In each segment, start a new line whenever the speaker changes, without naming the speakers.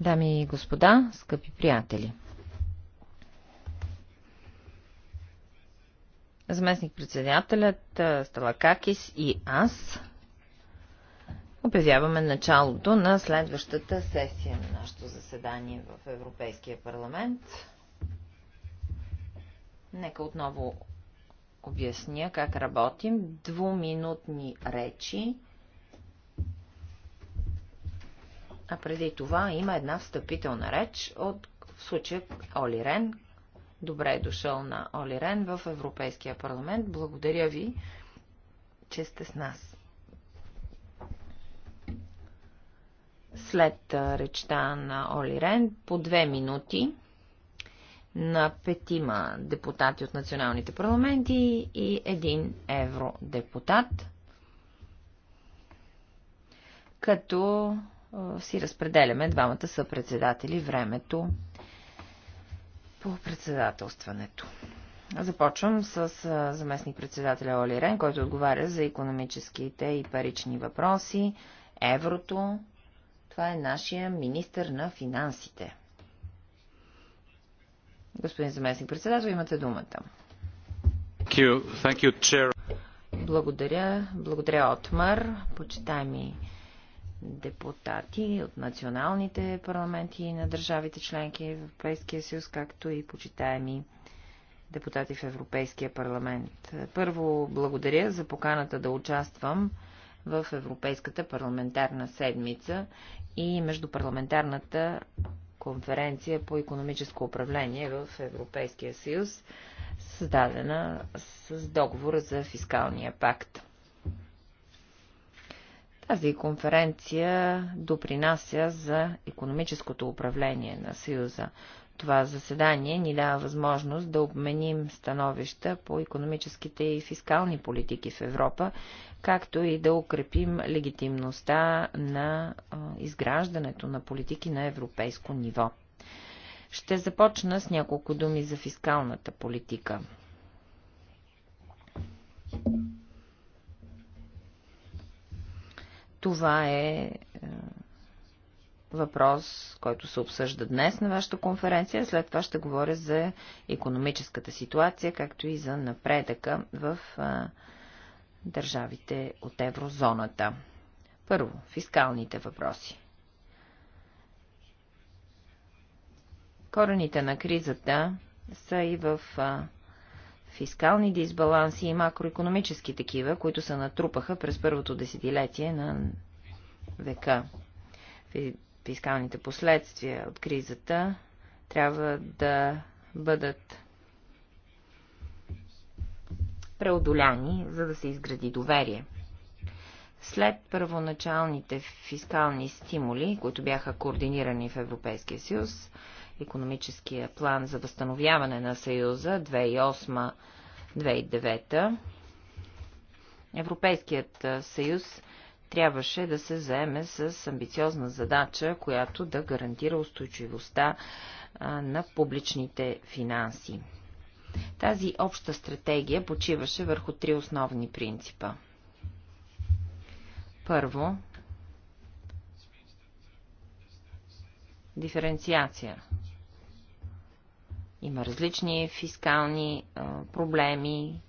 Дами и господа, скъпи приятели! Заместник-председателят Сталакакис и аз обявяваме началото на следващата сесия на нашето заседание в Европейския парламент. Нека отново обясня как работим. Двуминутни речи А преди това има една встъпителна реч от в случая Оли Рен. Добре е дошъл на Оли Рен в Европейския парламент. Благодаря ви, че сте с нас. След речта на Оли Рен, по две минути на петима депутати от националните парламенти и един евродепутат, като си разпределяме двамата съпредседатели времето по председателстването. Започвам с заместник председателя Оли Рен, който отговаря за економическите и парични въпроси, еврото. Това е нашия министр на финансите. Господин заместник председател, имате думата.
Thank you. Thank you,
Благодаря. Благодаря, Отмар. ми депутати от националните парламенти на държавите членки в Европейския съюз, както и почитаеми депутати в Европейския парламент. Първо благодаря за поканата да участвам в Европейската парламентарна седмица и Междупарламентарната конференция по економическо управление в Европейския съюз, създадена с договора за фискалния пакт. Тази конференция допринася за економическото управление на Съюза. Това заседание ни дава възможност да обменим становища по економическите и фискални политики в Европа, както и да укрепим легитимността на изграждането на политики на европейско ниво. Ще започна с няколко думи за фискалната политика. Това е, е въпрос, който се обсъжда днес на вашата конференция. След това ще говоря за економическата ситуация, както и за напредъка в е, държавите от еврозоната. Първо, фискалните въпроси. Корените на кризата са и в а, е, фискални дисбаланси и макроекономически такива, които се натрупаха през първото десетилетие на века. Фискалните последствия от кризата трябва да бъдат преодоляни, за да се изгради доверие. След първоначалните фискални стимули, които бяха координирани в Европейския съюз, економическия план за възстановяване на Съюза 2008-2009, Европейският съюз трябваше да се заеме с амбициозна задача, която да гарантира устойчивостта на публичните финанси. Тази обща стратегия почиваше върху три основни принципа. Първо, диференциация има различни фискални а, проблеми,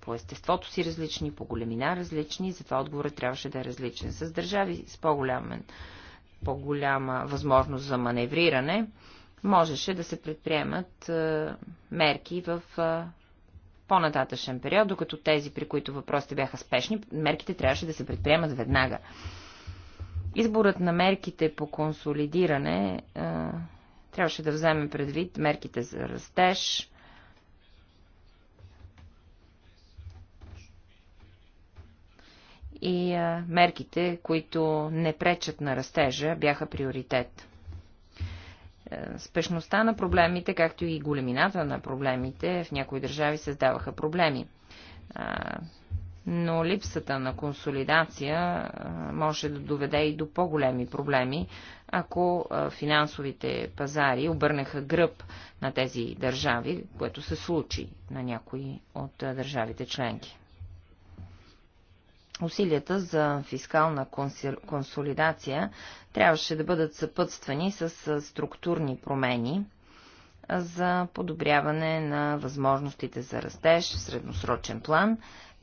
по естеството си различни, по големина различни, затова отговорът трябваше да е различен. С държави с по-голяма по възможност за маневриране можеше да се предприемат а, мерки в а, по-нататъчен период, докато тези, при които въпросите бяха спешни, мерките трябваше да се предприемат веднага. Изборът на мерките по консолидиране а, Трябваше да вземе предвид мерките за растеж, и мерките, които не пречат на растежа, бяха приоритет. Е, спешността на проблемите, както и големината на проблемите в някои държави създаваха проблеми. Но липсата на консолидация може да доведе и до по-големи проблеми, ако финансовите пазари обърнаха гръб на тези държави, което се случи на някои от държавите членки. Усилията за фискална консолидация трябваше да бъдат съпътствани с структурни промени за подобряване на възможностите за растеж в средносрочен план,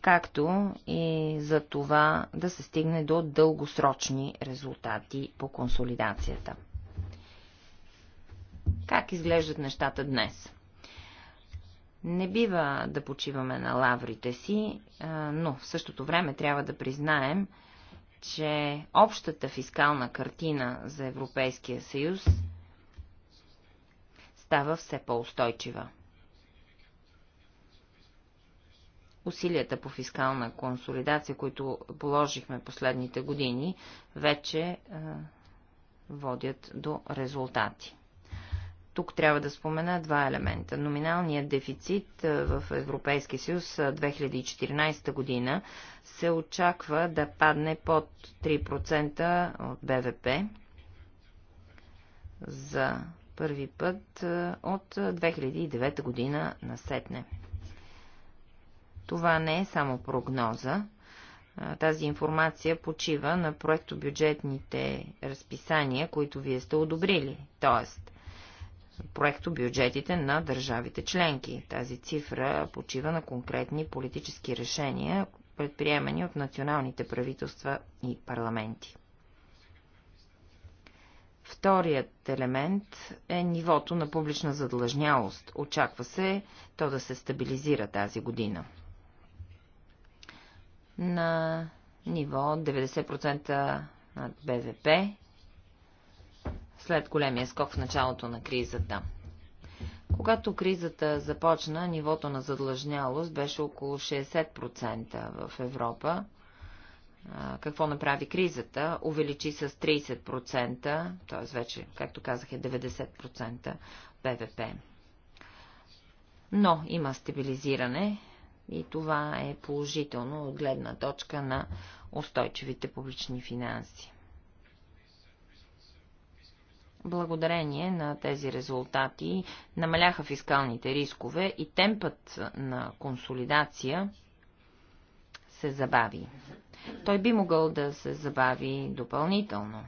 както и за това да се стигне до дългосрочни резултати по консолидацията. Как изглеждат нещата днес? Не бива да почиваме на лаврите си, но в същото време трябва да признаем, че общата фискална картина за Европейския съюз става все по-устойчива. усилията по фискална консолидация, които положихме последните години, вече е, водят до резултати. Тук трябва да спомена два елемента. Номиналният дефицит е, в Европейския съюз 2014 е, година се очаква да падне под 3% от БВП за първи път е, от 2009 година насетне. Това не е само прогноза. Тази информация почива на проектобюджетните разписания, които вие сте одобрили, т.е. проектобюджетите на държавите членки. Тази цифра почива на конкретни политически решения, предприемани от националните правителства и парламенти. Вторият елемент е нивото на публична задлъжнялост. Очаква се то да се стабилизира тази година на ниво 90% над БВП след големия скок в началото на кризата. Когато кризата започна, нивото на задлъжнялост беше около 60% в Европа. Какво направи кризата? Увеличи с 30%, т.е. вече, както казах, е 90% БВП. Но има стабилизиране и това е положително от гледна точка на устойчивите публични финанси. Благодарение на тези резултати намаляха фискалните рискове и темпът на консолидация се забави. Той би могъл да се забави допълнително.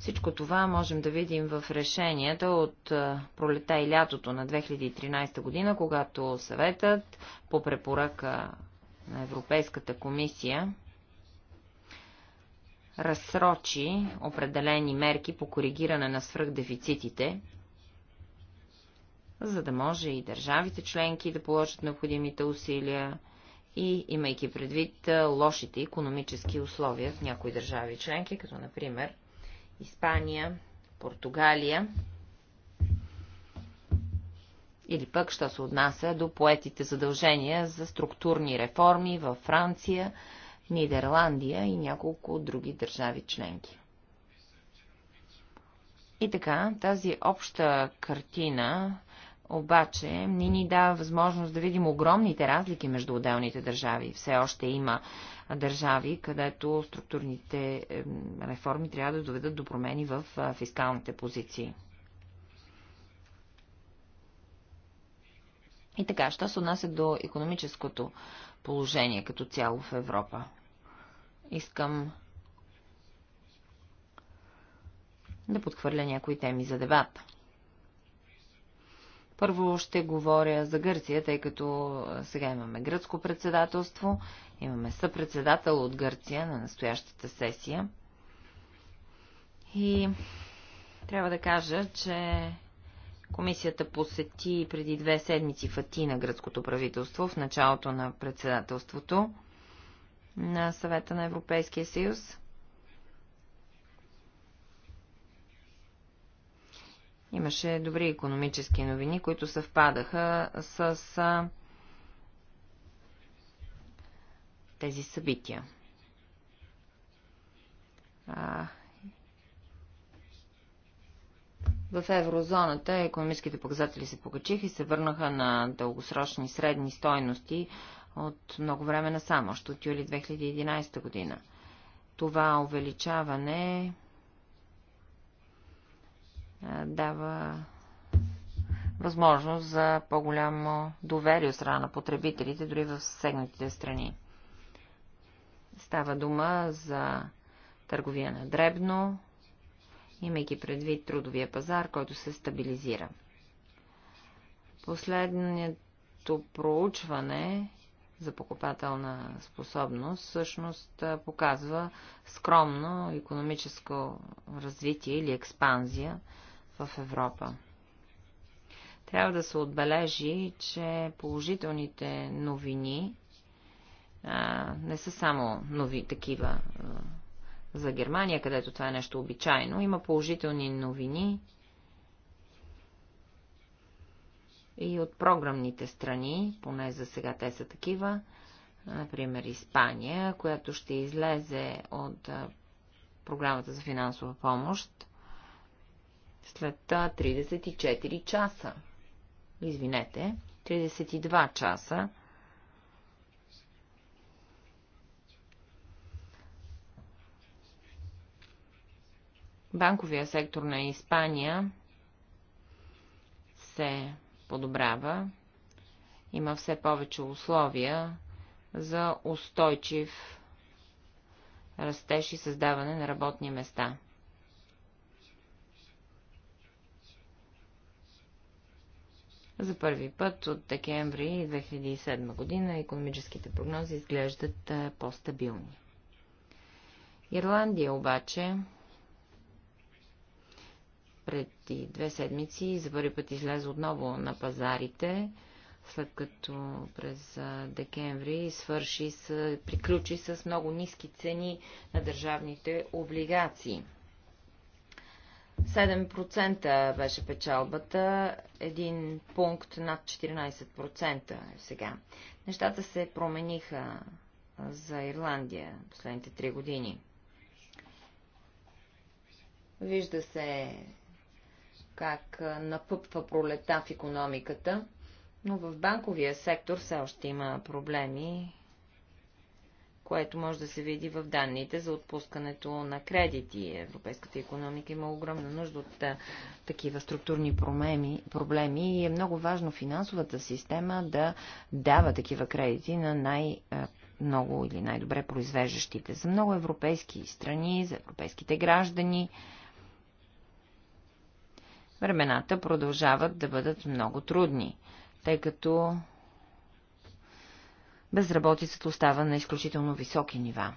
Всичко това можем да видим в решенията от пролета и лятото на 2013 година, когато съветът по препоръка на Европейската комисия разсрочи определени мерки по коригиране на свръхдефицитите, за да може и държавите членки да положат необходимите усилия и имайки предвид лошите економически условия в някои държави членки, като например Испания, Португалия. Или пък, що се отнася до поетите задължения за структурни реформи във Франция, Нидерландия и няколко други държави членки. И така, тази обща картина обаче ни ни дава възможност да видим огромните разлики между отделните държави. Все още има държави, където структурните реформи трябва да доведат до промени в фискалните позиции. И така, що се отнася до економическото положение като цяло в Европа? Искам да подхвърля някои теми за дебата. Първо ще говоря за Гърция, тъй като сега имаме гръцко председателство, имаме съпредседател от Гърция на настоящата сесия. И трябва да кажа, че комисията посети преди две седмици в Атина гръцкото правителство в началото на председателството на съвета на Европейския съюз. Имаше добри економически новини, които съвпадаха с тези събития. В еврозоната економическите показатели се покачиха и се върнаха на дългосрочни средни стойности от много време насам, още от юли 2011 година. Това увеличаване дава възможност за по-голямо доверие от страна на потребителите, дори в съседните страни. Става дума за търговия на дребно, имайки предвид трудовия пазар, който се стабилизира. Последното проучване за покупателна способност всъщност показва скромно економическо развитие или експанзия в Европа. Трябва да се отбележи, че положителните новини а, не са само нови такива а, за Германия, където това е нещо обичайно. Има положителни новини и от програмните страни, поне за сега те са такива, например Испания, която ще излезе от програмата за финансова помощ след 34 часа. Извинете, 32 часа. Банковия сектор на Испания се подобрява. Има все повече условия за устойчив растеж и създаване на работни места. За първи път от декември 2007 година економическите прогнози изглеждат по-стабилни. Ирландия обаче преди две седмици за първи път излезе отново на пазарите, след като през декември свърши с, приключи с много ниски цени на държавните облигации. 7% беше печалбата един пункт над 14% е сега. Нещата се промениха за Ирландия последните три години. Вижда се как напъпва пролета в економиката, но в банковия сектор все още има проблеми което може да се види в данните за отпускането на кредити. Европейската економика има огромна нужда от такива структурни промеми, проблеми и е много важно финансовата система да дава такива кредити на най- много или най-добре произвеждащите. За много европейски страни, за европейските граждани, времената продължават да бъдат много трудни, тъй като безработицата остава на изключително високи нива.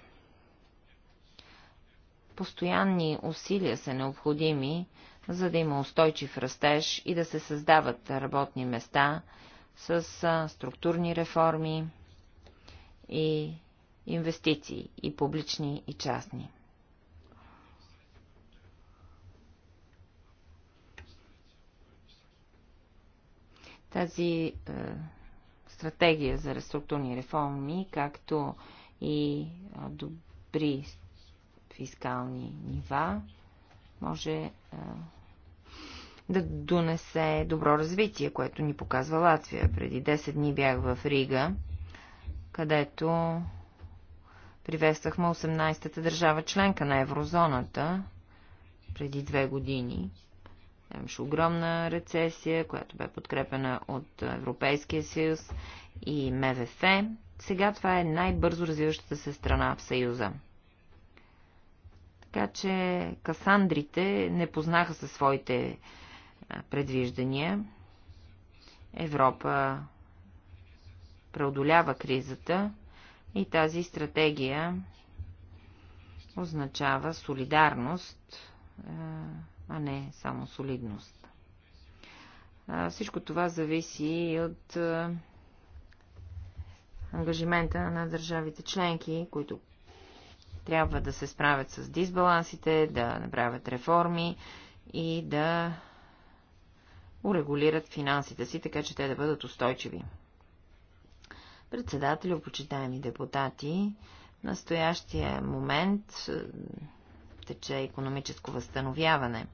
Постоянни усилия са необходими, за да има устойчив растеж и да се създават работни места с структурни реформи и инвестиции, и публични, и частни. Тази е, стратегия за реструктурни реформи, както и добри фискални нива, може да донесе добро развитие, което ни показва Латвия. Преди 10 дни бях в Рига, където приветствахме 18-та държава членка на еврозоната преди две години. Имаше огромна рецесия, която бе подкрепена от Европейския съюз и МВФ. Сега това е най-бързо развиващата се страна в Съюза. Така че касандрите не познаха със своите предвиждания. Европа преодолява кризата и тази стратегия означава солидарност а не само солидност. Всичко това зависи и от ангажимента на държавите членки, които трябва да се справят с дисбалансите, да направят реформи и да урегулират финансите си, така че те да бъдат устойчиви. Председатели, почитаеми депутати, настоящия момент тече економическо възстановяване.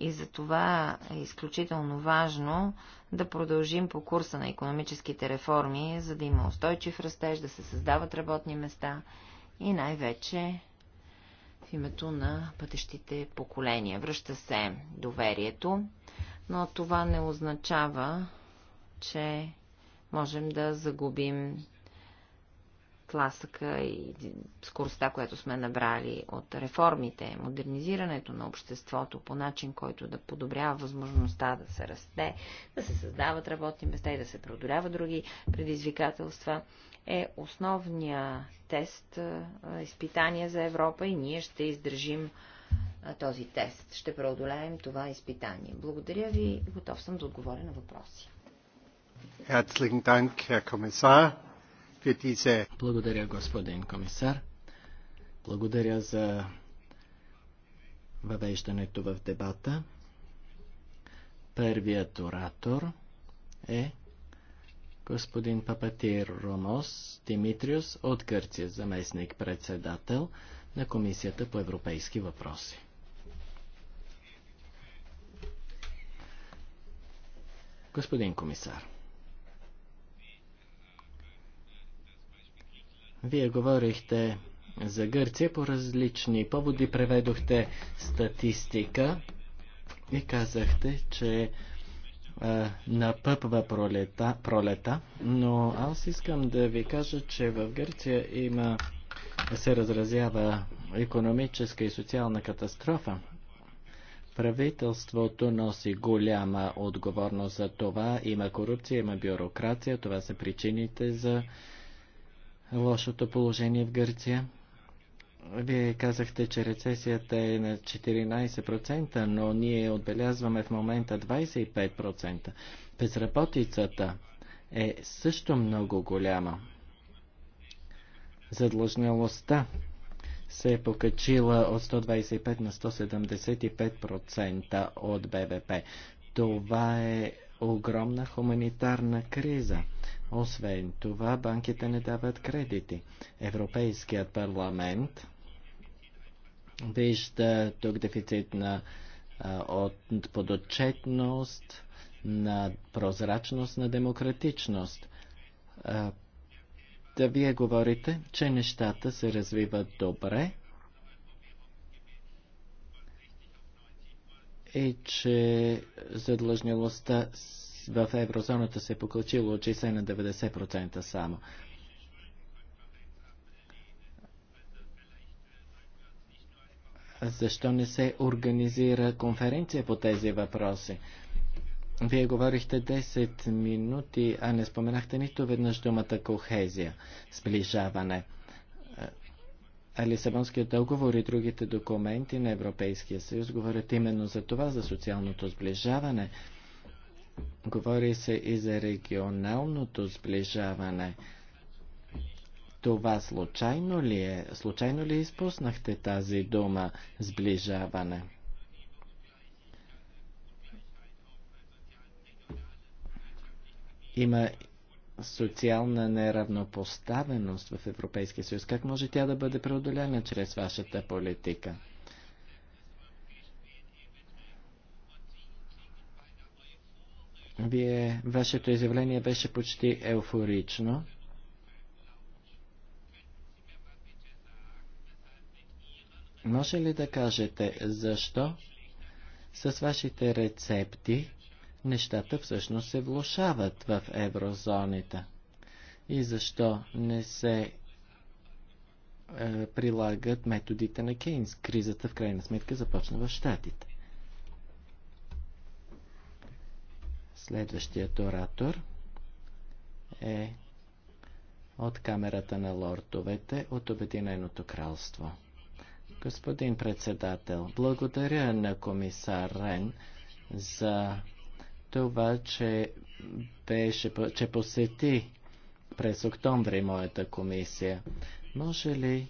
И за това е изключително важно да продължим по курса на економическите реформи, за да има устойчив растеж, да се създават работни места и най-вече в името на пътещите поколения. Връща се доверието, но това не означава, че можем да загубим тласъка и скоростта, която сме набрали от реформите, модернизирането на обществото по начин, който да подобрява възможността да се расте, да се създават работни места и да се преодоляват други предизвикателства, е основния тест, изпитание за Европа и ние ще издържим този тест. Ще преодолеем това изпитание. Благодаря ви. Готов съм да отговоря на въпроси.
Herzlichen Dank, Herr Kommissar.
Благодаря, господин комисар. Благодаря за въвеждането в дебата. Първият оратор е господин Папатир Ромос Димитриус от Гърция, заместник-председател на Комисията по европейски въпроси. Господин комисар. Вие говорихте за Гърция по различни поводи, преведохте статистика и казахте, че а, напъпва пролета, пролета, но аз искам да ви кажа, че в Гърция има се разразява економическа и социална катастрофа. Правителството носи голяма отговорност за това. Има корупция, има бюрокрация. Това са причините за лошото положение в Гърция. Вие казахте, че рецесията е на 14%, но ние отбелязваме в момента 25%. Безработицата е също много голяма. Задлъжнялостта се е покачила от 125 на 175% от БВП. Това е огромна хуманитарна криза. Освен това, банките не дават кредити. Европейският парламент вижда тук дефицит на от подотчетност, на прозрачност, на демократичност. да вие говорите, че нещата се развиват добре и че задлъжнялостта в еврозоната се е покачило от 60 на 90% само. Защо не се организира конференция по тези въпроси? Вие говорихте 10 минути, а не споменахте нито веднъж думата кохезия, сближаване. Лисабонският договор и другите документи на Европейския съюз говорят именно за това, за социалното сближаване. Говори се и за регионалното сближаване. Това случайно ли е? Случайно ли изпуснахте тази дума сближаване? Има социална неравнопоставеност в Европейския съюз. Как може тя да бъде преодоляна чрез вашата политика? Вие, вашето изявление беше почти еуфорично. Може ли да кажете защо с вашите рецепти нещата всъщност се влушават в еврозоните? И защо не се е, прилагат методите на Кейнс? Кризата в крайна сметка започна в Штатите. Следващият оратор е от камерата на лордовете от Обединеното кралство. Господин председател, благодаря на комисар Рен за това, че, беше, че посети през октомври моята комисия. Може ли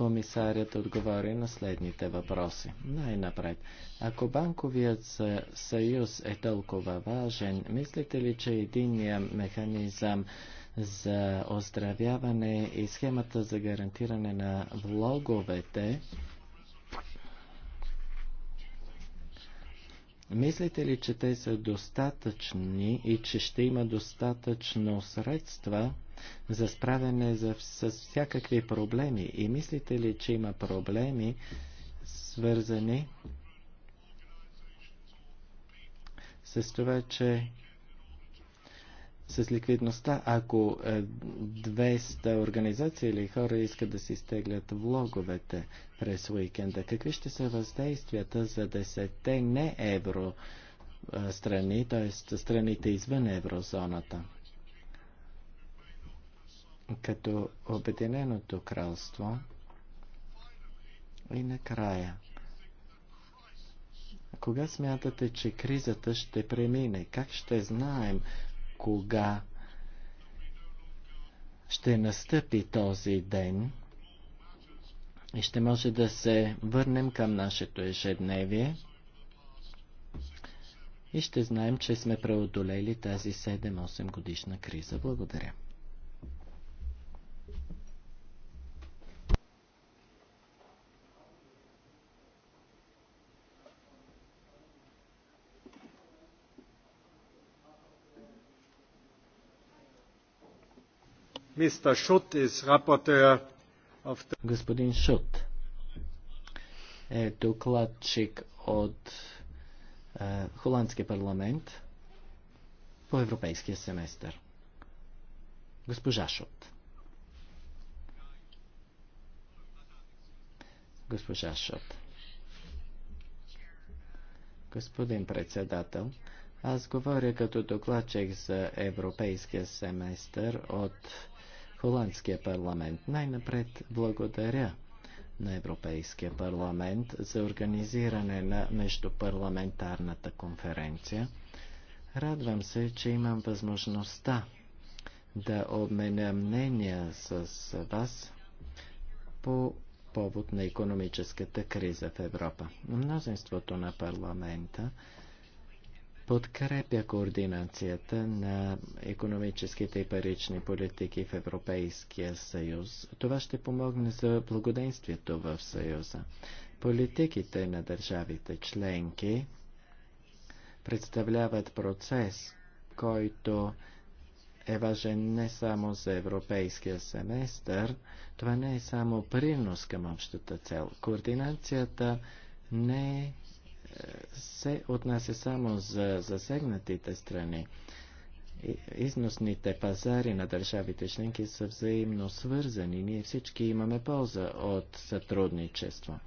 комисарят отговори на следните въпроси. Най-напред, ако банковият съюз е толкова важен, мислите ли, че единия механизъм за оздравяване и схемата за гарантиране на влоговете Мислите ли, че те са достатъчни и че ще има достатъчно средства за справяне за, с всякакви проблеми? И мислите ли, че има проблеми, свързани с това, че с ликвидността, ако 200 е, организации или хора искат да си изтеглят влоговете през уикенда, какви ще са въздействията за 10 не евро е, страни, т.е. страните извън еврозоната? Като Обединеното кралство и накрая. Кога смятате, че кризата ще премине? Как ще знаем кога ще настъпи този ден и ще може да се върнем към нашето ежедневие и ще знаем, че сме преодолели тази 7-8 годишна криза. Благодаря. Господин Шут е докладчик от е, Холандския парламент по европейския семестър. Госпожа Шут. Госпожа Шот. Господин председател, аз говоря като докладчик за европейския семестър от Холандския парламент. Най-напред благодаря на Европейския парламент за организиране на междупарламентарната конференция. Радвам се, че имам възможността да обменя мнения с вас по повод на економическата криза в Европа. Мнозинството на парламента подкрепя координацията на економическите и парични политики в Европейския съюз. Това ще помогне за благоденствието в съюза. Политиките на държавите членки представляват процес, който е важен не само за европейския семестър, това не е само принос към общата цел. Координацията не е се отнася само за засегнатите страни. Износните пазари на държавите членки са взаимно свързани. Ние всички имаме полза от сътрудничество.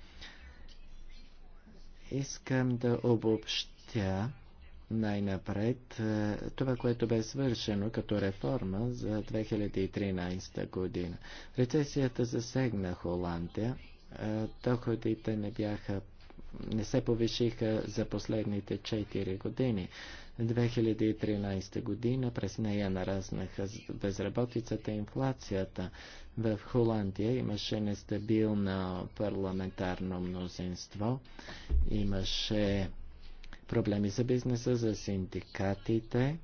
Искам да обобщя най-напред е, това, което бе свършено като реформа за 2013 година. Рецесията засегна Холандия, е, доходите не бяха не се повишиха за последните 4 години. 2013 година през нея нараснаха безработицата и инфлацията. В Холандия имаше нестабилно парламентарно мнозинство, имаше проблеми за бизнеса, за синдикатите.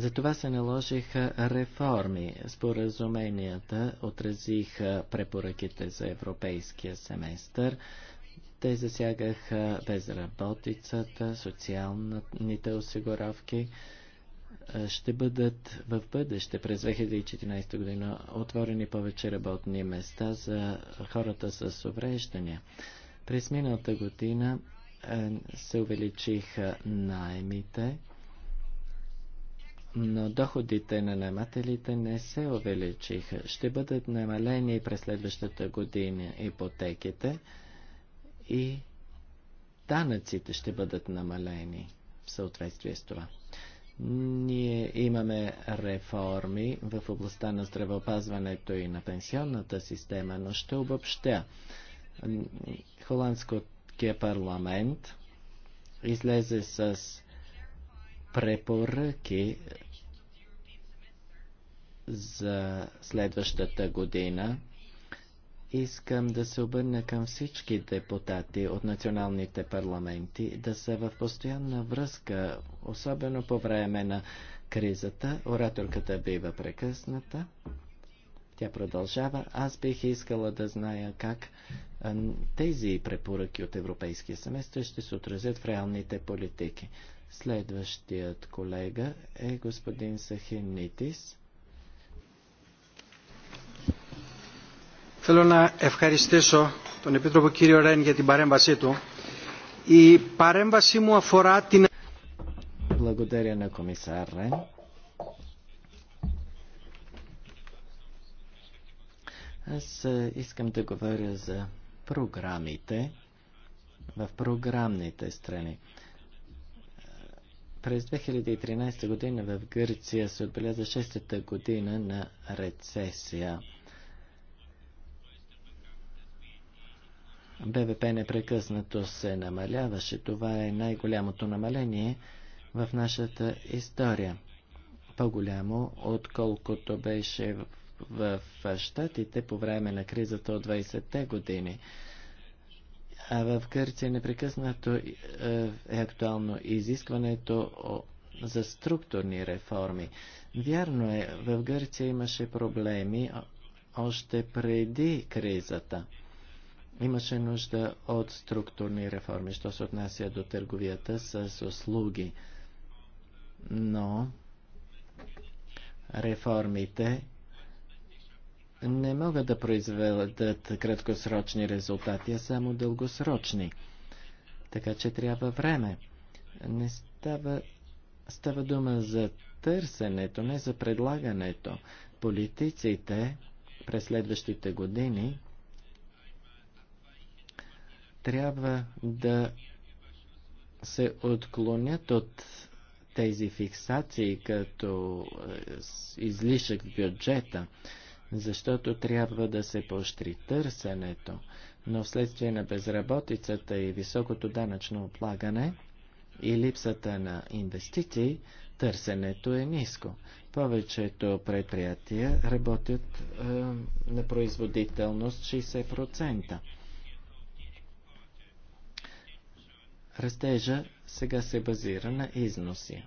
Затова се наложиха реформи. Споразуменията отразиха препоръките за европейския семестър. Те засягаха безработицата, социалните осигуровки. Е, ще бъдат в бъдеще през 2014 година отворени повече работни места за хората с увреждания. През миналата година е, се увеличиха наймите но доходите на наймателите не се увеличиха. Ще бъдат намалени през следващата година ипотеките и данъците ще бъдат намалени в съответствие с това. Ние имаме реформи в областта на здравеопазването и на пенсионната система, но ще обобщя. Холандския парламент излезе с препоръки за следващата година. Искам да се обърна към всички депутати от националните парламенти да са в постоянна връзка, особено по време на кризата. Ораторката бива прекъсната. Тя продължава. Аз бих искала да зная как тези препоръки от Европейския семестър ще се отразят в реалните политики. Следващият колега е господин
Сахинитис. Θέλω να ευχαριστήσω τον Επίτροπο κύριο Ρέν για την παρέμβασή του. Η παρέμβασή μου αφορά την...
Благодаря на комисар Рен. Аз искам да говоря за програмите в програмните страни. През 2013 година в Гърция се отбеляза 6-та година на рецесия. БВП непрекъснато се намаляваше. Това е най-голямото намаление в нашата история. По-голямо, отколкото беше в, в Штатите по време на кризата от 20-те години. А в Гърция непрекъснато е, е актуално изискването за структурни реформи. Вярно е, в Гърция имаше проблеми още преди кризата. Имаше нужда от структурни реформи, що се отнася до търговията с услуги. Но реформите не могат да произведат краткосрочни резултати, а само дългосрочни. Така че трябва време. Не става, става дума за търсенето, не за предлагането. Политиците през следващите години трябва да се отклонят от тези фиксации като е, излишък в бюджета защото трябва да се поощри търсенето, но вследствие на безработицата и високото данъчно облагане и липсата на инвестиции, търсенето е ниско. Повечето предприятия работят е, на производителност 60%. Растежа сега се базира на износи.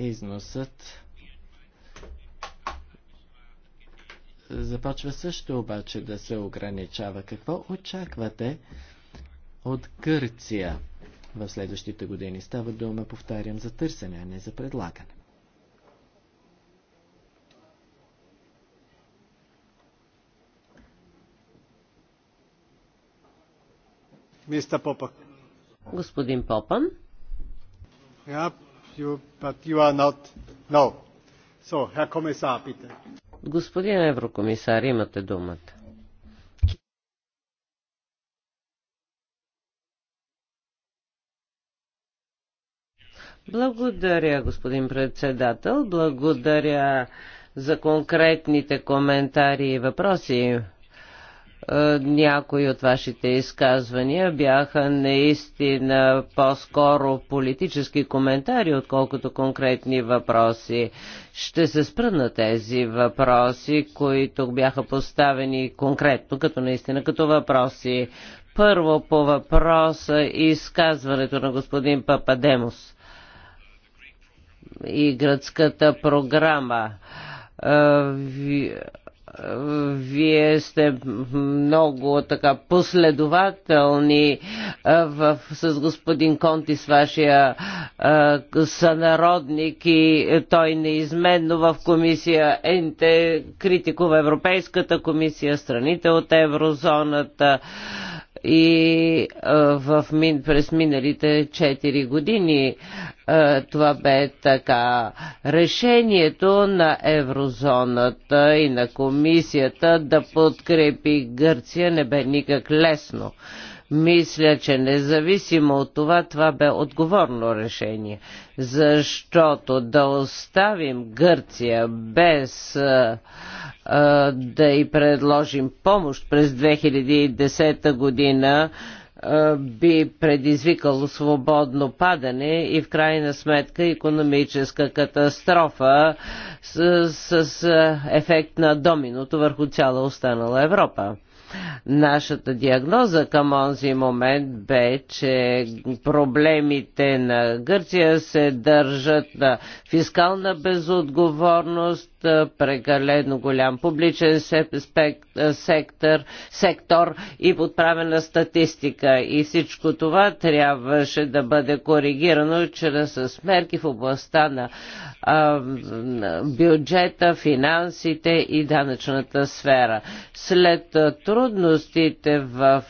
Износът започва също обаче да се ограничава. Какво очаквате от Гърция в следващите години? Става дума, повтарям, за търсене, а не за предлагане.
Господин Попан. Господин Еврокомисар, имате думата. Благодаря, господин председател. Благодаря за конкретните коментари и въпроси. Е, някои от вашите изказвания бяха наистина по-скоро политически коментари, отколкото конкретни въпроси. Ще се спра на тези въпроси, които бяха поставени конкретно, като наистина като въпроси. Първо по въпроса и изказването на господин Пападемос и гръцката програма е, вие сте много така последователни в, с господин Конти, с вашия а, сънародник и той неизменно в комисия Енте критикува Европейската комисия, страните от еврозоната. А, и в мин, през миналите 4 години това бе така. Решението на еврозоната и на комисията да подкрепи Гърция не бе никак лесно. Мисля, че независимо от това, това бе отговорно решение, защото да оставим Гърция без а, а, да й предложим помощ през 2010 година, би предизвикало свободно падане и в крайна сметка економическа катастрофа с, с, с ефект на доминото върху цяла останала Европа. Нашата диагноза към онзи момент бе, че проблемите на Гърция се държат на фискална безотговорност, прекалено голям публичен сектор, сектор и подправена статистика. И всичко това трябваше да бъде коригирано чрез мерки в областта на бюджета, финансите и данъчната сфера. След труд трудностите в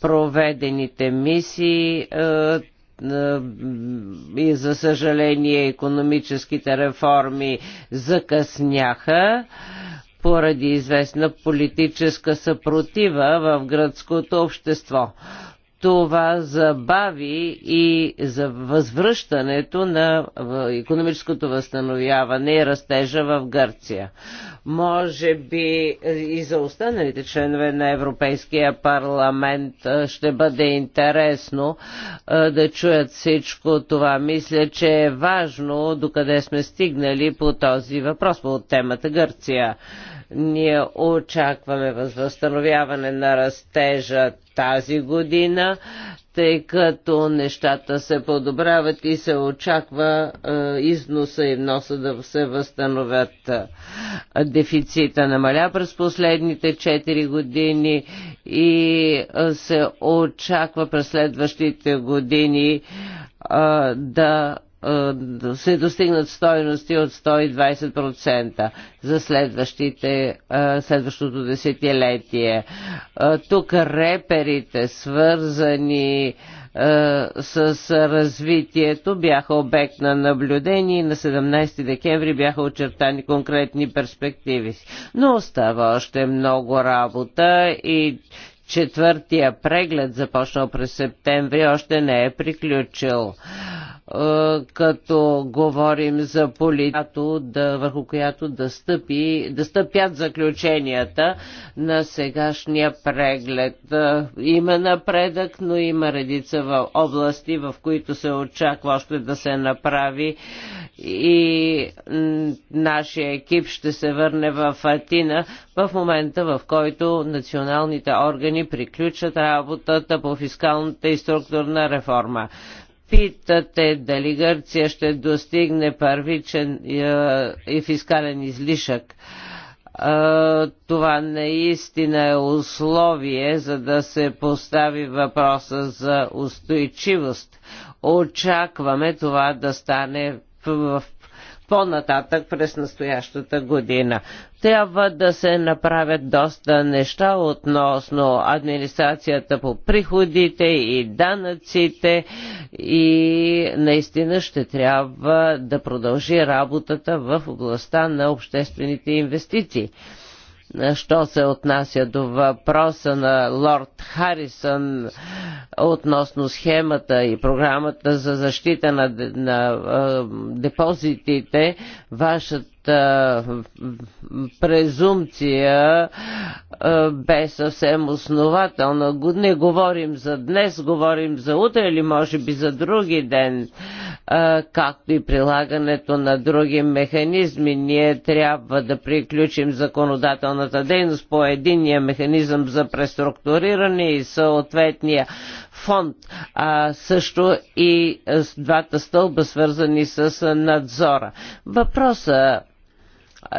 проведените мисии, и за съжаление економическите реформи закъсняха поради известна политическа съпротива в гръцкото общество. Това забави и за възвръщането на економическото възстановяване и растежа в Гърция. Може би е, и за останалите членове на Европейския парламент е, ще бъде интересно е, да чуят всичко това. Мисля, че е важно докъде сме стигнали по този въпрос, по темата Гърция. Ние очакваме възстановяване на растежа тази година, тъй като нещата се подобряват и се очаква е, износа и вноса да се възстановят. Дефицита намаля през последните 4 години и е, се очаква през следващите години е, да е, се достигнат стоености от 120% за следващите, е, следващото десетилетие. Е, тук реперите, свързани с развитието бяха обект на наблюдение и на 17 декември бяха очертани конкретни перспективи. Но остава още много работа и Четвъртия преглед, започнал през септември, още не е приключил. Е, като говорим за политиката, да, върху която да, стъпи, да стъпят заключенията на сегашния преглед. Е, има напредък, но има редица в области, в които се очаква още да се направи и нашия екип ще се върне в Атина в момента, в който националните органи приключат работата по фискалната и структурна реформа. Питате дали Гърция ще достигне първичен е, и фискален излишък е, това наистина е условие, за да се постави въпроса за устойчивост. Очакваме това да стане в по-нататък през настоящата година. Трябва да се направят доста неща относно администрацията по приходите и данъците и наистина ще трябва да продължи работата в областта на обществените инвестиции. Що се отнася до въпроса на лорд Харисън относно схемата и програмата за защита на, на депозитите, вашата презумпция бе съвсем основателна. Не говорим за днес, говорим за утре или може би за други ден както и прилагането на други механизми. Ние трябва да приключим законодателната дейност по единния механизъм за преструктуриране и съответния фонд, а също и с двата стълба, свързани с надзора. Въпроса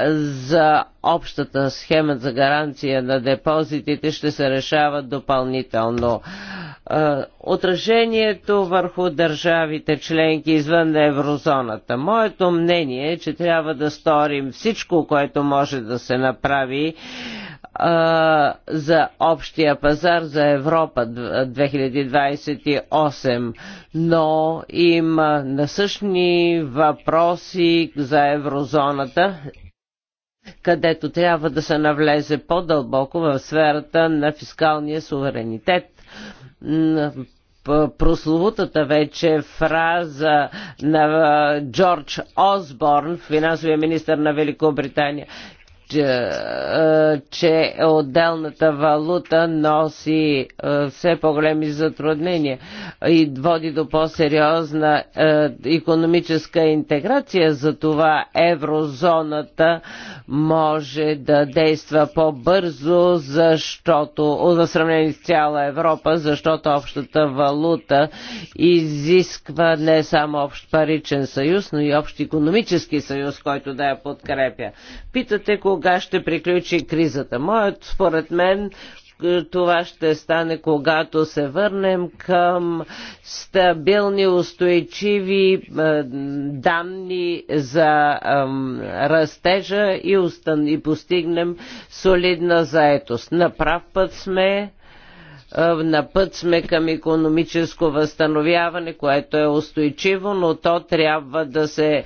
за общата схема за гаранция на депозитите ще се решава допълнително отражението върху държавите членки извън еврозоната. Моето мнение е, че трябва да сторим всичко, което може да се направи а, за общия пазар за Европа 2028, но има насъщни въпроси за еврозоната където трябва да се навлезе по-дълбоко в сферата на фискалния суверенитет прословутата вече фраза на Джордж Осборн, финансовия министр на Великобритания, е, че отделната валута носи е, все по-големи затруднения и води до по-сериозна економическа интеграция. Затова еврозоната може да действа по-бързо, защото за сравнение с цяла Европа, защото общата валута изисква не само общ паричен съюз, но и общ економически съюз, който да я подкрепя. Питате, кога кога ще приключи кризата. Моят, според мен, това ще стане, когато се върнем към стабилни, устойчиви е, данни за растежа и постигнем солидна заетост. На прав път сме е, на път сме към економическо възстановяване, което е устойчиво, но то трябва да се е,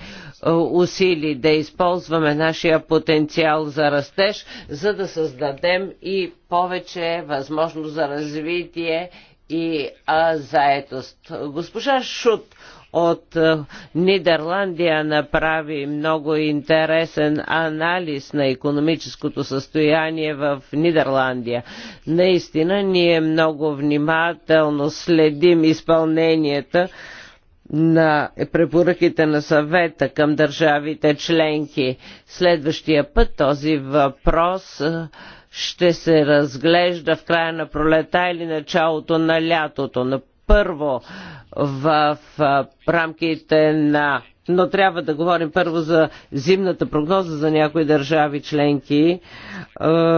усили, да използваме нашия потенциал за растеж, за да създадем и повече възможност за развитие и а, заетост. Госпожа Шут от е, Нидерландия направи много интересен анализ на економическото състояние в Нидерландия. Наистина ние много внимателно следим изпълненията на препоръките на съвета към държавите членки. Следващия път този въпрос е, ще се разглежда в края на пролета или началото на лятото. На първо в рамките на. Но трябва да говорим първо за зимната прогноза за някои държави членки. Е,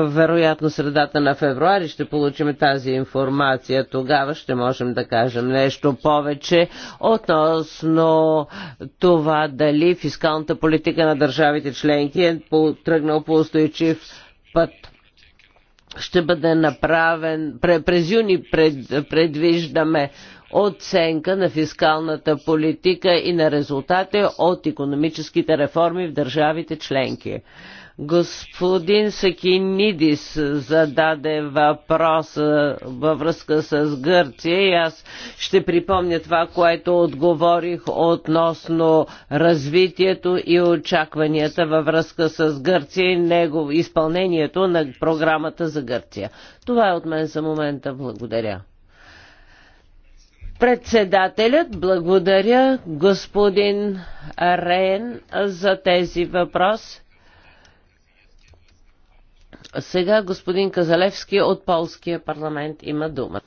вероятно средата на февруари ще получим тази информация. Тогава ще можем да кажем нещо повече относно това дали фискалната политика на държавите членки е тръгнал по устойчив път ще бъде направен. През юни пред, предвиждаме оценка на фискалната политика и на резултати от економическите реформи в държавите членки. Господин Сакинидис зададе въпрос във връзка с Гърция и аз ще припомня това, което отговорих относно развитието и очакванията във връзка с Гърция и него, изпълнението на програмата за Гърция. Това е от мен за момента. Благодаря. Председателят благодаря господин Рен за тези въпрос. Сега господин Казалевски от Полския парламент има дума.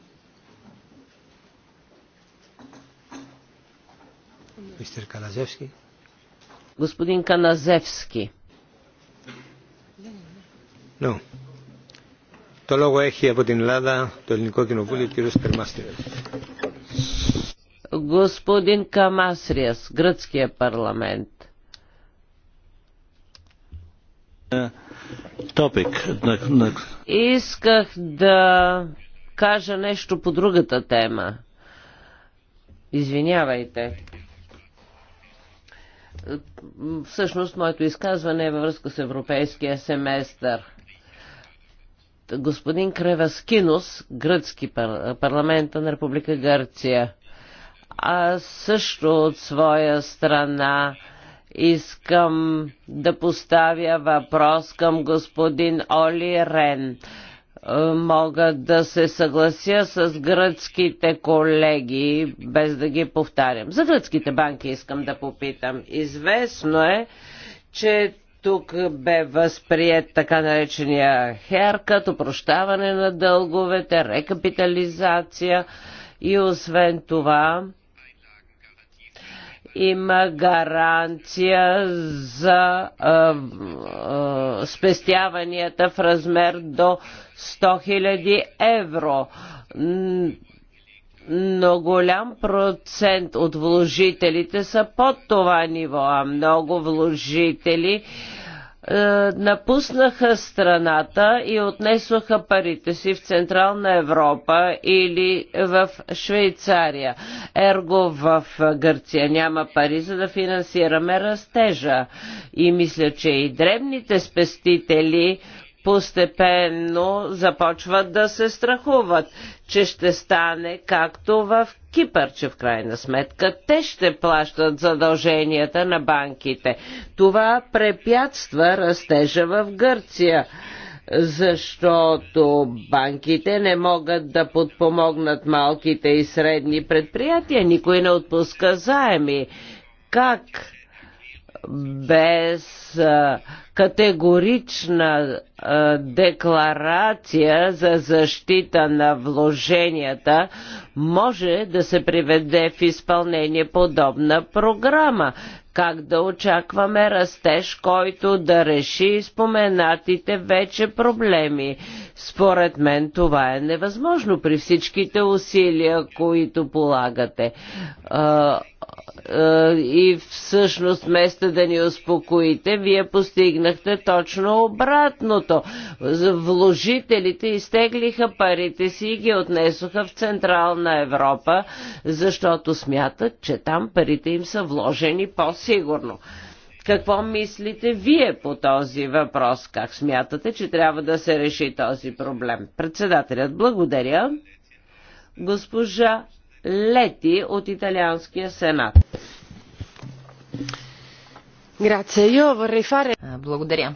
Мистер Каназевски.
Господин Каназевски.
Но. Το λόγο έχει από την Ελλάδα το Ελληνικό Κοινοβούλιο ο κύριος
Господин Камасриас, гръцкия парламент. Топик. Исках да кажа нещо по другата тема. Извинявайте. Всъщност, моето изказване е във връзка с европейския семестър господин Креваскинос, гръцки пар, парламента на Република Гърция. А също от своя страна искам да поставя въпрос към господин Оли Рен. Е, мога да се съглася с гръцките колеги, без да ги повтарям. За гръцките банки искам да попитам. Известно е, че тук бе възприят така наречения херкат, опрощаване на дълговете, рекапитализация и освен това има гаранция за а, а, спестяванията в размер до 100 000 евро но голям процент от вложителите са под това ниво, а много вложители е, напуснаха страната и отнесоха парите си в Централна Европа или в Швейцария. Ерго в Гърция няма пари за да финансираме растежа. И мисля, че и дребните спестители постепенно започват да се страхуват, че ще стане както в Кипър, че в крайна сметка те ще плащат задълженията на банките. Това препятства растежа в Гърция защото банките не могат да подпомогнат малките и средни предприятия, никой не отпуска заеми. Как без категорична декларация за защита на вложенията може да се приведе в изпълнение подобна програма. Как да очакваме растеж, който да реши споменатите вече проблеми? Според мен това е невъзможно при всичките усилия, които полагате е, и всъщност вместо да ни успокоите, вие постигнахте точно обратното. Вложителите изтеглиха парите си и ги отнесоха в Централна Европа, защото смятат, че там парите им са вложени по-сигурно. Какво мислите вие по този въпрос? Как смятате, че трябва да се реши този проблем? Председателят, благодаря. Госпожа Лети от Италианския сенат.
Благодаря.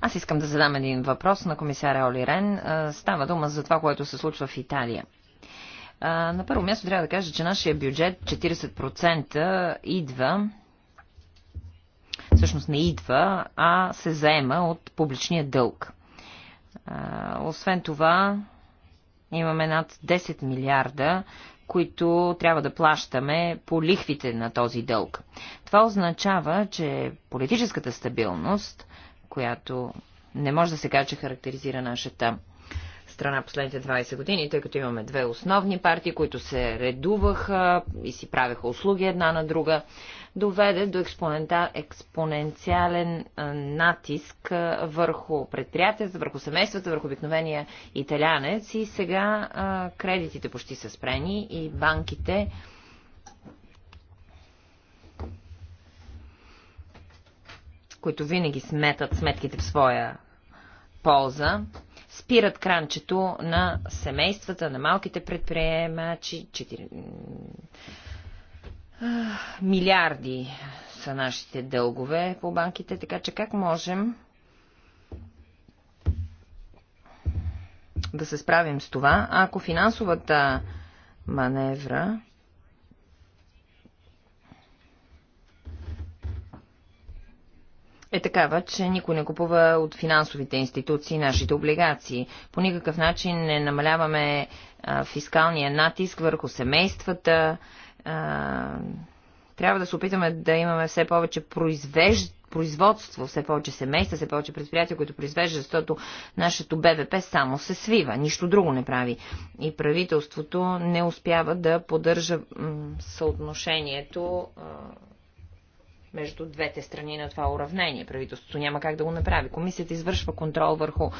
Аз искам да задам един въпрос на комисаря Оли Рен. Става дума за това, което се случва в Италия. На първо място трябва да кажа, че нашия бюджет 40% идва всъщност не идва, а се заема от публичния дълг. Освен това, имаме над 10 милиарда които трябва да плащаме по лихвите на този дълг. Това означава, че политическата стабилност, която не може да се каже, че характеризира нашата страна последните 20 години, тъй като имаме две основни партии, които се редуваха и си правеха услуги една на друга доведе до експоненциален натиск върху предприятията, върху семействата, върху обикновения италянец и сега кредитите почти са спрени и банките които винаги сметат сметките в своя полза, спират кранчето на семействата, на малките предприемачи, милиарди са нашите дългове по банките, така че как можем да се справим с това, ако финансовата маневра е такава, че никой не купува от финансовите институции нашите облигации. По никакъв начин не намаляваме а, фискалния натиск върху семействата, трябва да се опитаме да имаме все повече произвеж... производство, все повече семейства, все повече предприятия, които произвеждат, защото нашето БВП само се свива, нищо друго не прави. И правителството не успява да поддържа съотношението между двете страни на това уравнение. Правителството няма как да го направи. Комисията извършва контрол върху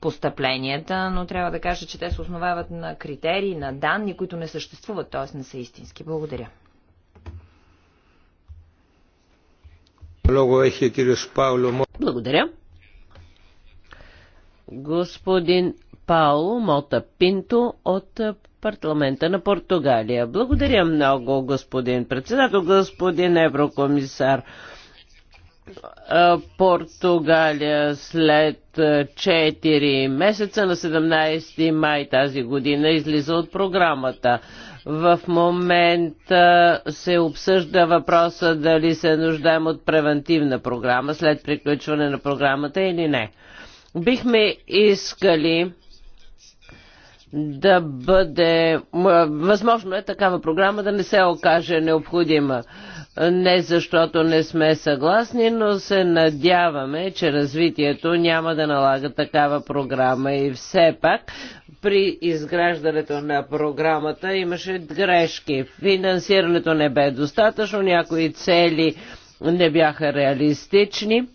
постъпленията, но трябва да кажа, че те се основават на критерии, на данни, които не съществуват, т.е. не са истински. Благодаря.
Благодаря.
Господин Пауло Мота Пинто от парламента на Португалия. Благодаря много, господин председател, господин еврокомисар. Португалия след 4 месеца на 17 май тази година излиза от програмата. В момента се обсъжда въпроса дали се нуждаем от превентивна програма след приключване на програмата или не. Бихме искали да бъде... Възможно е такава програма да не се окаже необходима. Не защото не сме съгласни, но се надяваме, че развитието няма да налага такава програма. И все пак при изграждането на програмата имаше грешки. Финансирането не бе достатъчно, някои цели не бяха реалистични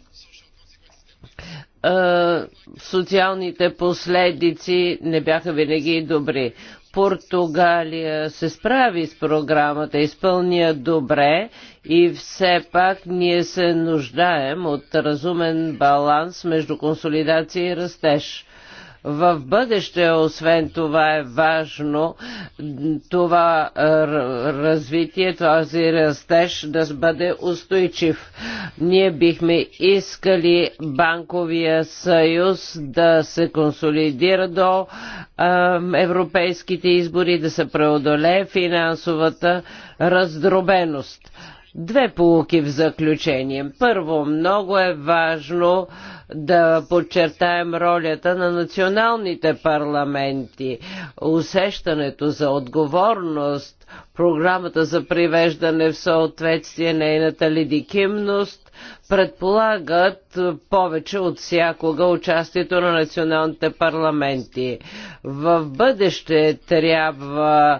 социалните последици не бяха винаги добри. Португалия се справи с програмата, изпълня добре и все пак ние се нуждаем от разумен баланс между консолидация и растеж. В бъдеще, освен това, е важно това е, развитие, този растеж да бъде устойчив. Ние бихме искали банковия съюз да се консолидира до е, европейските избори, да се преодолее финансовата раздробеност Две полуки в заключение. Първо, много е важно да подчертаем ролята на националните парламенти, усещането за отговорност, програмата за привеждане в съответствие нейната ледикимност предполагат повече от всякога участието на националните парламенти. В бъдеще трябва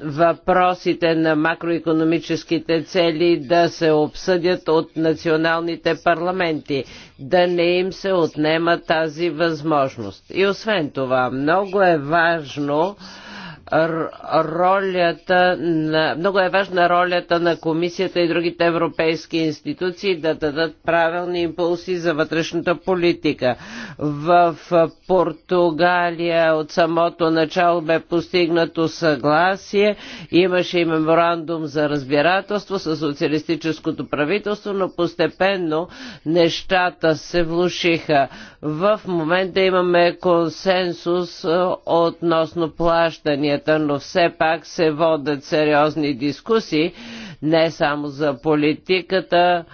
въпросите на макроекономическите цели да се обсъдят от националните парламенти, да не им се отнема тази възможност. И освен това, много е важно ролята на, много е важна ролята на комисията и другите европейски институции да дадат правилни импулси за вътрешната политика. В Португалия от самото начало бе постигнато съгласие, имаше и меморандум за разбирателство с социалистическото правителство, но постепенно нещата се влушиха. В момента имаме консенсус е, относно плащания комисията, но все пак се водят сериозни дискусии, не само за политиката,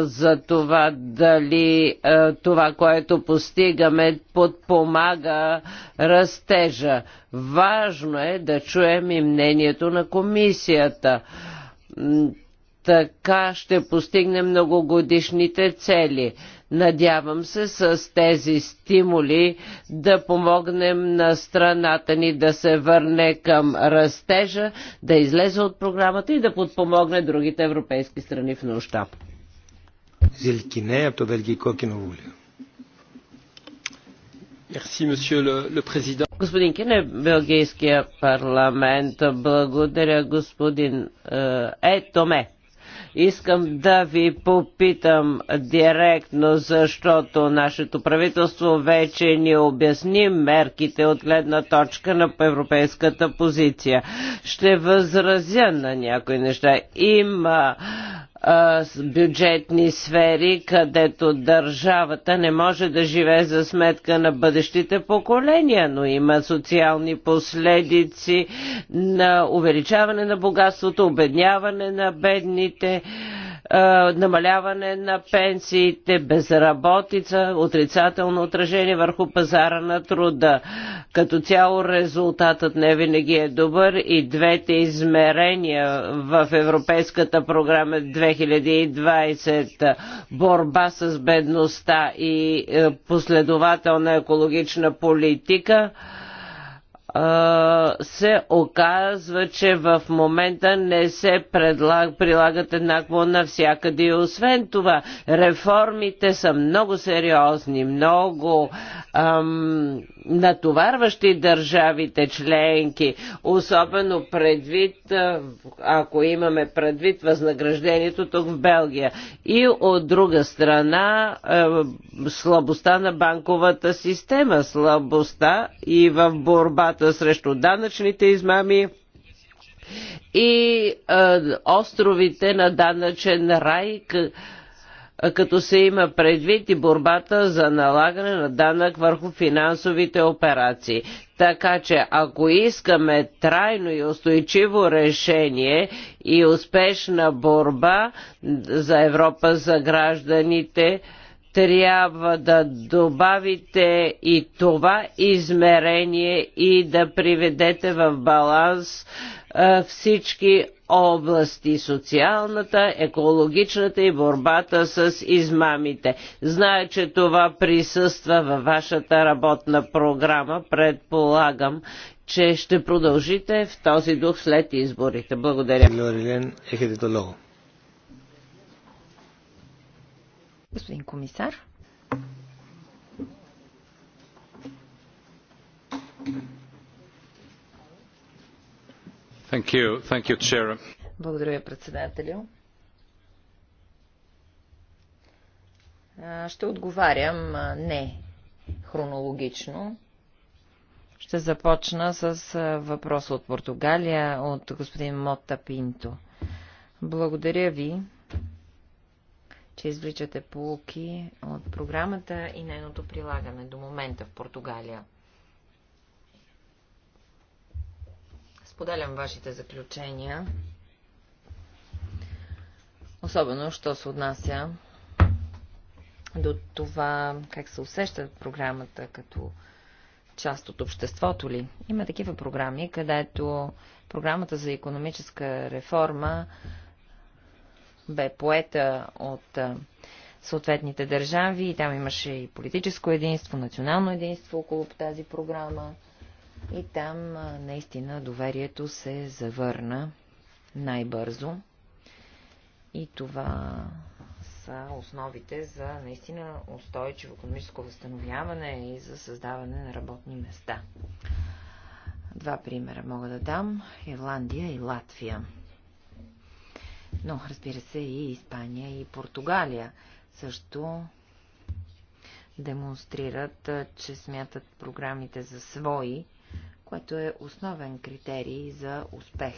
за това дали това, което постигаме, подпомага растежа. Важно е да чуем и мнението на комисията. Така ще постигнем многогодишните цели. Надявам се с тези стимули да помогнем на страната ни да се върне към растежа, да излезе от програмата и да подпомогне другите европейски страни в нужда. Господин Кине, Белгийския парламент, благодаря господин Етоме. Е, Искам да ви попитам директно, защото нашето правителство вече ни обясни мерките от гледна точка на европейската позиция. Ще възразя на някои неща. Има бюджетни сфери, където държавата не може да живее за сметка на бъдещите поколения, но има социални последици на увеличаване на богатството, обедняване на бедните е, намаляване на пенсиите, безработица, отрицателно отражение върху пазара на труда. Като цяло резултатът не винаги е добър и двете измерения в Европейската програма 2020 борба с бедността и е, последователна екологична политика – се оказва, че в момента не се предлаг, прилагат еднакво навсякъде. И освен това, реформите са много сериозни, много ам, натоварващи държавите членки, особено предвид, ако имаме предвид възнаграждението тук в Белгия. И от друга страна ам, слабостта на банковата система, слабостта и в борбата срещу данъчните измами и е, островите на данъчен рай, като се има предвид и борбата за налагане на данък върху финансовите операции. Така че ако искаме трайно и устойчиво решение и успешна борба за Европа за гражданите, трябва да добавите и това измерение и да приведете в баланс всички области социалната, екологичната и борбата с измамите. Зная, че това присъства във вашата работна програма. Предполагам, че ще продължите в този дух след изборите. Благодаря.
Господин комисар.
Thank you. Thank you,
Благодаря, председателю. Ще отговарям не хронологично. Ще започна с въпроса от Португалия, от господин Мота Пинто. Благодаря ви, че извличате полуки от програмата и нейното прилагане до момента в Португалия. Споделям вашите заключения. Особено, що се отнася до това, как се усеща програмата като част от обществото ли. Има такива програми, където програмата за економическа реформа бе поета от съответните държави и там имаше и политическо единство, национално единство около тази програма. И там наистина доверието се завърна най-бързо. И това са основите за наистина устойчиво економическо възстановяване и за създаване на работни места. Два примера мога да дам Ирландия и Латвия. Но, разбира се, и Испания, и Португалия също демонстрират, че смятат програмите за свои което е основен критерий за успех.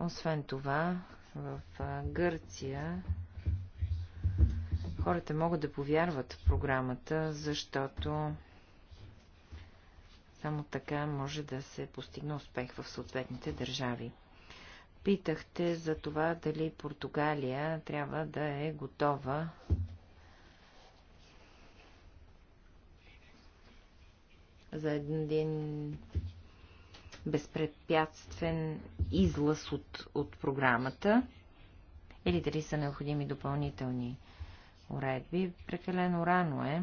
Освен това, в Гърция хората могат да повярват в програмата, защото само така може да се постигне успех в съответните държави. Питахте за това дали Португалия трябва да е готова за един безпрепятствен излъз от, от програмата или дали са необходими допълнителни уредби. Прекалено рано е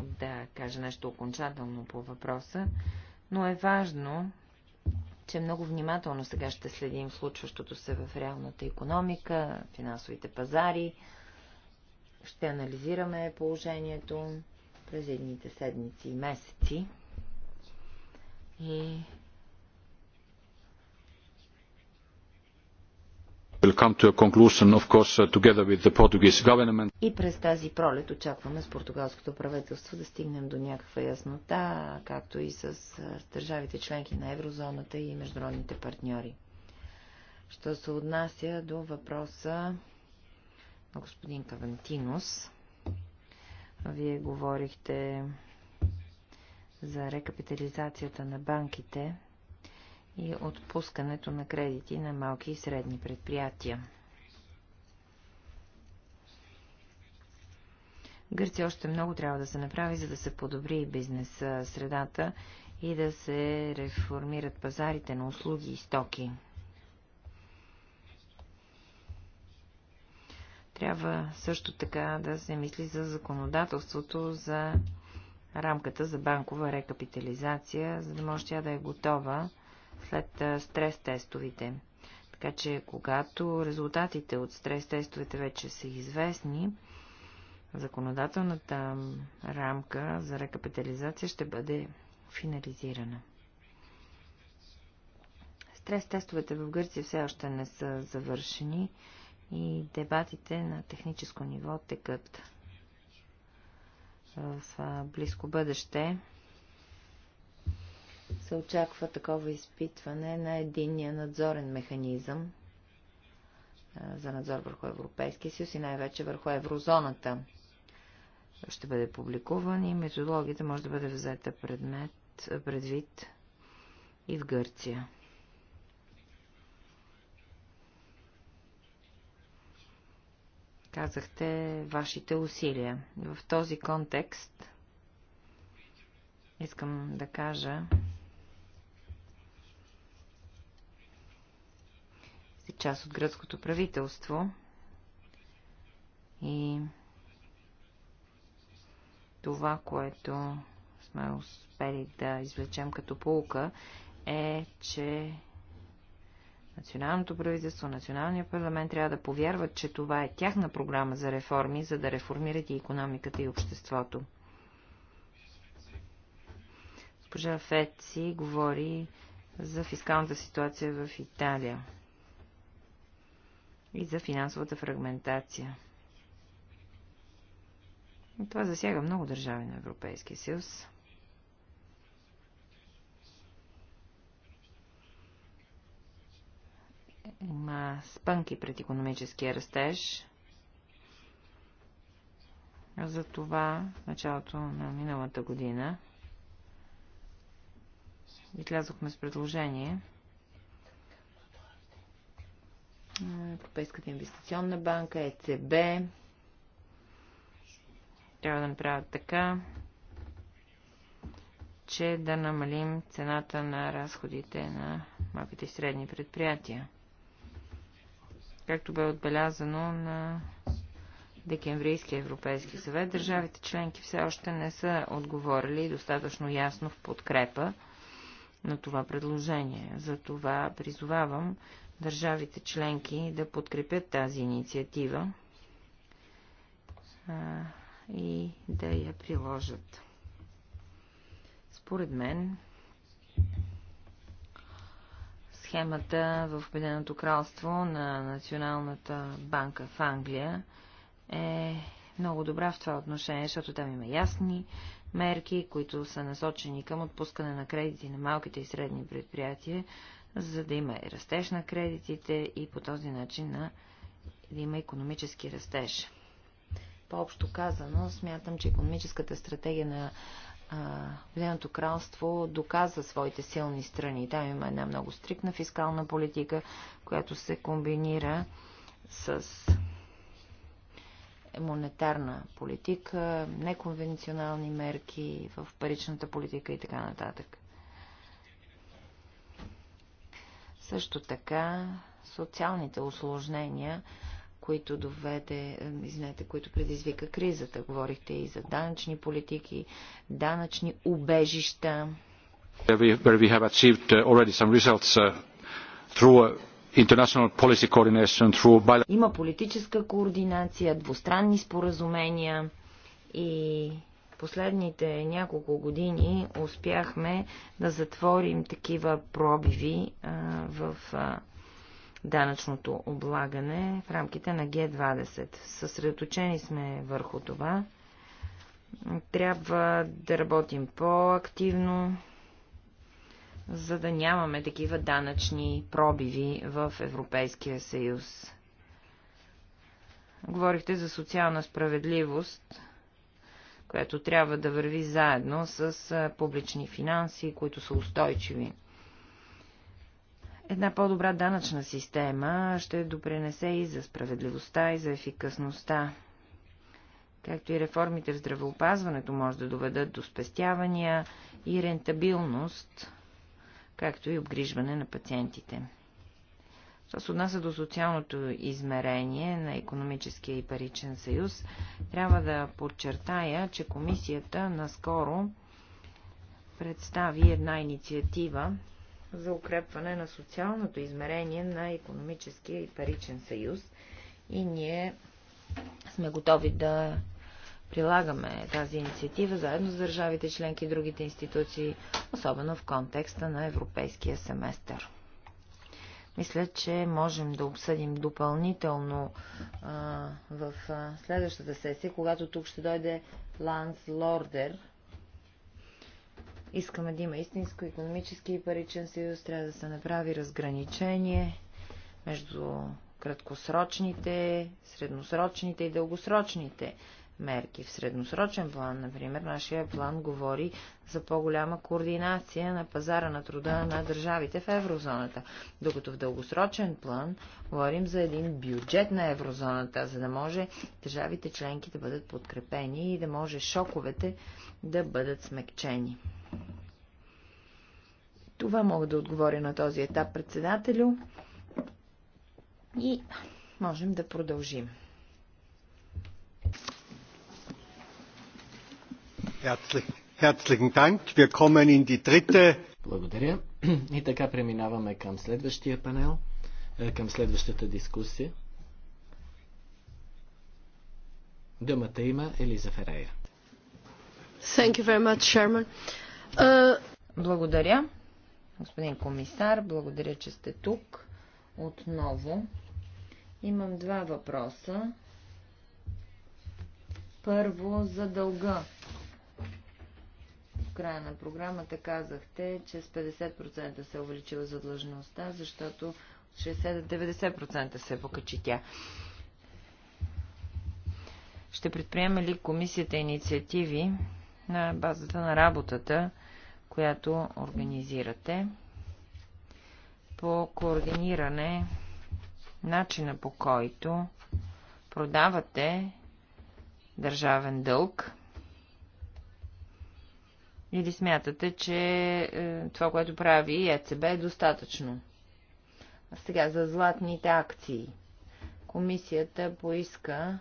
да кажа нещо окончателно по въпроса, но е важно, че много внимателно сега ще следим случващото се в реалната економика, финансовите пазари, ще анализираме положението през едните седмици и месеци. И uh, И през тази пролет очакваме с португалското правителство да стигнем до някаква яснота, както и с държавите членки на еврозоната и международните партньори. Що се отнася до въпроса на господин Кавантинос, вие говорихте за рекапитализацията на банките и отпускането на кредити на малки и средни предприятия. Гърция още много трябва да се направи, за да се подобри бизнес средата и да се реформират пазарите на услуги и стоки. Трябва също така да се мисли за законодателството за рамката за банкова рекапитализация, за да може тя да е готова след стрес-тестовите. Така че, когато резултатите от стрес-тестовете вече са известни, законодателната рамка за рекапитализация ще бъде финализирана. Стрес-тестовете в Гърция все още не са завършени и дебатите на техническо ниво текат в близко бъдеще се очаква такова изпитване на единния надзорен механизъм за надзор върху Европейския съюз и най-вече върху еврозоната. Ще бъде публикуван и методологията може да бъде взета предмет, предвид и в Гърция. казахте вашите усилия. В този контекст искам да кажа, сте част от гръцкото правителство и това, което сме успели да извлечем като полука, е, че Националното правителство, националния парламент трябва да повярват, че това е тяхна програма за реформи, за да реформират и економиката и обществото. Госпожа Феци говори за фискалната ситуация в Италия и за финансовата фрагментация.
това засяга много
държави на Европейския съюз. Има спънки пред економическия растеж. За това началото на миналата година излязохме с предложение Европейската инвестиционна банка, ЕЦБ. Трябва да направят така, че да намалим цената на разходите на малките и средни предприятия както бе отбелязано на Декемврийския Европейски съвет, държавите членки все още не са отговорили достатъчно ясно в подкрепа на това предложение. Затова призовавам държавите членки да подкрепят тази инициатива а, и да я приложат. Според мен, Схемата в Обединеното кралство на Националната банка в Англия е много добра в това отношение, защото там има ясни мерки, които са насочени към отпускане на кредити на малките и средни предприятия, за да има и растеж на кредитите и по този начин на, да има економически растеж. По-общо казано, смятам, че економическата стратегия на Обединеното кралство доказа своите силни страни. Там има една много стрикна фискална политика, която се комбинира с монетарна политика, неконвенционални мерки в паричната политика и така нататък. Също така социалните осложнения които доведе, извинете, които предизвика кризата. Говорихте и за данъчни политики, данъчни убежища.
Where we have achieved uh, already some results uh, through uh, international policy coordination, through Има политическа
координация, двустранни споразумения и последните няколко години успяхме да затворим такива пробиви а, в а, данъчното облагане в рамките на Г20. Съсредоточени сме върху това. Трябва да работим по-активно, за да нямаме такива данъчни пробиви в Европейския съюз. Говорихте за социална справедливост, която трябва да върви заедно с публични финанси, които са устойчиви. Една по-добра данъчна система ще допринесе и за справедливостта и за ефикасността. Както и реформите в здравеопазването може да доведат до спестявания и рентабилност, както и обгрижване на пациентите. Що се отнася до социалното измерение на економическия и паричен съюз, трябва да подчертая, че комисията наскоро представи една инициатива за укрепване на социалното измерение на економическия и паричен съюз. И ние сме готови да прилагаме тази инициатива заедно с държавите членки и другите институции, особено в контекста на европейския семестър. Мисля, че можем да обсъдим допълнително а, в а, следващата сесия, когато тук ще дойде Ланс Лордер, искаме да има истинско економически и паричен съюз, трябва да се направи разграничение между краткосрочните, средносрочните и дългосрочните мерки. В средносрочен план, например, нашия план говори за по-голяма координация на пазара на труда на държавите в еврозоната, докато в дългосрочен план говорим за един бюджет на еврозоната, за да може държавите членки да бъдат подкрепени и да може шоковете да бъдат смекчени. Това мога да отговоря на този етап председателю и можем да продължим.
Благодаря. И така преминаваме към следващия панел, е, към следващата дискусия. Думата има Елиза Ферейра.
Much, е, Благодаря. Господин комисар, благодаря, че сте тук отново. Имам два въпроса. Първо за дълга. В края на програмата казахте, че с 50% се е увеличила задлъжността, защото от 60 90% се покачи тя. Ще предприеме ли комисията инициативи на базата на работата която организирате по координиране начина по който продавате държавен дълг или смятате, че е, това, което прави ЕЦБ е достатъчно. А сега за златните акции. Комисията поиска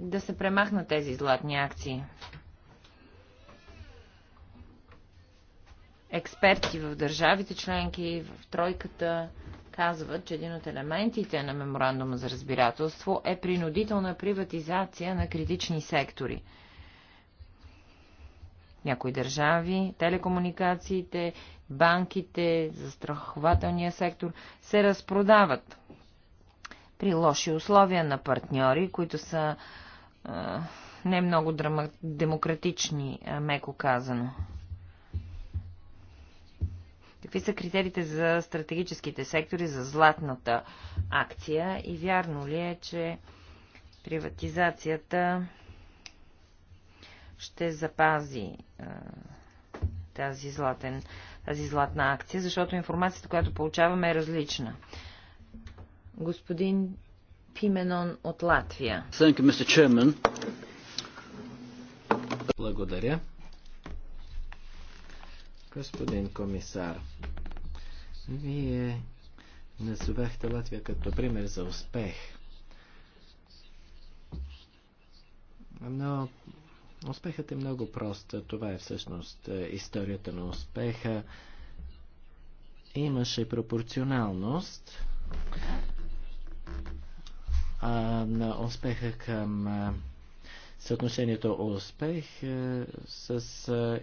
да се премахнат тези златни акции. Експерти в държавите членки, в тройката, казват, че един от елементите на меморандума за разбирателство е принудителна приватизация на критични сектори. Някои държави, телекомуникациите, банките, застрахователния сектор се разпродават при лоши условия на партньори, които са не много драма, демократични, меко казано. Какви са критериите за стратегическите сектори, за златната акция и вярно ли е, че приватизацията ще запази тази, златен, тази златна акция, защото информацията, която получаваме е различна. Господин Пименон от Латвия.
Благодаря. Господин комисар, вие назовахте Латвия като пример за успех. Но успехът е много прост. Това е всъщност историята на успеха. Имаше пропорционалност на успеха към съотношението успех с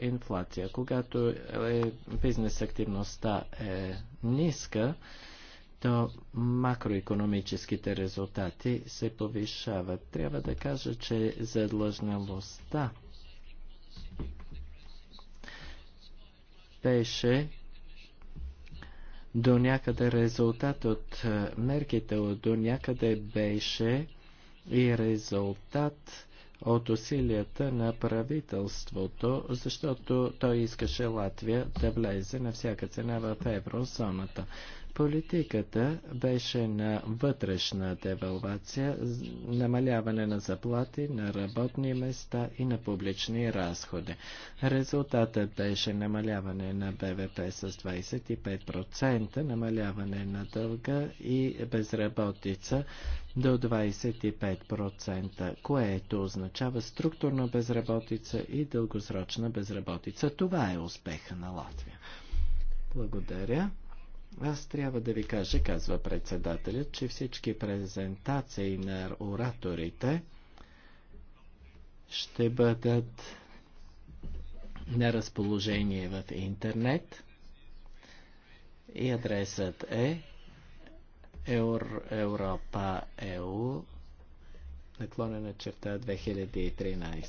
инфлация. Когато е, бизнес активността е ниска, то макроекономическите резултати се повишават. Трябва да кажа, че задлъжнялостта беше до някъде резултат от е, мерките, до някъде беше и резултат от усилията на правителството, защото той искаше Латвия да влезе на всяка цена в еврозоната. Политиката беше на вътрешна девалвация, намаляване на заплати, на работни места и на публични разходи. Резултатът беше намаляване на БВП с 25%, намаляване на дълга и безработица до 25%, което означава структурна безработица и дългосрочна безработица. Това е успеха на Латвия. Благодаря. Аз трябва да ви кажа, казва председателят, че всички презентации на ораторите ще бъдат на разположение в интернет и адресът е europa.eu наклонена черта 2013.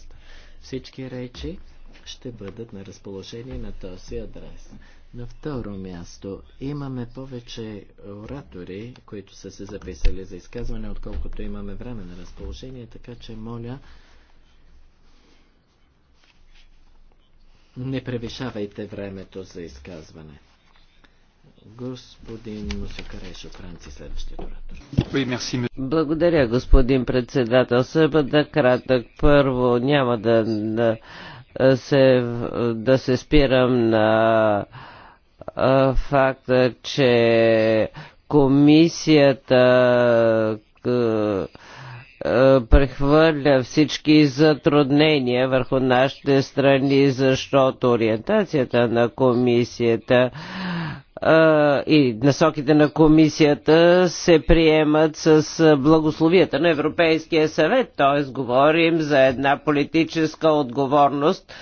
Всички речи ще бъдат на разположение на този адрес. На второ място имаме повече оратори, които са се записали за изказване, отколкото имаме време на разположение, така че моля не превишавайте времето за изказване. Господин Мусикарешо Франци, следващия
оратор. Благодаря, господин председател. да кратък. Първо, няма да, да, се, да се спирам на факта, че комисията е, прехвърля всички затруднения върху нашите страни, защото ориентацията на комисията е, и насоките на комисията се приемат с благословията на Европейския съвет, т.е. говорим за една политическа отговорност, е,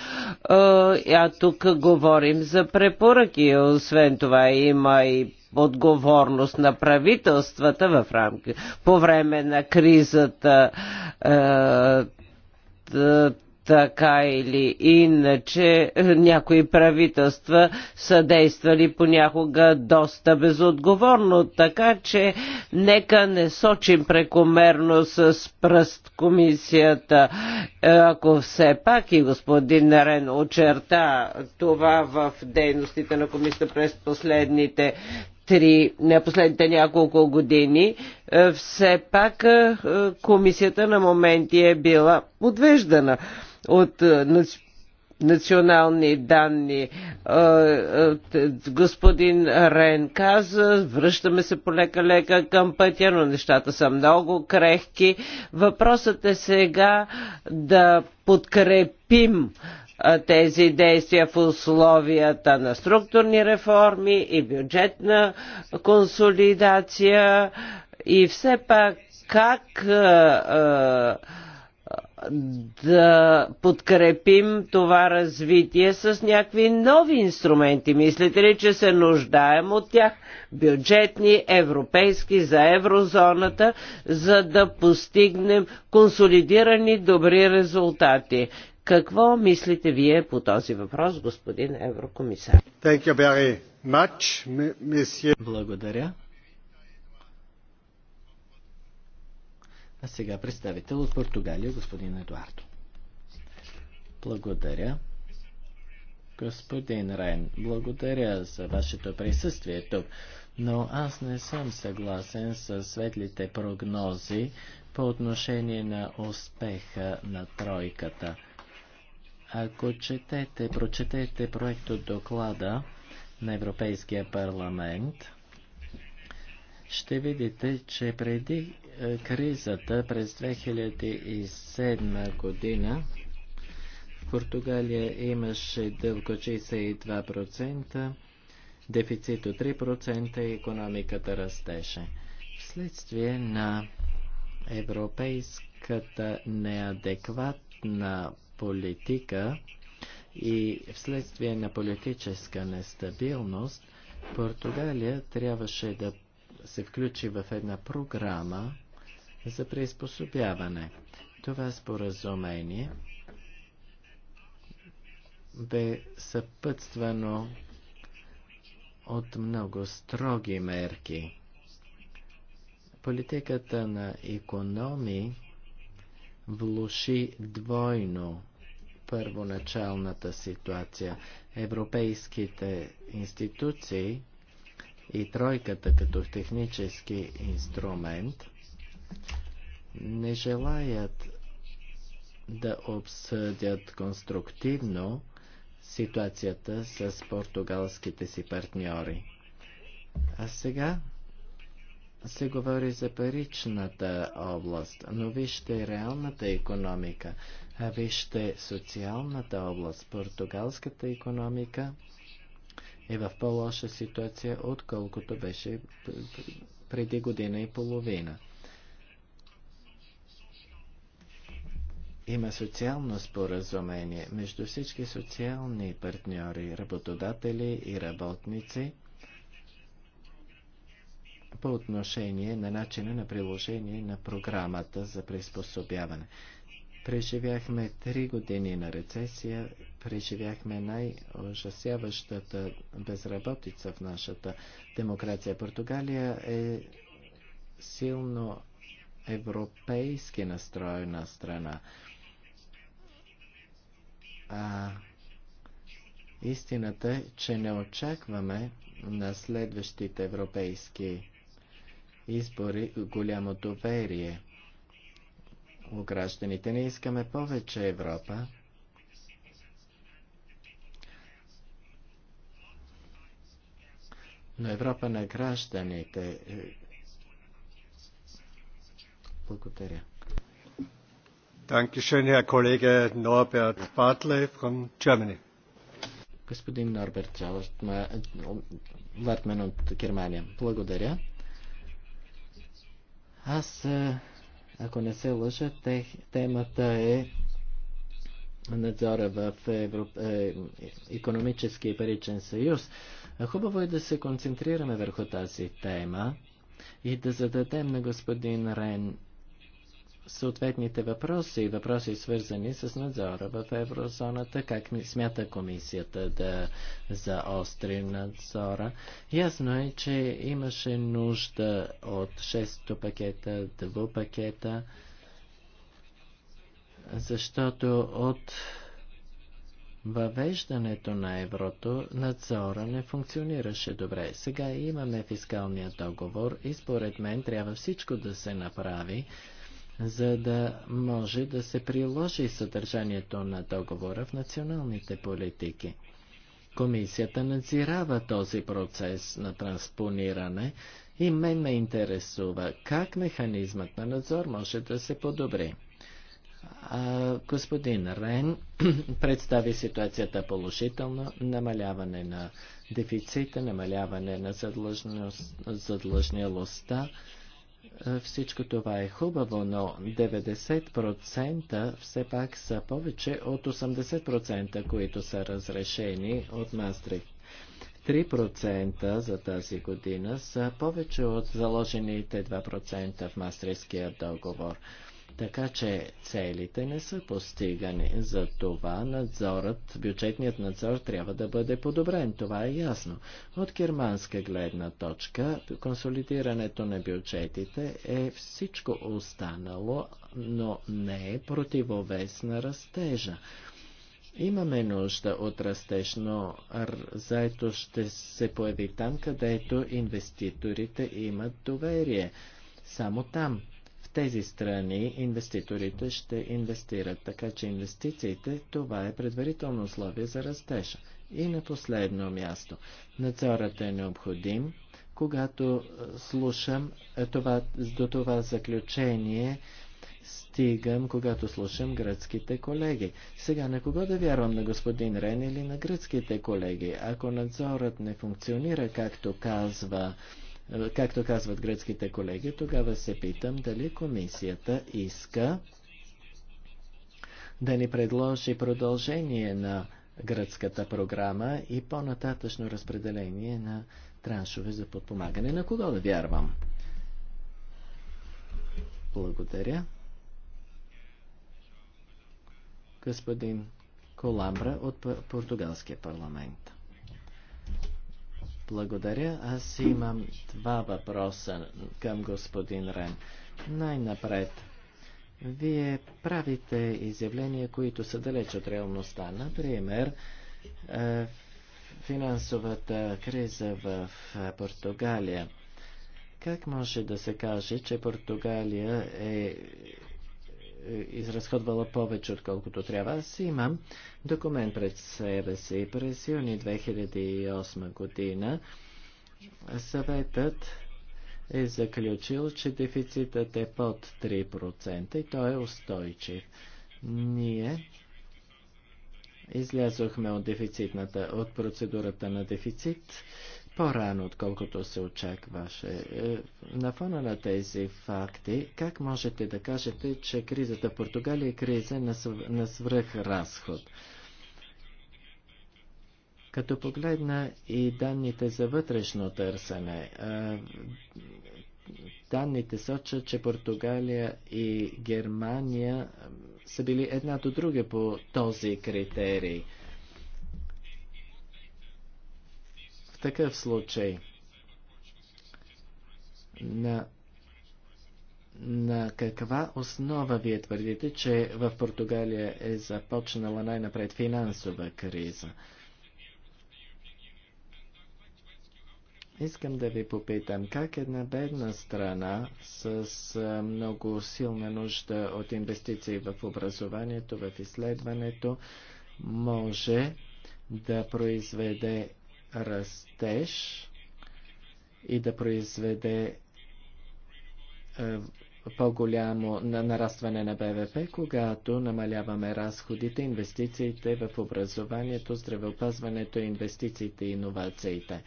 а тук говорим за препоръки. Освен това има и отговорност на правителствата в рамки по време на кризата. Е, така или иначе е, някои правителства са действали понякога доста безотговорно, така че нека не сочим прекомерно с пръст комисията. Е, ако все пак и господин Нарен очерта това в дейностите на комисията през последните три, не последните няколко години, е, все пак е, комисията на моменти е била подвеждана от е, национални данни. Господин Рен каза, връщаме се полека-лека към пътя, но нещата са много крехки. Въпросът е сега да подкрепим тези действия в условията на структурни реформи и бюджетна консолидация и все пак как да подкрепим това развитие с някакви нови инструменти. Мислите ли, че се нуждаем от тях? Бюджетни, европейски, за еврозоната, за да постигнем консолидирани добри резултати. Какво мислите вие по този въпрос, господин еврокомисар?
Much, Благодаря.
А сега представител от Португалия, господин Едуардо. Благодаря. Господин Райн, благодаря за вашето присъствие тук, но аз не съм съгласен с светлите прогнози по отношение на успеха на тройката – ако четете, прочетете проект от доклада на Европейския парламент, ще видите, че преди е, кризата през 2007 година в Португалия имаше дълг от 62%, дефицит от 3% и економиката растеше. Вследствие на европейската неадекватна политика и вследствие на политическа нестабилност, Португалия трябваше да се включи в една програма за приспособяване. Това споразумение бе съпътствано от много строги мерки. Политиката на економии влуши двойно първоначалната ситуация. Европейските институции и тройката като технически инструмент не желаят да обсъдят конструктивно ситуацията с португалските си партньори. А сега се говори за паричната област, но вижте реалната економика, а вижте социалната област. Португалската економика е в по-лоша ситуация, отколкото беше преди година и половина. Има социално споразумение между всички социални партньори, работодатели и работници – по отношение на начина на приложение на програмата за приспособяване. Преживяхме три години на рецесия, преживяхме най-ужасяващата безработица в нашата демокрация. Португалия е силно европейски настроена страна. А истината е, че не очакваме на следващите европейски избори голямо доверие у гражданите. Не искаме повече Европа. Но Европа на гражданите. Е, благодаря.
Dankeschön, Herr Kollege Norbert Bartley von Germany.
Господин Норберт Лартмен от Германия. Благодаря. Аз, е, ако не се лъжа, тех, темата е надзора в Европ... е, економически и паричен съюз. Хубаво е да се концентрираме върху тази тема и да зададем на господин Рен съответните въпроси, въпроси свързани с надзора в еврозоната, как смята комисията да заостри надзора. Ясно е, че имаше нужда от 6 пакета, 2 пакета, защото от въвеждането на еврото надзора не функционираше добре. Сега имаме фискалния договор и според мен трябва всичко да се направи, за да може да се приложи съдържанието на договора в националните политики. Комисията надзирава този процес на транспониране и мен ме интересува как механизмът на надзор може да се подобри. А, господин Рен представи ситуацията положително, намаляване на дефицита, намаляване на задлъжнялостта, е, всичко това е хубаво, но 90% все пак са повече от 80%, които са разрешени от мастрих. 3% за тази година са повече от заложените 2% в Мастрихтския договор. Така че целите не са постигани. За това надзорът, бюджетният надзор трябва да бъде подобрен. Това е ясно. От германска гледна точка, консолидирането на бюджетите е всичко останало, но не е противовес на растежа. Имаме нужда от растеж, но заето ще се появи там, където инвеститорите имат доверие. Само там тези страни инвеститорите ще инвестират, така че инвестициите това е предварително условие за растежа. И на последно място, надзорът е необходим, когато е, слушам е, това, до това заключение, стигам, когато слушам гръцките колеги. Сега на кого да вярвам, на господин Рен или на гръцките колеги? Ако надзорът не функционира, както казва е, както казват гръцките колеги, тогава се питам дали комисията иска да ни предложи продължение на гръцката програма и по-нататъчно разпределение на траншове за подпомагане. На кого да вярвам? Благодаря. Господин Коламбра от Португалския парламент. Благодаря. Аз имам два въпроса към господин Рен. Най-напред. Вие правите изявления, които са далеч от реалността. Например, е, финансовата криза в е, Португалия. Как може да се каже, че Португалия е е, изразходвала повече, отколкото трябва. Аз имам документ пред себе си. През юни 2008 година съветът е заключил, че дефицитът е под 3% и той е устойчив. Ние излязохме от, дефицитната, от процедурата на дефицит по-рано, отколкото се очакваше. Е, на фона на тези факти, как можете да кажете, че кризата в Португалия е криза на, свръх на свръхразход? Като погледна и данните за вътрешно търсене, е, данните сочат, че Португалия и Германия са били една до друга по този критерий – такъв случай на, на каква основа вие твърдите, че в Португалия е започнала най-напред финансова криза? Искам да ви попитам, как една бедна страна с много силна нужда от инвестиции в образованието, в изследването, може да произведе растеж и да произведе е, по-голямо на нарастване на БВП, когато намаляваме разходите, инвестициите в образованието, здравеопазването, инвестициите и иновациите.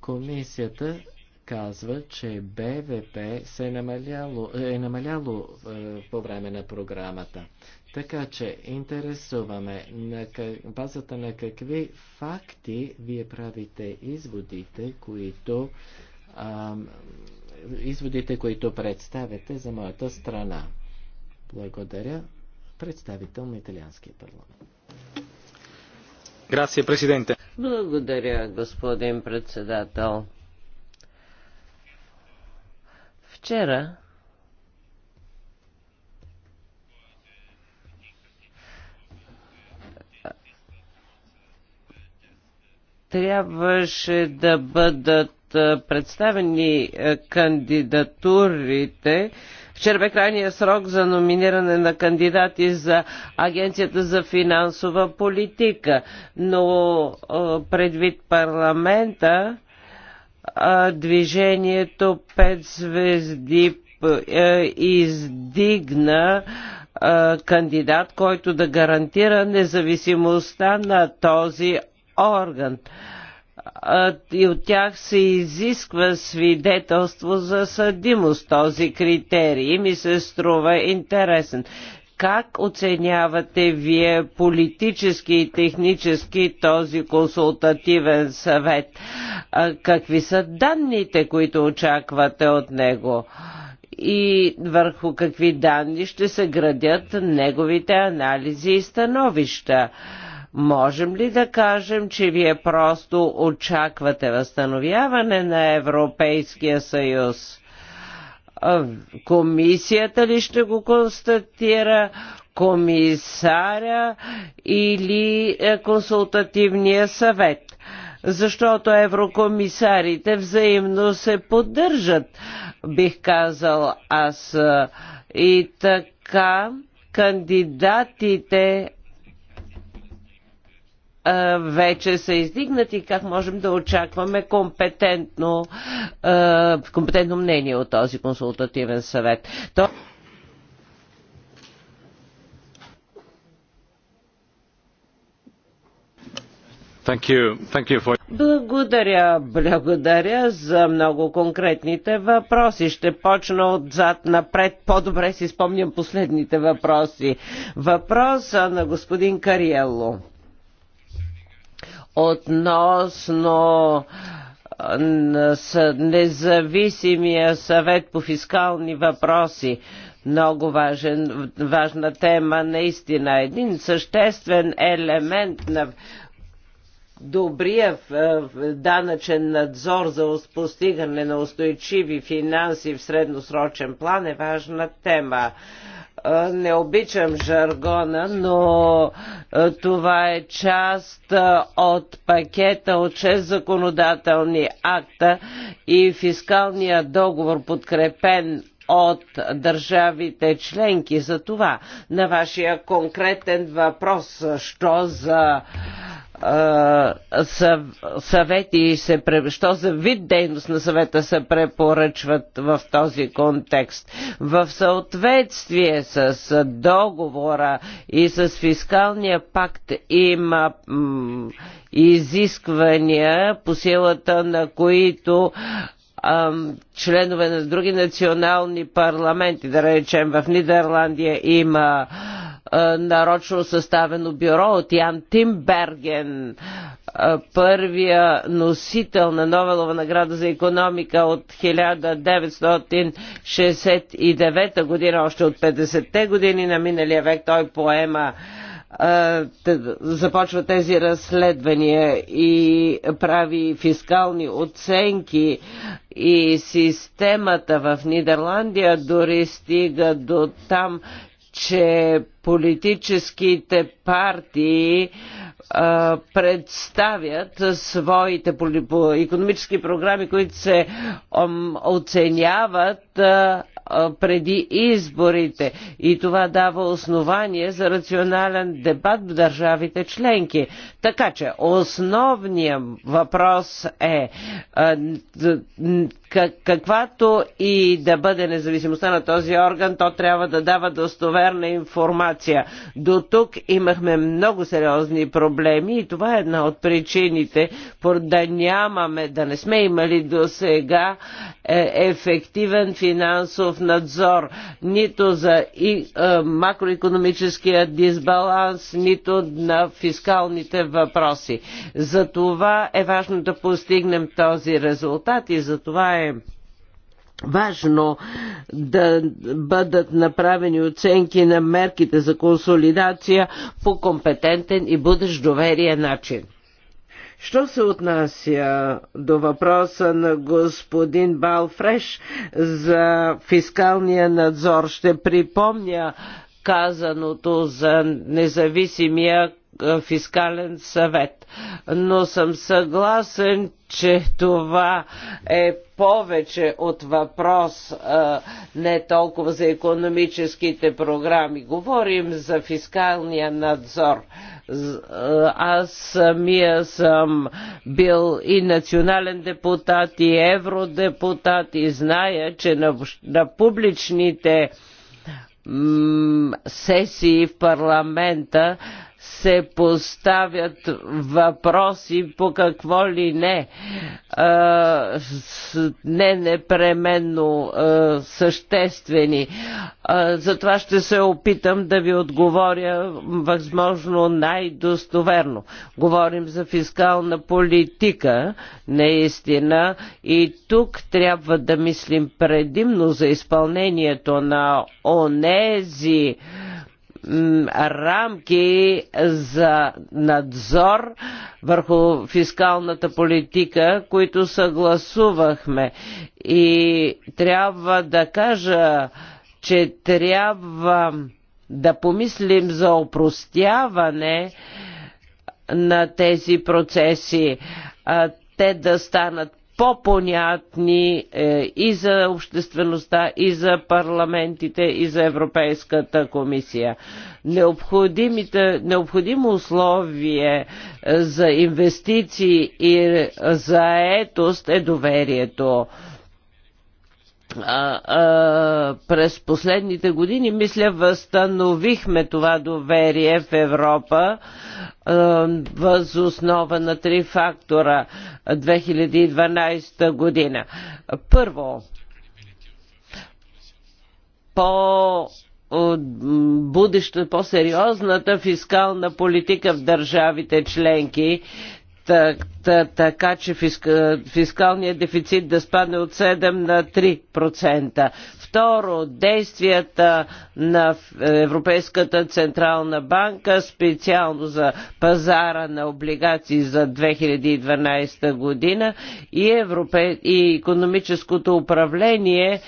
Комисията казва, че БВП се е намаляло, е намаляло е, по време на програмата. Така че интересуваме на базата на какви факти вие правите изводите, които а, изводите, които представяте за моята страна. Благодаря. Представител на Италианския парламент.
Грация, президенте. Благодаря, господин председател. Вчера трябваше да бъдат представени кандидатурите. Вчера бе крайния срок за номиниране на кандидати за Агенцията за финансова политика, но предвид парламента движението 5 звезди издигна кандидат, който да гарантира независимостта на този орган и от тях се изисква свидетелство за съдимост. Този критерий ми се струва интересен. Как оценявате вие политически и технически този консултативен съвет? Какви са данните, които очаквате от него? И върху какви данни ще се градят неговите анализи и становища? Можем ли да кажем, че вие просто очаквате възстановяване на Европейския съюз? Комисията ли ще го констатира? Комисаря или е, консултативния съвет? защото еврокомисарите взаимно се поддържат, бих казал аз. И така кандидатите вече са издигнати, как можем да очакваме компетентно, компетентно мнение от този консултативен съвет. То...
Thank you. Thank you for...
Благодаря, благодаря за много конкретните въпроси. Ще почна отзад напред. По-добре си спомням последните въпроси. Въпроса на господин Кариело относно независимия съвет по фискални въпроси. Много важен, важна тема, наистина. Един съществен елемент на добрия данъчен надзор за постигане на устойчиви финанси в средносрочен план е важна тема. Не обичам жаргона, но това е част от пакета от 6 законодателни акта и фискалния договор, подкрепен от държавите членки. За това на вашия конкретен въпрос, що за съвети се, що за вид дейност на съвета се препоръчват в този контекст. В съответствие с договора и с фискалния пакт има изисквания по силата на които членове на други национални парламенти, да речем в Нидерландия има е, нарочно съставено бюро от Ян Тимберген, е, първия носител на Новелова награда за економика от 1969 година, още от 50-те години на миналия век той поема е, започва тези разследвания и прави фискални оценки и системата в Нидерландия дори стига до там, че политическите партии представят своите економически програми, които се оценяват преди изборите. И това дава основание за рационален дебат в държавите членки. Така че основният въпрос е каквато и да бъде независимостта на този орган, то трябва да дава достоверна информация. До тук имахме много сериозни проблеми проблеми и това е една от причините да нямаме, да не сме имали до сега е, ефективен финансов надзор, нито за и, е, макроекономическия дисбаланс, нито на фискалните въпроси. За това е важно да постигнем този резултат и за това е важно да бъдат направени оценки на мерките за консолидация по компетентен и будещ доверие начин. Що се отнася до въпроса на господин Балфреш за фискалния надзор, ще припомня казаното за независимия фискален съвет. Но съм съгласен, че това е повече от въпрос не толкова за економическите програми. Говорим за фискалния надзор. Аз самия съм бил и национален депутат, и евродепутат, и зная, че на, на публичните сесии в парламента се поставят въпроси по какво ли не, а, не непременно а, съществени. А, затова ще се опитам да ви отговоря възможно най-достоверно. Говорим за фискална политика, наистина, и тук трябва да мислим предимно за изпълнението на онези, а, рамки за надзор върху фискалната политика, които съгласувахме. И трябва да кажа, че трябва да помислим за опростяване на тези процеси, те да станат по-понятни е, и за обществеността, и за парламентите, и за Европейската комисия. необходимо условие е, за инвестиции и е, заетост е доверието през последните години, мисля, възстановихме това доверие в Европа а, въз основа на три фактора 2012 година. Първо, по будеща, по-сериозната фискална политика в държавите членки така че фискалният дефицит да спадне от 7 на 3%. Второ, действията на Европейската централна банка специално за пазара на облигации за 2012 година и, европе... и економическото управление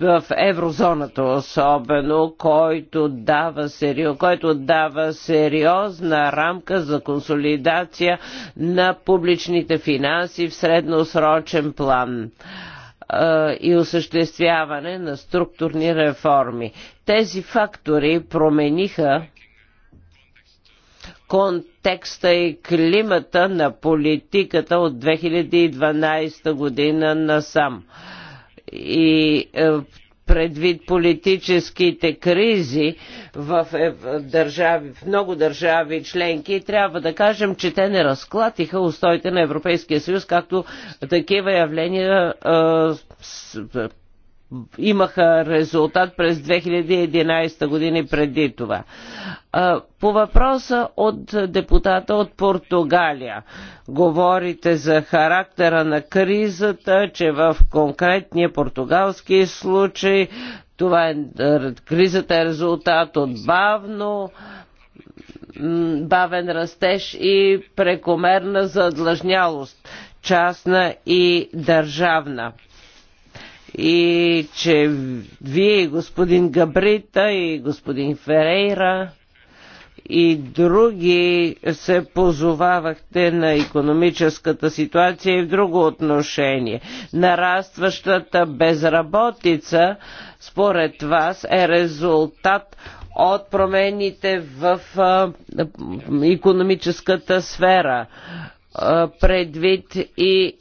в еврозоната особено, който дава, сериоз, който дава сериозна рамка за консолидация на публичните финанси в средносрочен план и осъществяване на структурни реформи. Тези фактори промениха контекста и климата на политиката от 2012 година насам. сам и е, предвид политическите кризи е, в, държави, в много държави членки, трябва да кажем, че те не разклатиха устоите на Европейския съюз, както такива явления е, имаха резултат през 2011 години преди това. По въпроса от депутата от Португалия. Говорите за характера на кризата, че в конкретния португалски случай това е, е кризата е резултат от бавно бавен растеж и прекомерна задлъжнялост, частна и държавна и че вие господин Габрита и господин Ферейра и други се позовавахте на економическата ситуация и в друго отношение. Нарастващата безработица според вас е резултат от промените в економическата сфера предвид и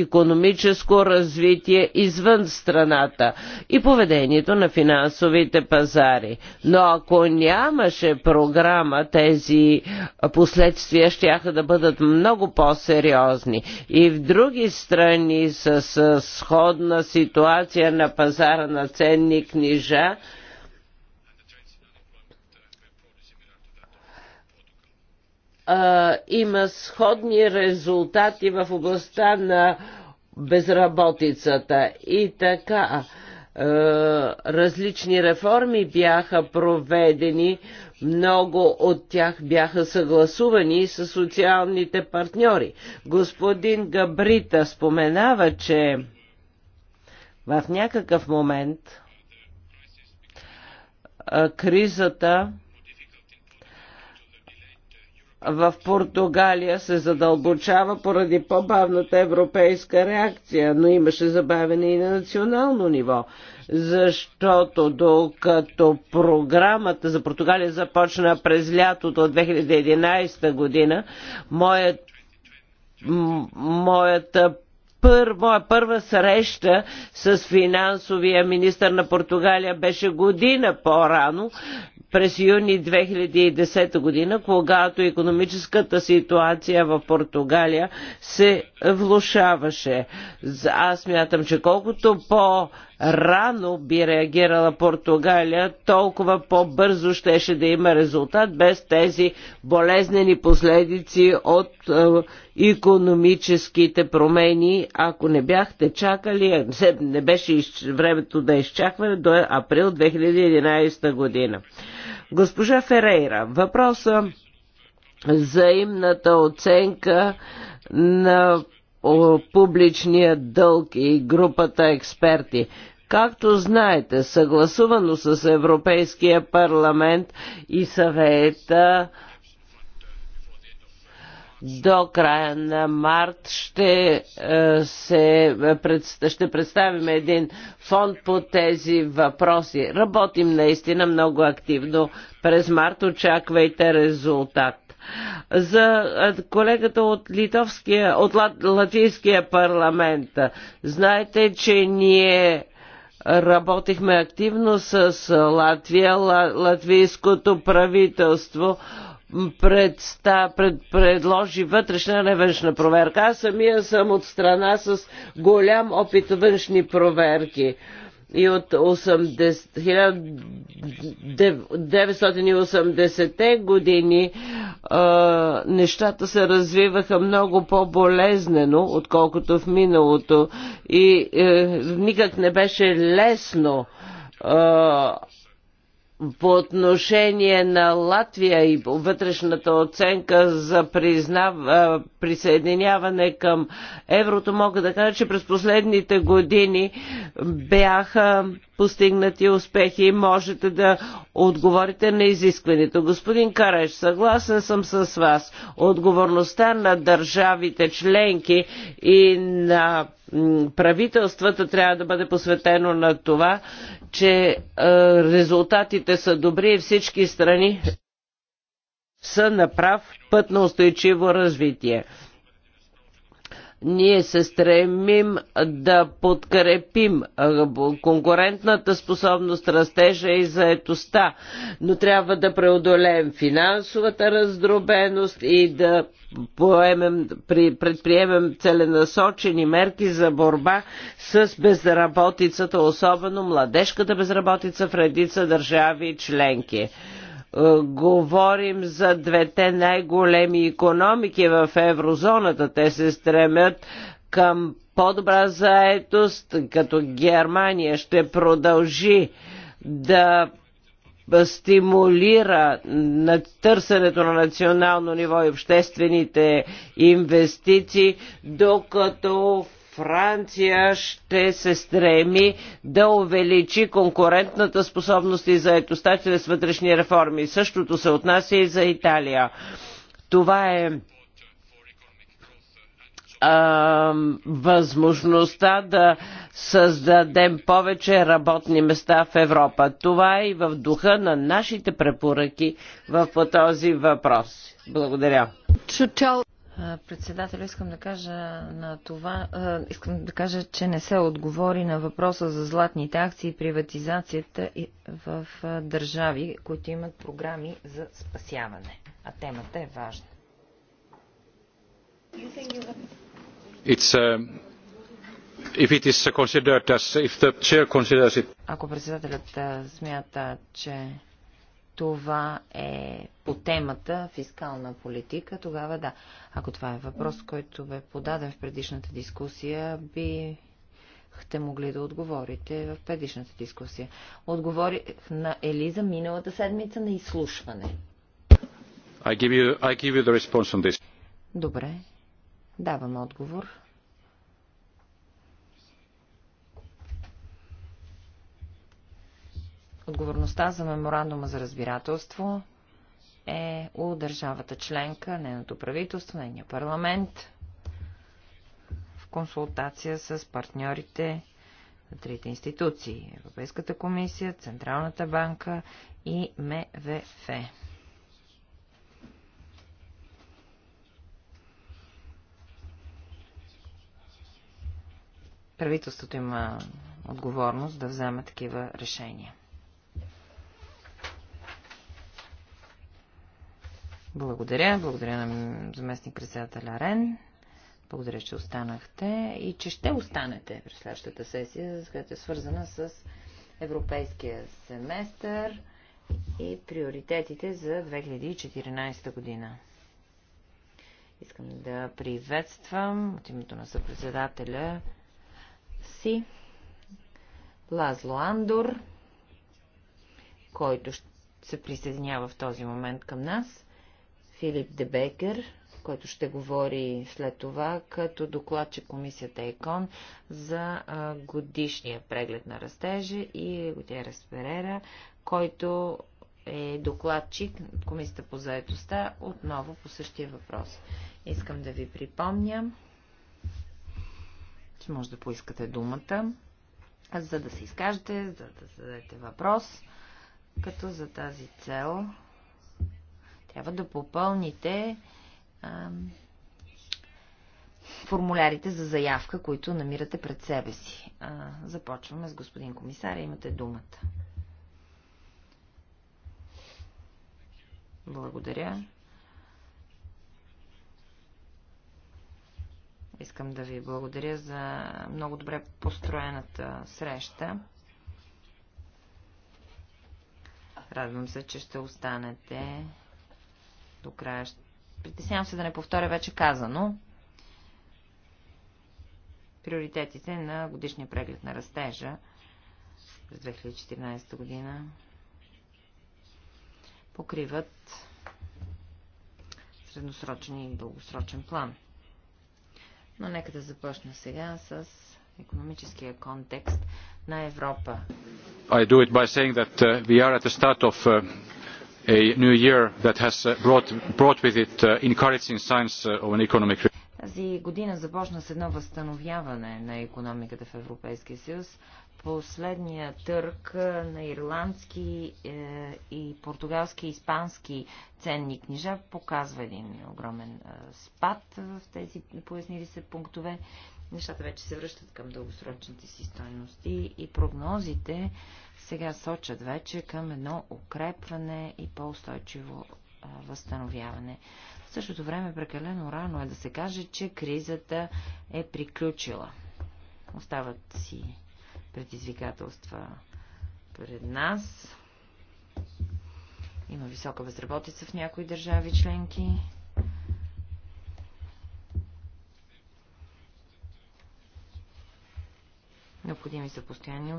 економическо развитие извън страната и поведението на финансовите пазари. Но ако нямаше програма, тези последствия ще да бъдат много по-сериозни. И в други страни с сходна ситуация на пазара на ценни книжа, а, има сходни резултати в областта на безработицата. И така, а, различни реформи бяха проведени, много от тях бяха съгласувани с социалните партньори. Господин Габрита споменава, че в някакъв момент кризата в Португалия се задълбочава поради по-бавната европейска реакция, но имаше забавене и на национално ниво, защото докато програмата за Португалия започна през лятото от 2011 година, моят, моята пър, моя първа среща с финансовия министр на Португалия беше година по-рано през юни 2010 година, когато економическата ситуация в Португалия се влушаваше. Аз мятам, че колкото по рано би реагирала Португалия, толкова по-бързо щеше да има резултат без тези болезнени последици от економическите промени. Ако не бяхте чакали, не беше времето да изчакваме до април 2011 година. Госпожа Ферейра, въпроса взаимната оценка на публичния дълг и групата експерти. Както знаете, съгласувано с Европейския парламент и съвета, до края на март ще, е, се, е, ще представим един фонд по тези въпроси. Работим наистина много активно. През март очаквайте резултат. За е, колегата от литовския, от латвийския парламент. Знаете, че ние работихме активно с Латвия, латвийското правителство предста, пред, предложи вътрешна, не външна проверка. Аз самия съм от страна с голям опит външни проверки и от 1980-те години а, нещата се развиваха много по-болезнено, отколкото в миналото и е, никак не беше лесно по отношение на Латвия и вътрешната оценка за признав, присъединяване към еврото, мога да кажа, че през последните години бяха постигнати успехи. Можете да отговорите на изискването. Господин Кареш, съгласен съм с вас. Отговорността на държавите членки и на правителствата трябва да бъде посветено на това, че е, резултатите са добри и всички страни са на прав път на устойчиво развитие. Ние се стремим да подкрепим конкурентната способност, растежа и заетостта, но трябва да преодолеем финансовата раздробеност и да поемем, предприемем целенасочени мерки за борба с безработицата, особено младежката безработица в редица държави и членки. Е, говорим за двете най-големи економики в еврозоната. Те се стремят към по-добра заетост, като Германия ще продължи да стимулира на търсенето на национално ниво и обществените инвестиции, докато Франция ще се стреми да увеличи конкурентната способност и заедостта чрез вътрешни реформи. Същото се отнася и за Италия. Това е а, възможността да създадем повече работни места в Европа. Това е и в духа на нашите препоръки в по този въпрос. Благодаря.
Председател, искам да кажа на това, искам да кажа, че не се отговори на въпроса за златните акции и приватизацията в държави, които имат програми за спасяване. А темата е важна.
Uh, it, if...
Ако председателят смята, че това е по темата фискална политика, тогава да. Ако това е въпрос, който бе подаден в предишната дискусия, би могли да отговорите в предишната дискусия. Отговорих на Елиза миналата седмица на изслушване.
I give you, I give you the response on this.
Добре. Давам отговор Отговорността за меморандума за разбирателство е у държавата членка, нейното правителство, нейния парламент, в консултация с партньорите на трите институции Европейската комисия, Централната банка и МВФ. Правителството има отговорност да вземе такива решения. Благодаря. Благодаря на заместник председателя Рен. Благодаря, че останахте и че ще останете през следващата сесия, която е свързана с европейския семестър и приоритетите за 2014 година. Искам да приветствам от името на съпредседателя си Лазло Андор, който се присъединява в този момент към нас. Филип Дебекер, който ще говори след това, като докладче комисията ЕКОН за годишния преглед на растежа и Готерес Перера, който е докладчик от комисията по заедостта, отново по същия въпрос. Искам да ви припомня, че може да поискате думата, за да се изкажете, за да зададете въпрос, като за тази цел трябва да попълните а, формулярите за заявка, които намирате пред себе си. А, започваме с господин комисаря. Имате думата. Благодаря. Искам да ви благодаря за много добре построената среща. Радвам се, че ще останете до края. Притеснявам се да не повторя вече казано. Приоритетите на годишния преглед на растежа през 2014 година покриват средносрочен и дългосрочен план. Но нека да започна сега с економическия контекст на Европа.
I do it by saying that uh, we are at the start of uh, a new year that has uh, brought, brought with it uh, encouraging signs uh, of an economic
тази година започна с едно възстановяване на економиката в Европейския съюз. Последния търг е, на ирландски е, и португалски и испански ценни книжа показва един огромен е, спад в тези пояснили се пунктове. Нещата вече се връщат към дългосрочните си стойности и прогнозите сега сочат вече към едно укрепване и по-устойчиво възстановяване. В същото време прекалено рано е да се каже, че кризата е приключила. Остават си предизвикателства пред нас. Има висока безработица в някои държави членки. Необходими са постоянни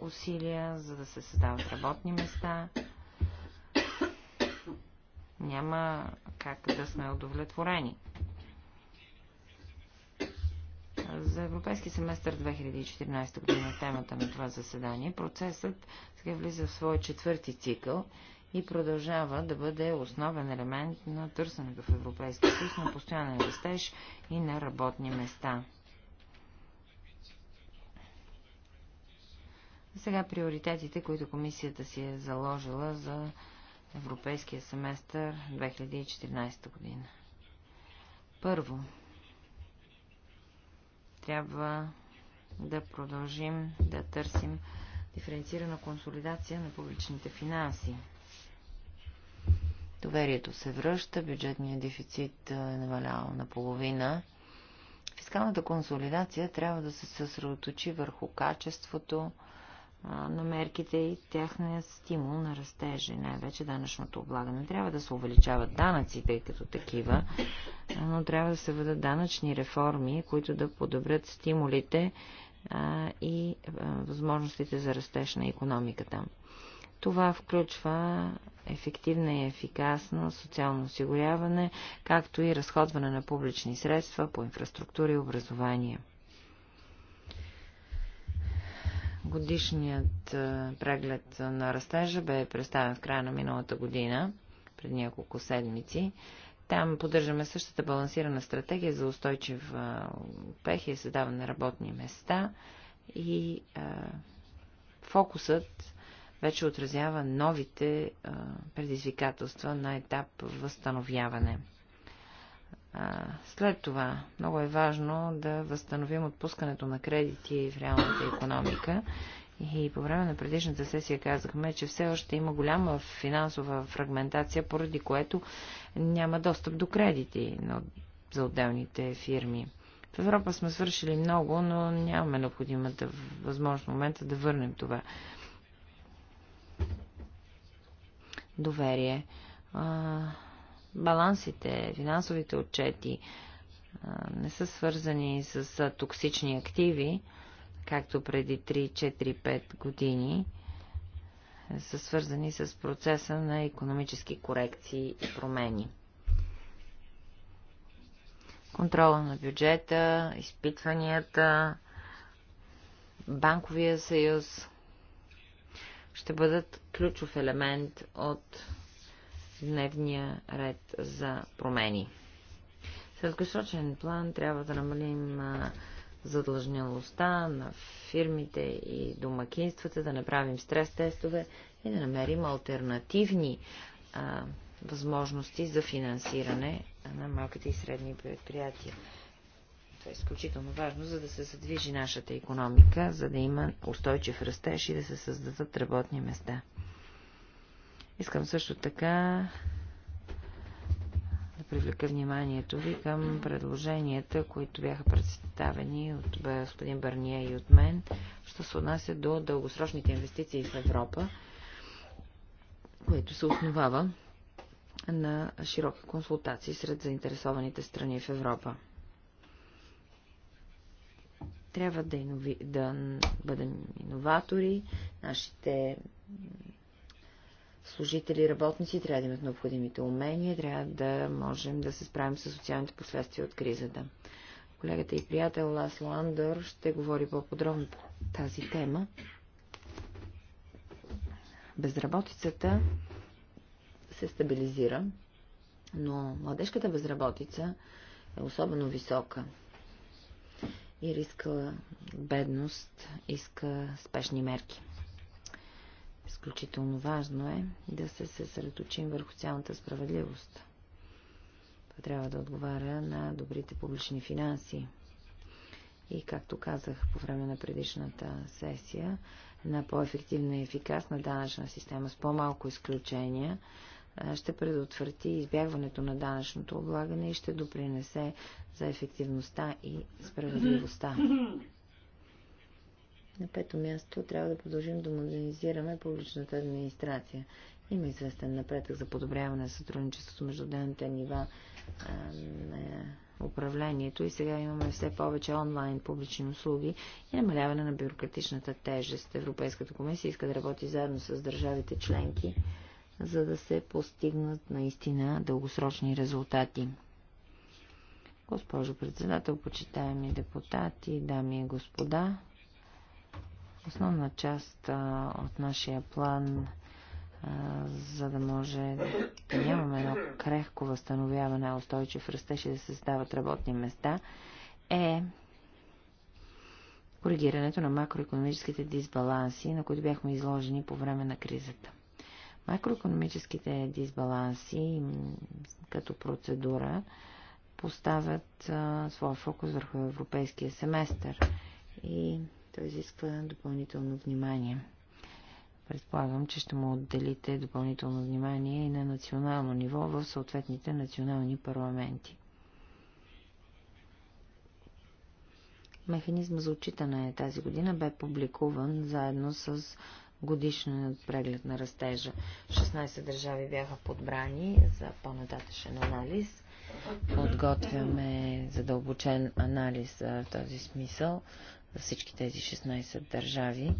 усилия, за да се създават работни места. Няма как да сме удовлетворени. За Европейски семестър 2014 година е темата на това заседание процесът сега влиза в свой четвърти цикъл и продължава да бъде основен елемент на търсенето в Европейския съюз на постоянен растеж и на работни места. Сега приоритетите, които комисията си е заложила за Европейския семестър 2014 година. Първо, трябва да продължим да търсим диференцирана консолидация на публичните финанси. Доверието се връща, бюджетният дефицит е намалял на половина. Фискалната консолидация трябва да се съсредоточи върху качеството, на мерките и тяхния стимул на растежа, най-вече данъчното облагане. Трябва да се увеличават данъци, тъй като такива, но трябва да се въдат данъчни реформи, които да подобрят стимулите а, и а, възможностите за растеж на економиката. Това включва ефективна и ефикасна социално осигуряване, както и разходване на публични средства по инфраструктура и образование. Годишният е, преглед на растежа бе представен в края на миналата година, пред няколко седмици. Там поддържаме същата балансирана стратегия за устойчив е, успех и създаване на работни места и а, е, фокусът вече отразява новите а, предизвикателства на етап възстановяване. А, след това много е важно да възстановим отпускането на кредити в реалната економика. И по време на предишната сесия казахме, че все още има голяма финансова фрагментация, поради което няма достъп до кредити за отделните фирми. В Европа сме свършили много, но нямаме необходимата възможност в момента да върнем това. Доверие. А, балансите, финансовите отчети не са свързани с токсични активи, както преди 3-4-5 години, са свързани с процеса на економически корекции и промени. Контрола на бюджета, изпитванията, банковия съюз ще бъдат ключов елемент от дневния ред за промени. В средкосрочен план трябва да намалим задлъжнялостта на фирмите и домакинствата, да направим стрес-тестове и да намерим альтернативни а, възможности за финансиране на малките и средни предприятия. Това е изключително важно, за да се задвижи нашата економика, за да има устойчив растеж и да се създадат работни места. Искам също така да привлека вниманието ви към предложенията, които бяха представени от господин Барния и от мен, що се отнася до дългосрочните инвестиции в Европа, което се основава на широки консултации сред заинтересованите страни в Европа. Трябва да, инови... да бъдем иноватори, нашите служители и работници трябва да имат необходимите умения, трябва да можем да се справим с социалните последствия от кризата. Колегата и приятел Лас Ландър ще говори по-подробно по тази тема. Безработицата се стабилизира, но младежката безработица е особено висока. И риска бедност иска спешни мерки. Изключително важно е да се съсредоточим върху цялата справедливост. Това трябва да отговаря на добрите публични финанси. И, както казах по време на предишната сесия, на по-ефективна и ефикасна данъчна система с по-малко изключения ще предотврати избягването на данъчното облагане и ще допринесе за ефективността и справедливостта. На пето място трябва да продължим да модернизираме публичната администрация. Има известен напредък за подобряване на сътрудничеството между отделните нива на е, управлението и сега имаме все повече онлайн публични услуги и намаляване на бюрократичната тежест. Европейската комисия иска да работи заедно с държавите членки, за да се постигнат наистина дългосрочни резултати. Госпожо председател, почитаеми депутати, дами и господа, Основна част а, от нашия план, а, за да може да нямаме едно крехко възстановяване, устойчив растеж и да се създават работни места, е коригирането на макроекономическите дисбаланси, на които бяхме изложени по време на кризата. Макроекономическите дисбаланси като процедура поставят а, своя фокус върху европейския семестър и което изисква допълнително внимание. Предполагам, че ще му отделите допълнително внимание и на национално ниво в съответните национални парламенти. Механизма за отчитане тази година бе публикуван заедно с годишният преглед на растежа. 16 държави бяха подбрани за по-нататъчен анализ. Подготвяме задълбочен анализ в този смисъл всички тези 16 държави.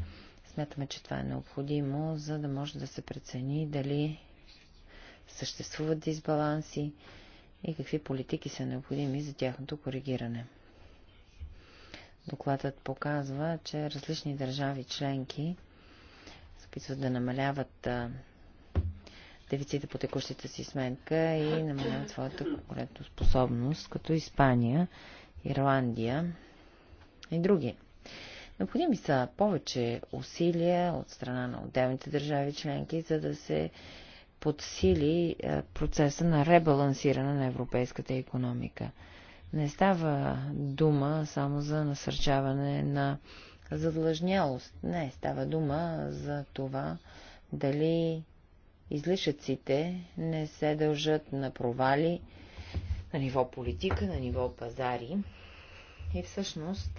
Смятаме, че това е необходимо, за да може да се прецени дали съществуват дисбаланси и какви политики са необходими за тяхното коригиране. Докладът показва, че различни държави членки се опитват да намаляват дефицита по текущата си сметка и намаляват своята конкурентоспособност, като Испания, Ирландия и други. Необходими са повече усилия от страна на отделните държави членки, за да се подсили е, процеса на ребалансиране на европейската економика. Не става дума само за насърчаване на задлъжнялост. Не, става дума за това дали излишъците не се дължат на провали на ниво политика, на ниво пазари. И всъщност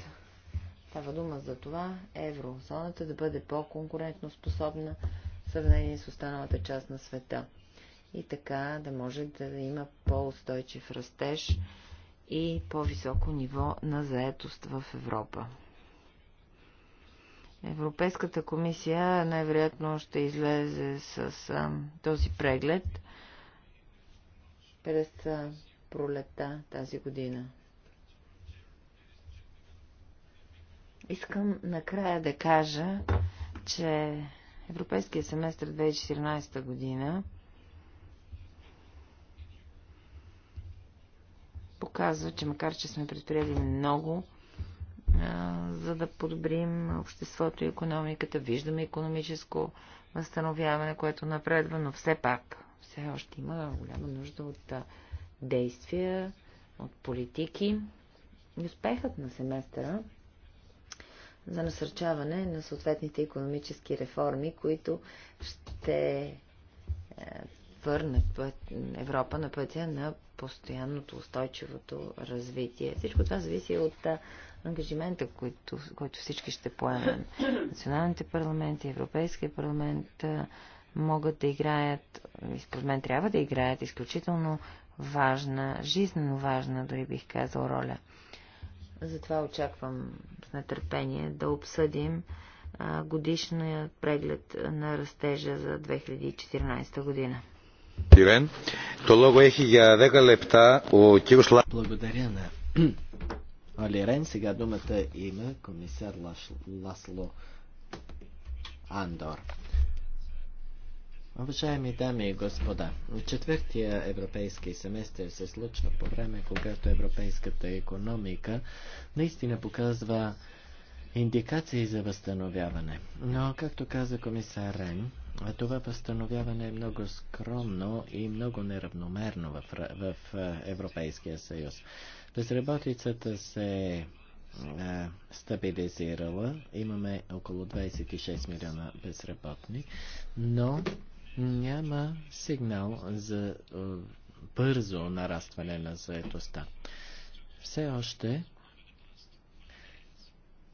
Става дума за това еврозоната да бъде по-конкурентно способна в сравнение с останалата част на света. И така да може да има по-устойчив растеж и по-високо ниво на заетост в Европа. Европейската комисия най-вероятно ще излезе с а, този преглед през пролета тази година. Искам накрая да кажа, че Европейския семестър 2014 година показва, че макар, че сме предприели много, за да подобрим обществото и економиката. Виждаме економическо възстановяване, което напредва, но все пак все още има голяма нужда от действия, от политики. И успехът на семестъра за насърчаване на съответните економически реформи, които ще е, върнат Европа на пътя на постоянното устойчивото развитие. Всичко това зависи от е, ангажимента, който, който всички ще поемем. Националните парламенти, Европейския парламент е, могат да играят, и според мен трябва да играят изключително важна, жизненно важна, дори бих казал, роля. Затова очаквам с нетърпение да обсъдим годишния преглед на растежа за 2014 година.
Благодаря на
Алирен. Сега думата има комисар Ласло Андор. Уважаеми дами и господа, четвъртия европейски семестър се случва по време, когато европейската економика наистина показва индикации за възстановяване. Но, както каза комисар Рен, това възстановяване е много скромно и много неравномерно в, в Европейския съюз. Безработицата се стабилизирала. Имаме около 26 милиона безработни, но няма сигнал за е, бързо нарастване на заетостта. Все още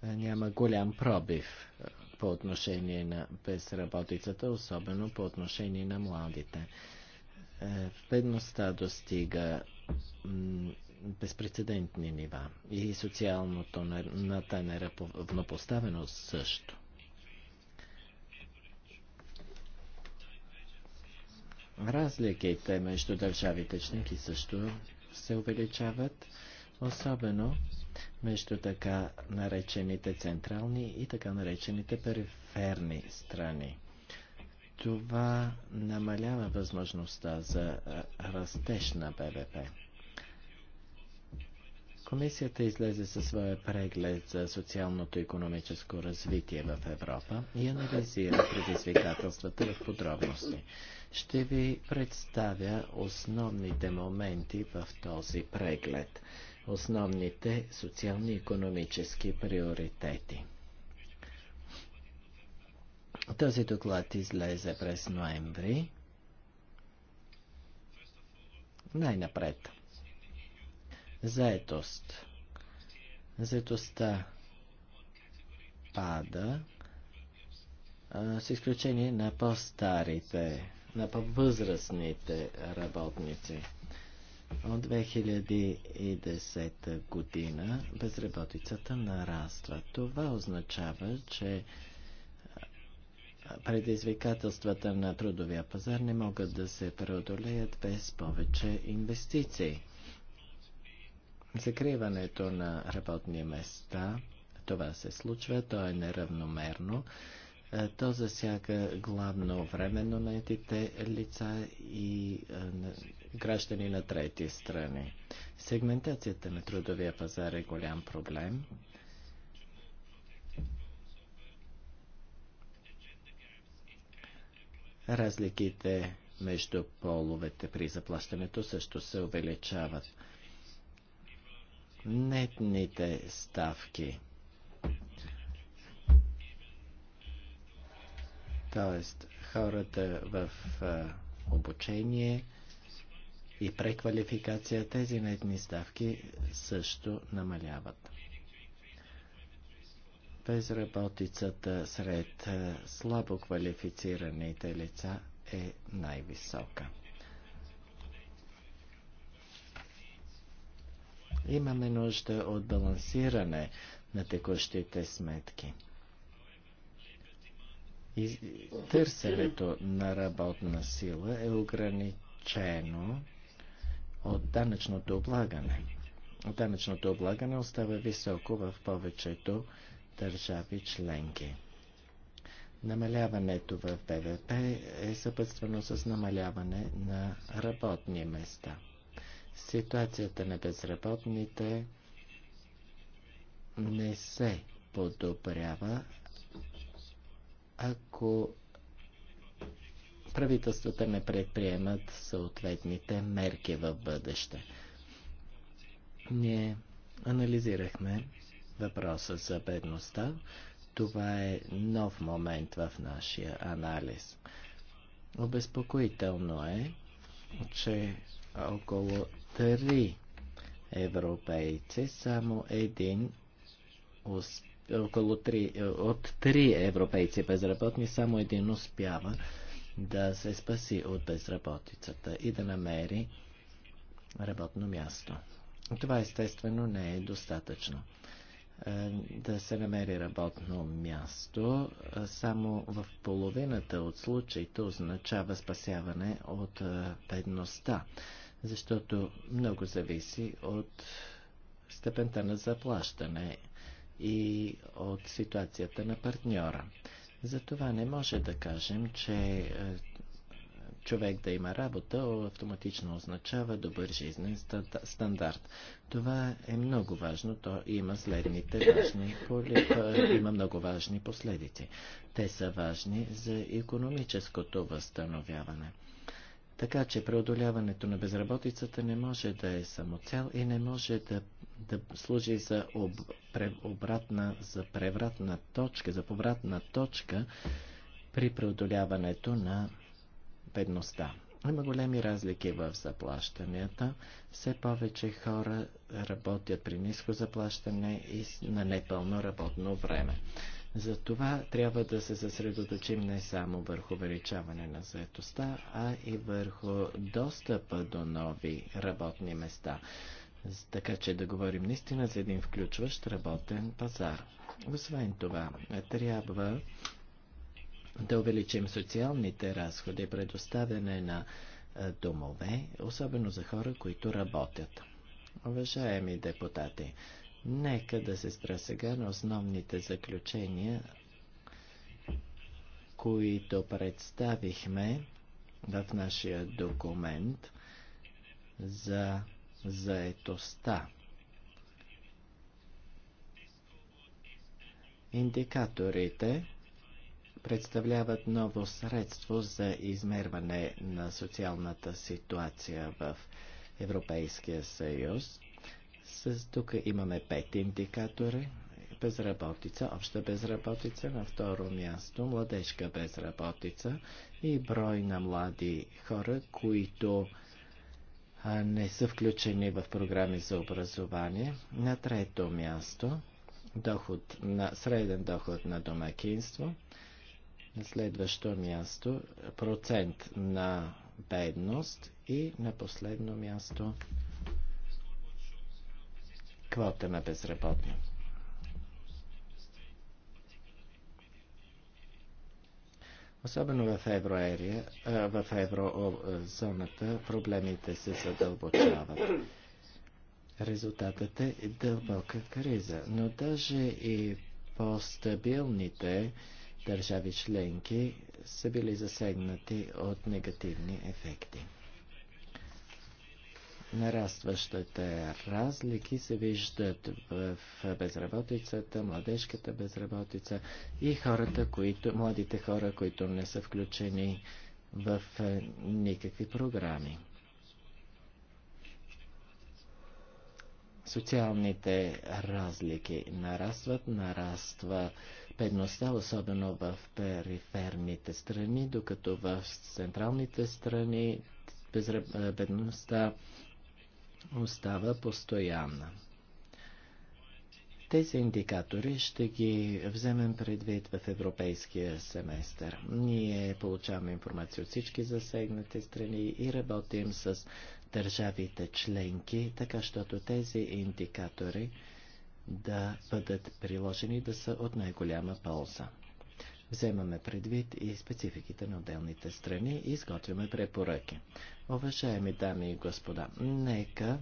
е, няма голям пробив е, по отношение на безработицата, особено по отношение на младите. Бедността достига безпредседентни нива и социалното тази равнопоставеност също. Разликите между държавите членки също се увеличават, особено между така наречените централни и така наречените периферни страни. Това намалява възможността за растеж на БВП. Комисията излезе със своя преглед за социалното и економическо развитие в Европа и анализира предизвикателствата в подробности. Ще ви представя основните моменти в този преглед, основните социални и економически приоритети. Този доклад излезе през ноември. Най-напред. Заетост. Заетостта пада с изключение на по-старите, на по-възрастните работници. От 2010 година безработицата нараства. Това означава, че предизвикателствата на трудовия пазар не могат да се преодолеят без повече инвестиции закриването на работни места. Това се случва, то е неравномерно. Е, то засяга главно временно наетите лица и е, граждани на трети страни. Сегментацията на трудовия пазар е голям проблем. Разликите между половете при заплащането също се увеличават нетните ставки. Тоест, хората в обучение и преквалификация, тези нетни ставки също намаляват. Безработицата сред слабо квалифицираните лица е най-висока. Имаме нужда от балансиране на текущите сметки. И търсенето на работна сила е ограничено от данъчното облагане. Данъчното облагане остава високо в повечето държави членки. Намаляването в ПВП е съпътствано с намаляване на работни места. Ситуацията на безработните не се подобрява, ако правителствата не предприемат съответните мерки в бъдеще. Ние анализирахме въпроса за бедността. Това е нов момент в нашия анализ. Обезпокоително е, че около Три европейци, само един около 3, е, от три европейци безработни, само един успява да се спаси от безработицата и да намери работно място. Това естествено не е достатъчно. Е, да се намери работно място е, само в половината от случаите означава спасяване от бедността защото много зависи от степента на заплащане и от ситуацията на партньора. Затова не може да кажем, че е, човек да има работа автоматично означава добър жизнен стандарт. Това е много важно, то има следните важни, е, има много важни последици. Те са важни за економическото възстановяване. Така че преодоляването на безработицата не може да е самоцел и не може да, да служи за об, пре, обратна, за превратна точка, за повратна точка при преодоляването на бедността. Има големи разлики в заплащанията. Все повече хора работят при ниско заплащане и на непълно работно време. За това трябва да се съсредоточим не само върху увеличаване на заетостта, а и върху достъпа до нови работни места. Така че да говорим наистина за един включващ работен пазар. Освен това, трябва да увеличим социалните разходи, предоставяне на домове, особено за хора, които работят. Уважаеми депутати, Нека да се спра сега на основните заключения, които представихме в нашия документ за заетостта. Индикаторите представляват ново средство за измерване на социалната ситуация в Европейския съюз. С, тук имаме пет индикатора. Безработица, обща безработица, на второ място младежка безработица и брой на млади хора, които а, не са включени в програми за образование. На трето място доход на, среден доход на домакинство. На следващо място процент на бедност и на последно място квота на безработни. Особено в, евроерия, в еврозоната проблемите се задълбочават. Резултатът е дълбока криза, но даже и по-стабилните държави членки са били засегнати от негативни ефекти. Нарастващите разлики се виждат в безработицата, младежката безработица и хората, които, младите хора, които не са включени в е, никакви програми. Социалните разлики нарастват, нараства бедността, особено в периферните страни, докато в централните страни безръб... бедността остава постоянна. Тези индикатори ще ги вземем предвид в европейския семестър. Ние получаваме информация от всички засегнати страни и работим с държавите членки, така щото тези индикатори да бъдат приложени да са от най-голяма полза. Вземаме предвид и спецификите на отделните страни и изготвяме препоръки. Уважаеми дами и господа, нека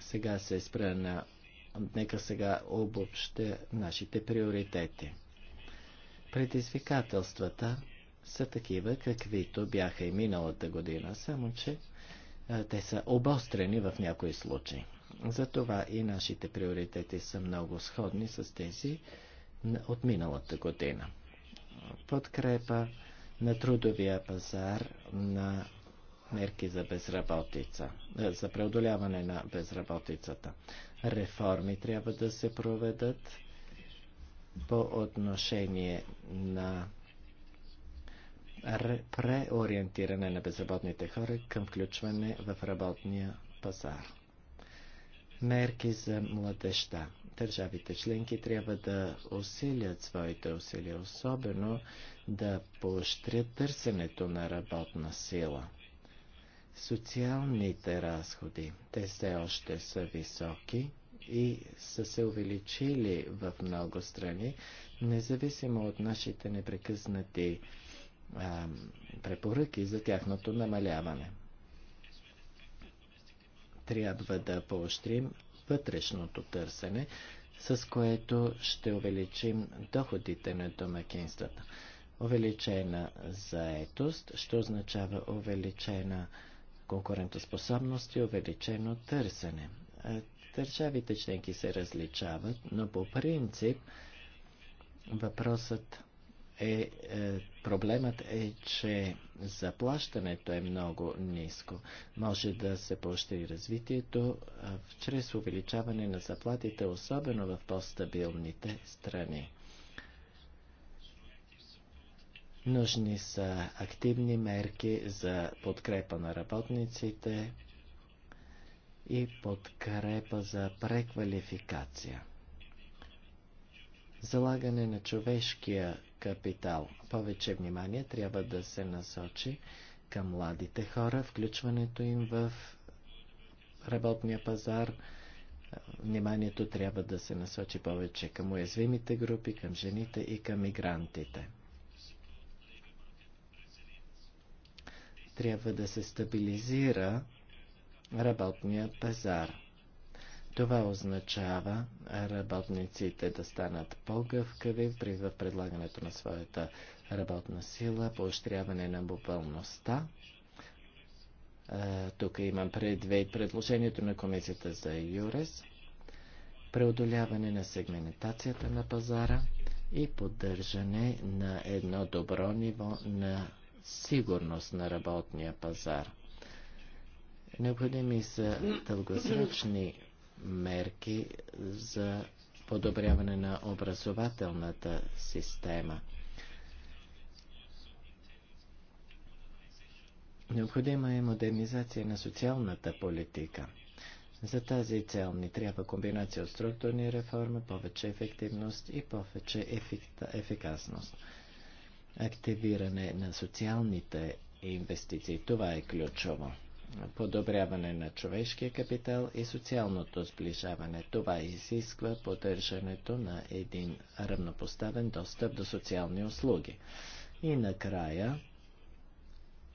сега се спра на... Нека сега обобща нашите приоритети. Предизвикателствата са такива, каквито бяха и миналата година, само че те са обострени в някои случаи. Затова и нашите приоритети са много сходни с тези от миналата година подкрепа на трудовия пазар на мерки за безработица, е, за преодоляване на безработицата. Реформи трябва да се проведат по отношение на преориентиране на безработните хора към включване в работния пазар. Мерки за младеща държавите членки трябва да усилят своите усилия, особено да поощрят търсенето на работна сила. Социалните разходи, те все още са високи и са се увеличили в много страни, независимо от нашите непрекъснати а, препоръки за тяхното намаляване. Трябва да поощрим вътрешното търсене, с което ще увеличим доходите на домакинствата. Увеличена заетост ще означава увеличена конкурентоспособност и увеличено търсене. Държавите членки се различават, но по принцип въпросът е, е, проблемът е, че заплащането е много ниско. Може да се поощри развитието а, чрез увеличаване на заплатите, особено в по-стабилните страни. Нужни са активни мерки за подкрепа на работниците и подкрепа за преквалификация. Залагане на човешкия капитал. Повече внимание трябва да се насочи към младите хора, включването им в работния пазар. Вниманието трябва да се насочи повече към уязвимите групи, към жените и към мигрантите. Трябва да се стабилизира работния пазар. Това означава работниците да станат по-гъвкави при предлагането на своята работна сила, поощряване на мобилността. Е, тук имам предвид предложението на комисията за ЮРЕС, преодоляване на сегментацията на пазара и поддържане на едно добро ниво на сигурност на работния пазар. Необходими са дългосрочни мерки за подобряване на образователната система. Необходима е модернизация на социалната политика. За тази цел ни трябва комбинация от структурни реформи, повече ефективност и повече ефикасност. Активиране на социалните инвестиции. Това е ключово подобряване на човешкия капитал и социалното сближаване. Това изисква поддържането на един равнопоставен достъп до социални услуги. И накрая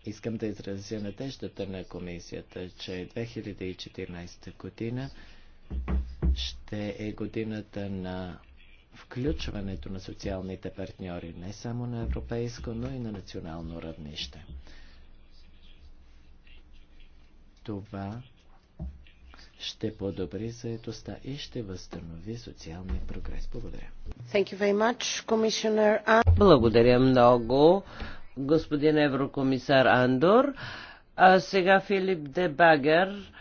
искам да изразя надеждата на комисията, че 2014 година ще е годината на включването на социалните партньори не само на европейско, но и на национално равнище. Това ще подобри заедостта и ще възстанови социалния прогрес. Благодаря.
Thank you very much, Commissioner... Благодаря много, господин еврокомисар Андор. А сега Филип Дебагер,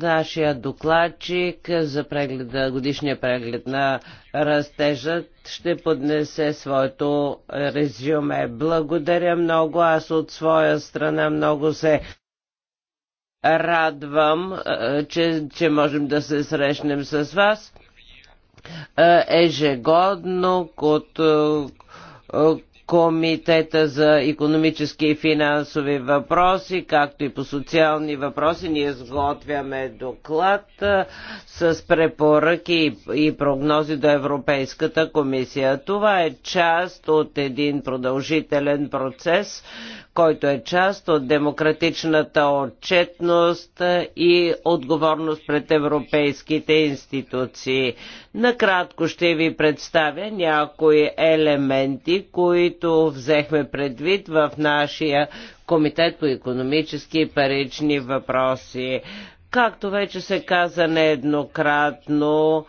нашия докладчик за прегледа, годишния преглед на растежът, ще поднесе своето резюме. Благодаря много. Аз от своя страна много се радвам, че, че можем да се срещнем с вас ежегодно от Комитета за економически и финансови въпроси, както и по социални въпроси. Ние сготвяме доклад с препоръки и прогнози до Европейската комисия. Това е част от един продължителен процес, който е част от демократичната отчетност и отговорност пред европейските институции. Накратко ще ви представя някои елементи, които взехме предвид в нашия Комитет по економически и парични въпроси. Както вече се каза нееднократно,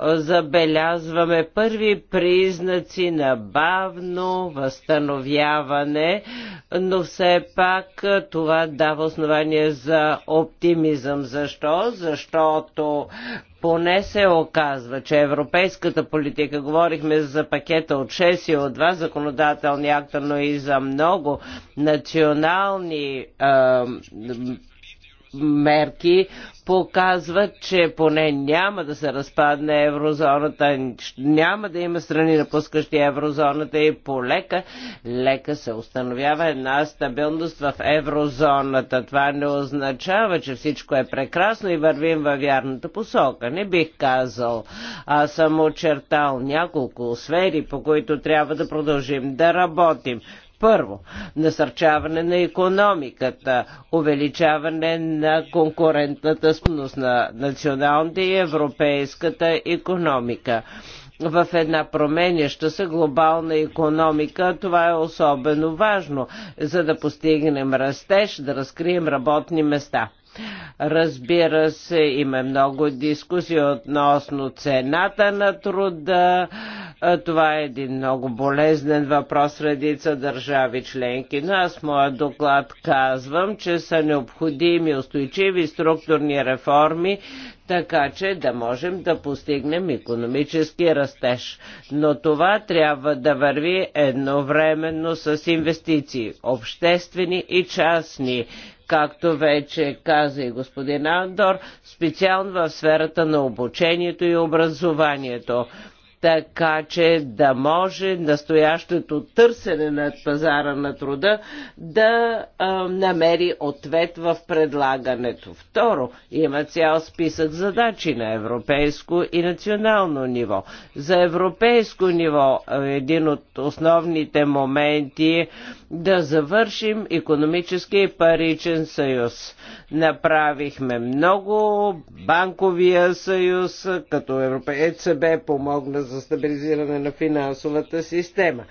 забелязваме първи признаци на бавно възстановяване, но все пак това дава основание за оптимизъм. Защо? Защото поне се оказва, че европейската политика, говорихме за пакета от 6 и от 2 законодателни акта, но и за много национални е, мерки показват, че поне няма да се разпадне еврозоната, няма да има страни напускащи еврозоната и полека, лека се установява една стабилност в еврозоната. Това не означава, че всичко е прекрасно и вървим във вярната посока. Не бих казал. Аз съм очертал няколко сфери, по които трябва да продължим да работим. Първо, насърчаване на економиката, увеличаване на конкурентната способност на националната и европейската економика в една променяща се глобална економика. Това е особено важно, за да постигнем растеж, да разкрием работни места. Разбира се, има много дискусии относно цената на труда, това е един много болезнен въпрос редица държави членки, но аз моя доклад казвам, че са необходими устойчиви структурни реформи, така че да можем да постигнем економически растеж. Но това трябва да върви едновременно с инвестиции, обществени и частни, както вече каза и господин Андор, специално в сферата на обучението и образованието така че да може настоящото търсене на пазара на труда да а, намери ответ в предлагането. Второ, има цял списък задачи на европейско и национално ниво. За европейско ниво е един от основните моменти е да завършим економически и паричен съюз. Направихме много. Банковия съюз, като ЕЦБ, помогна за стабилизиране на финансовата система.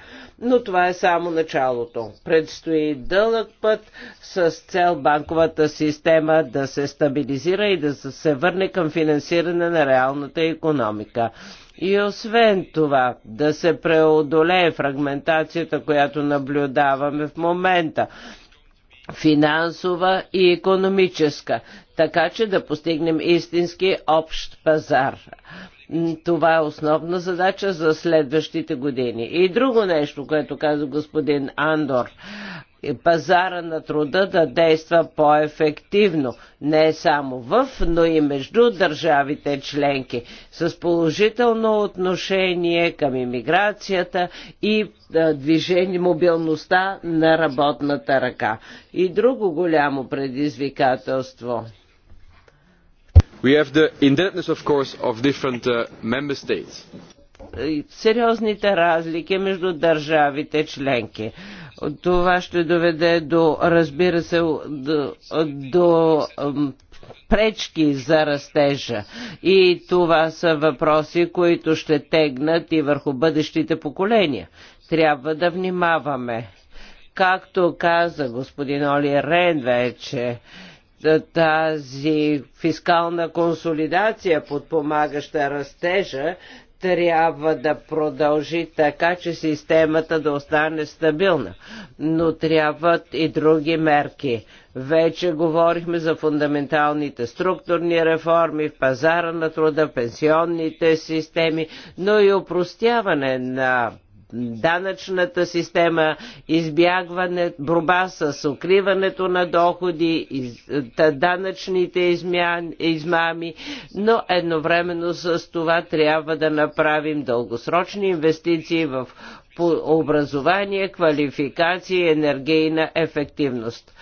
Но това е само началото. Предстои дълъг път с цел банковата система да се стабилизира и да се върне към финансиране на реалната економика. И освен това, да се преодолее фрагментацията, която наблюдаваме в момента, финансова и економическа, така че да постигнем истински общ пазар. Това е основна задача за следващите години. И друго нещо, което каза господин Андор пазара на труда да действа по-ефективно, не само в, но и между държавите членки, с положително отношение към иммиграцията и движение, мобилността на работната ръка. И друго голямо предизвикателство.
We have the indebtedness, of course, of different
uh, member states сериозните разлики между държавите членки. Това ще доведе до, разбира се, до, до пречки за растежа. И това са въпроси, които ще тегнат и върху бъдещите поколения. Трябва да внимаваме. Както каза господин Оли Рен вече, тази фискална консолидация, подпомагаща растежа, трябва да продължи така, че системата да остане стабилна, но трябват и други мерки. Вече говорихме за фундаменталните структурни реформи в пазара на труда, пенсионните системи, но и упростяване на данъчната система, избягване, борба с укриването на доходи, из, данъчните измян, измами, но едновременно с това трябва да направим дългосрочни инвестиции в образование, квалификация и енергийна ефективност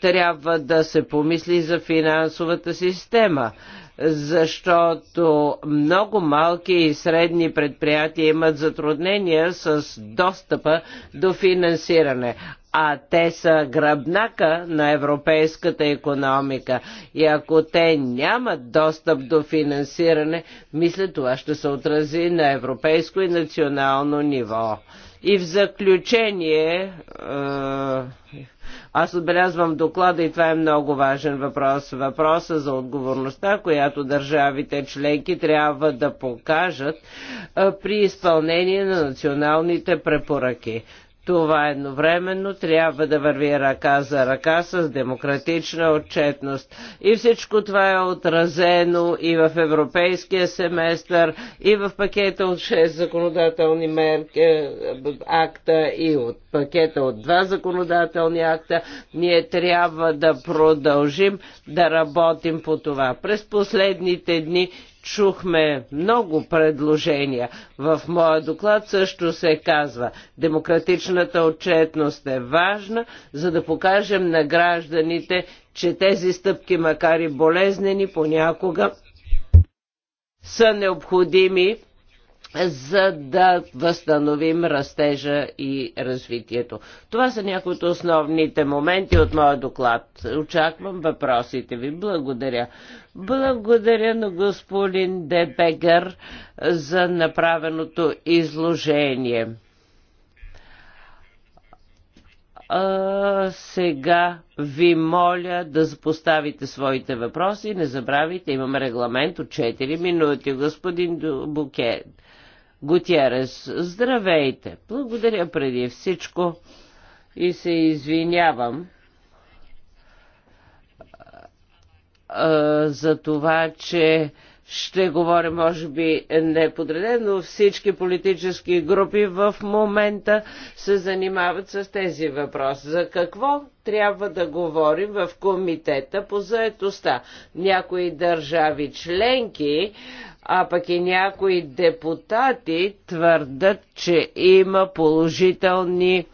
трябва да се помисли за финансовата система защото много малки и средни предприятия имат затруднения с достъпа до финансиране а те са гръбнака на европейската економика. И ако те нямат достъп до финансиране, мисля това ще се отрази на европейско и национално ниво. И в заключение, е, аз отбелязвам доклада и това е много важен въпрос. Въпроса за отговорността, която държавите членки трябва да покажат при изпълнение на националните препоръки. Това едновременно трябва да върви ръка за ръка с демократична отчетност. И всичко това е отразено и в европейския семестър, и в пакета от 6 законодателни мерки, е, акта, и от пакета от 2 законодателни акта. Ние трябва да продължим да работим по това. През последните дни чухме много предложения. В моя доклад също се казва, демократичната отчетност е важна, за да покажем на гражданите, че тези стъпки, макар и болезнени, понякога са необходими за да възстановим растежа и развитието. Това са някои от основните моменти от моя доклад. Очаквам въпросите ви. Благодаря. Благодаря на господин Дебегър за направеното изложение. А, сега ви моля да поставите своите въпроси. Не забравяйте, имам регламент от 4 минути. Господин Букет. Гутиерес, здравейте! Благодаря преди всичко и се извинявам а, за това, че ще говоря, може би, неподредено. Всички политически групи в момента се занимават с тези въпроси. За какво трябва да говорим в комитета по заетостта? Някои държави членки, а пък и някои депутати твърдат, че има положителни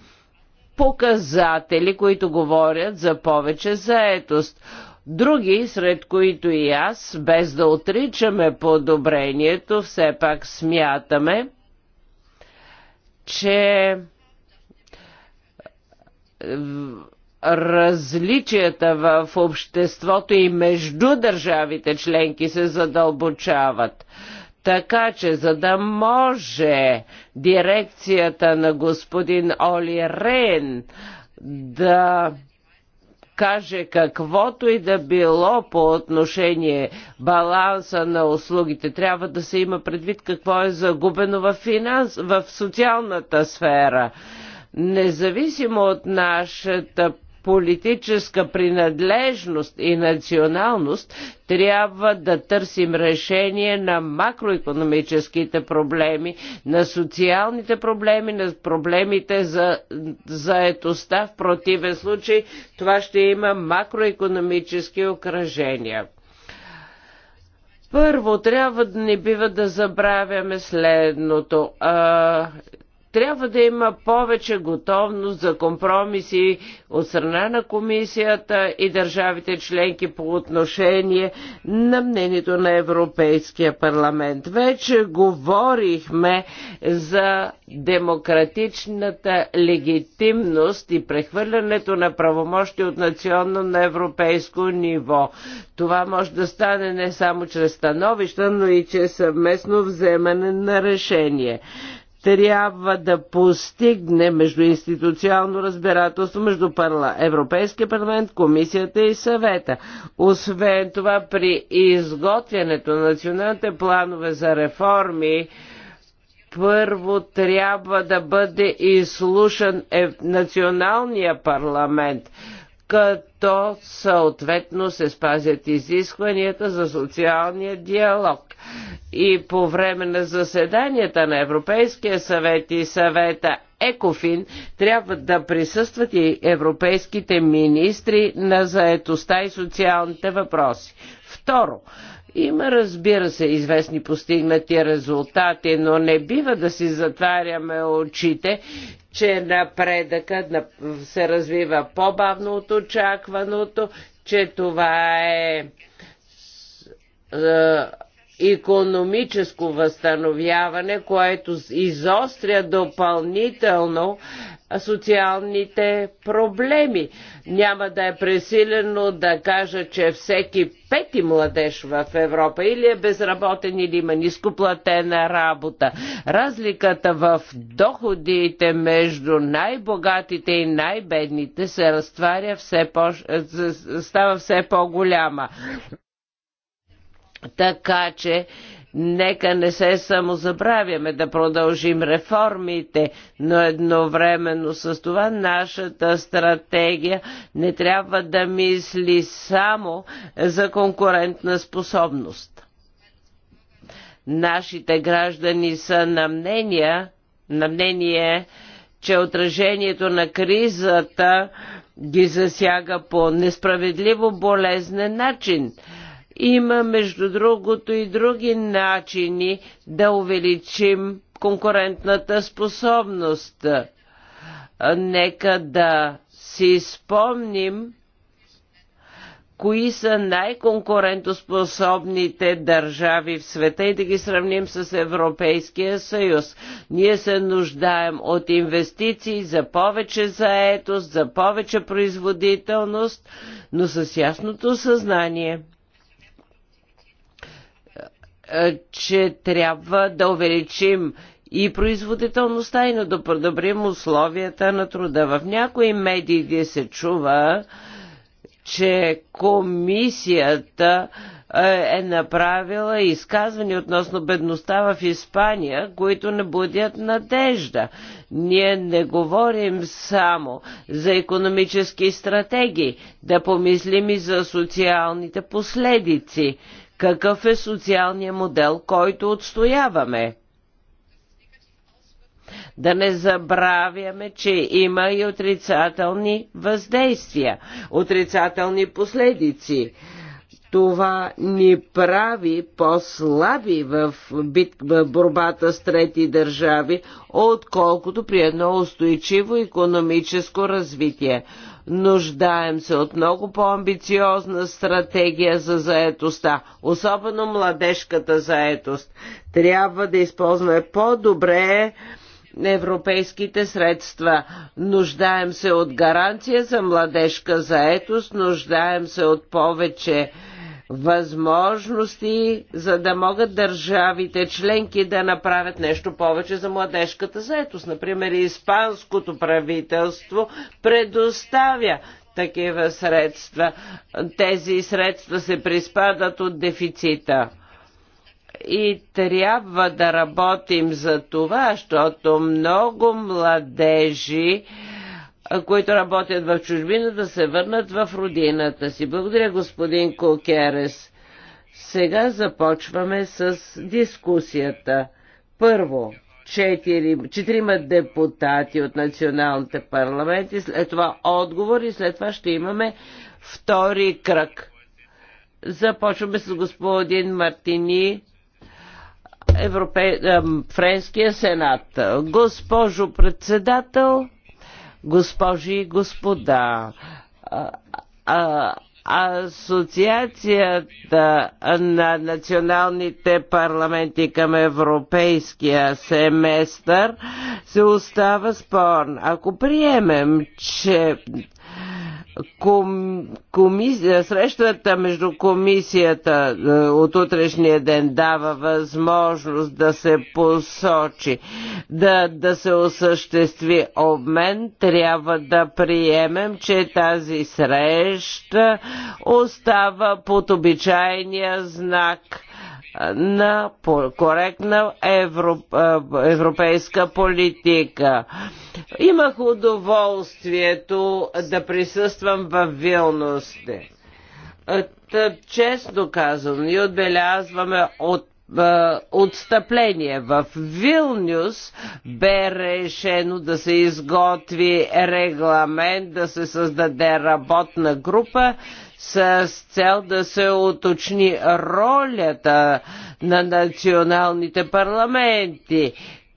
показатели, които говорят за повече заетост. Други, сред които и аз, без да отричаме подобрението, все пак смятаме, че е, различията в обществото и между държавите членки се задълбочават. Така че, за да може дирекцията на господин Оли Рен да каже каквото и да било по отношение баланса на услугите. Трябва да се има предвид какво е загубено в, финанс, в социалната сфера независимо от нашата политическа принадлежност и националност, трябва да търсим решение на макроекономическите проблеми, на социалните проблеми, на проблемите за заетостта. В противен случай това ще има макроекономически окръжения. Първо, трябва да не бива да забравяме следното. А, трябва да има повече готовност за компромиси от страна на комисията и държавите членки по отношение на мнението на Европейския парламент. Вече говорихме за демократичната легитимност и прехвърлянето на правомощи от национално на европейско ниво. Това може да стане не само чрез становища, но и чрез съвместно вземане на решение трябва да постигне междуинституционално разбирателство между парла... Европейския парламент, комисията и съвета. Освен това, при изготвянето на националните планове за реформи, първо трябва да бъде изслушан е... националния парламент като съответно се спазят изискванията за социалния диалог. И по време на заседанията на Европейския съвет и съвета ЕКОФИН трябва да присъстват и европейските министри на заетостта и социалните въпроси. Второ, има, разбира се, известни постигнати резултати, но не бива да си затваряме очите, че напредъкът се развива по-бавно от очакваното, че това е економическо възстановяване, което изостря допълнително социалните проблеми. Няма да е пресилено да кажа, че всеки пети младеж в Европа или е безработен, или има нископлатена работа. Разликата в доходите между най-богатите и най-бедните се разтваря все по... става все по-голяма. Така че Нека не се само забравяме да продължим реформите, но едновременно с това нашата стратегия не трябва да мисли само за конкурентна способност. Нашите граждани са на мнение, на мнение че отражението на кризата ги засяга по несправедливо болезнен начин – има, между другото, и други начини да увеличим конкурентната способност. Нека да си спомним кои са най-конкурентоспособните държави в света и да ги сравним с Европейския съюз. Ние се нуждаем от инвестиции за повече заетост, за повече производителност, но с ясното съзнание – е, че трябва да увеличим и производителността и да подобрим условията на труда. В някои медии се чува, че комисията е, е направила изказвания относно бедността в Испания, които не будят надежда. Ние не говорим само за економически стратегии, да помислим и за социалните последици какъв е социалният модел, който отстояваме? Да не забравяме, че има и отрицателни въздействия, отрицателни последици. Това ни прави по-слаби в бит, борбата с трети държави, отколкото при едно устойчиво економическо развитие. Нуждаем се от много по-амбициозна стратегия за заетостта, особено младежката заетост. Трябва да използваме по-добре европейските средства. Нуждаем се от гаранция за младежка заетост, нуждаем се от повече възможности, за да могат държавите членки да направят нещо повече за младежката заетост. Например, испанското правителство предоставя такива средства. Тези средства се приспадат от дефицита и трябва да работим за това, защото много младежи които работят в чужбина, да се върнат в родината си. Благодаря, господин Кокерес. Сега започваме с дискусията. Първо, четирима депутати от националните парламенти, след е това отговор и след това ще имаме втори кръг. Започваме с господин Мартини, Европе... Френския сенат. Госпожо председател, Госпожи и господа, Асоциацията на националните парламенти към европейския семестър се остава спорна. Ако приемем, че ком, коми, е, срещата между комисията е, от утрешния ден дава възможност да се посочи, да, да се осъществи обмен, трябва да приемем, че тази среща остава под обичайния знак – на коректна европейска политика. Имах удоволствието да присъствам в вилности. Честно казано, ние отбелязваме от отстъпление. В Вилнюс бе решено да се изготви регламент, да се създаде работна група с цел да се уточни ролята на националните парламенти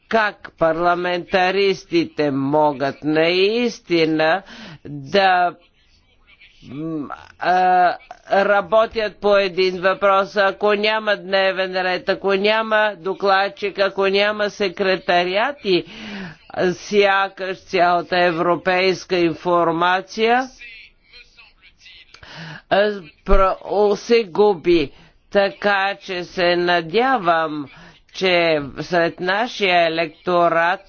как парламентаристите могат наистина да работят по един въпрос, ако няма дневен ред, ако няма докладчик, ако няма секретариати, сякаш цялата европейска информация се губи. Така че се надявам, че сред нашия електорат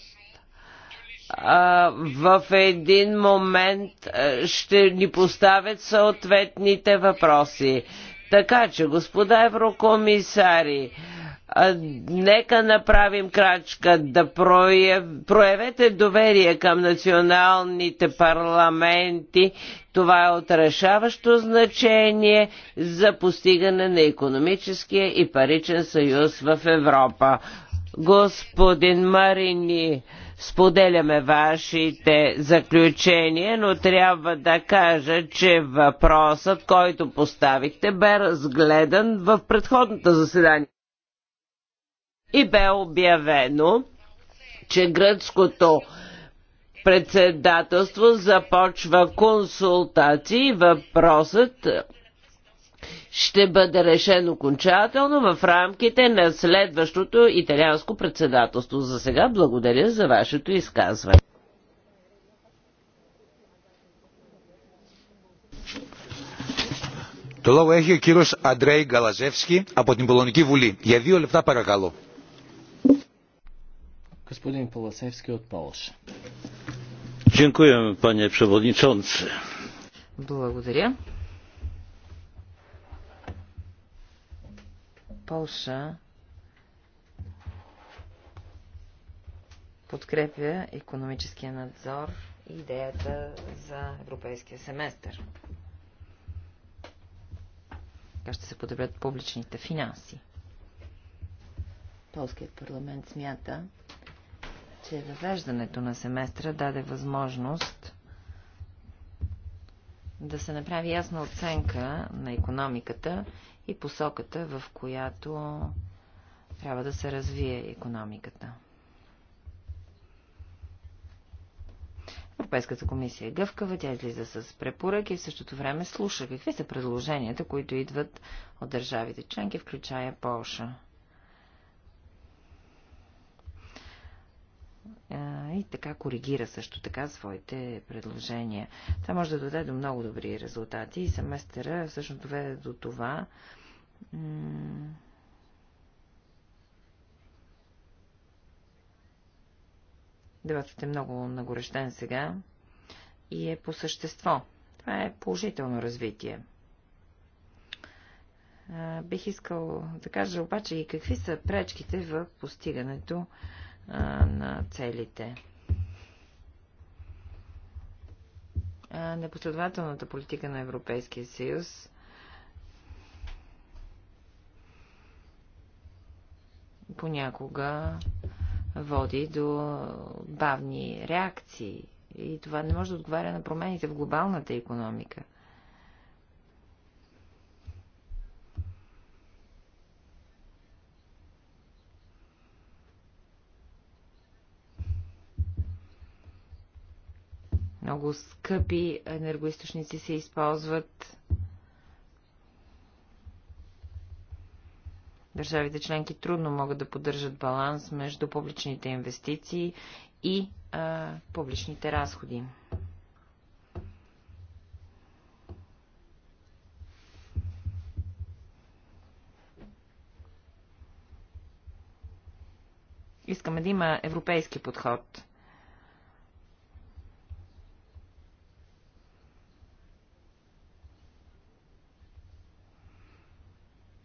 а, в един момент ще ни поставят съответните въпроси. Така че, господа еврокомисари, а, нека направим крачка да прояв... проявете доверие към националните парламенти. Това е отрешаващо значение за постигане на економическия и паричен съюз в Европа. Господин Марини, Споделяме вашите заключения, но трябва да кажа, че въпросът, който поставихте, бе разгледан в предходното заседание. И бе обявено, че гръцкото председателство започва консултации. Въпросът ще бъде решен окончателно в рамките на следващото италианско председателство. За сега благодаря за вашето изказване.
Το λόγο έχει ο κύριος Αντρέι Γκαλαζεύσκη από την Πολωνική Βουλή. Για δύο λεπτά παρακαλώ.
Господин Полосевски от Полша.
Ευχαριστώ, panie przewodniczący.
Благодаря. Полша подкрепя економическия надзор и идеята за европейския семестър. Така ще се подобрят публичните финанси. Полският парламент смята, че въвеждането на семестра даде възможност да се направи ясна оценка на економиката и посоката, в която трябва да се развие економиката. Европейската комисия е гъвкава, тя излиза с препоръки и в същото време слуша какви са предложенията, които идват от държавите членки, включая Полша. и така коригира също така своите предложения. Това може да доведе до много добри резултати и семестъра всъщност доведе до това Дебатът е много нагорещен сега и е по същество. Това е положително развитие. Бих искал да кажа обаче и какви са пречките в постигането а, на целите. А, непоследователната политика на Европейския съюз понякога води до бавни реакции. И това не може да отговаря на промените в глобалната економика – Много скъпи енергоисточници се използват. Държавите членки трудно могат да поддържат баланс между публичните инвестиции и а, публичните разходи. Искаме да има европейски подход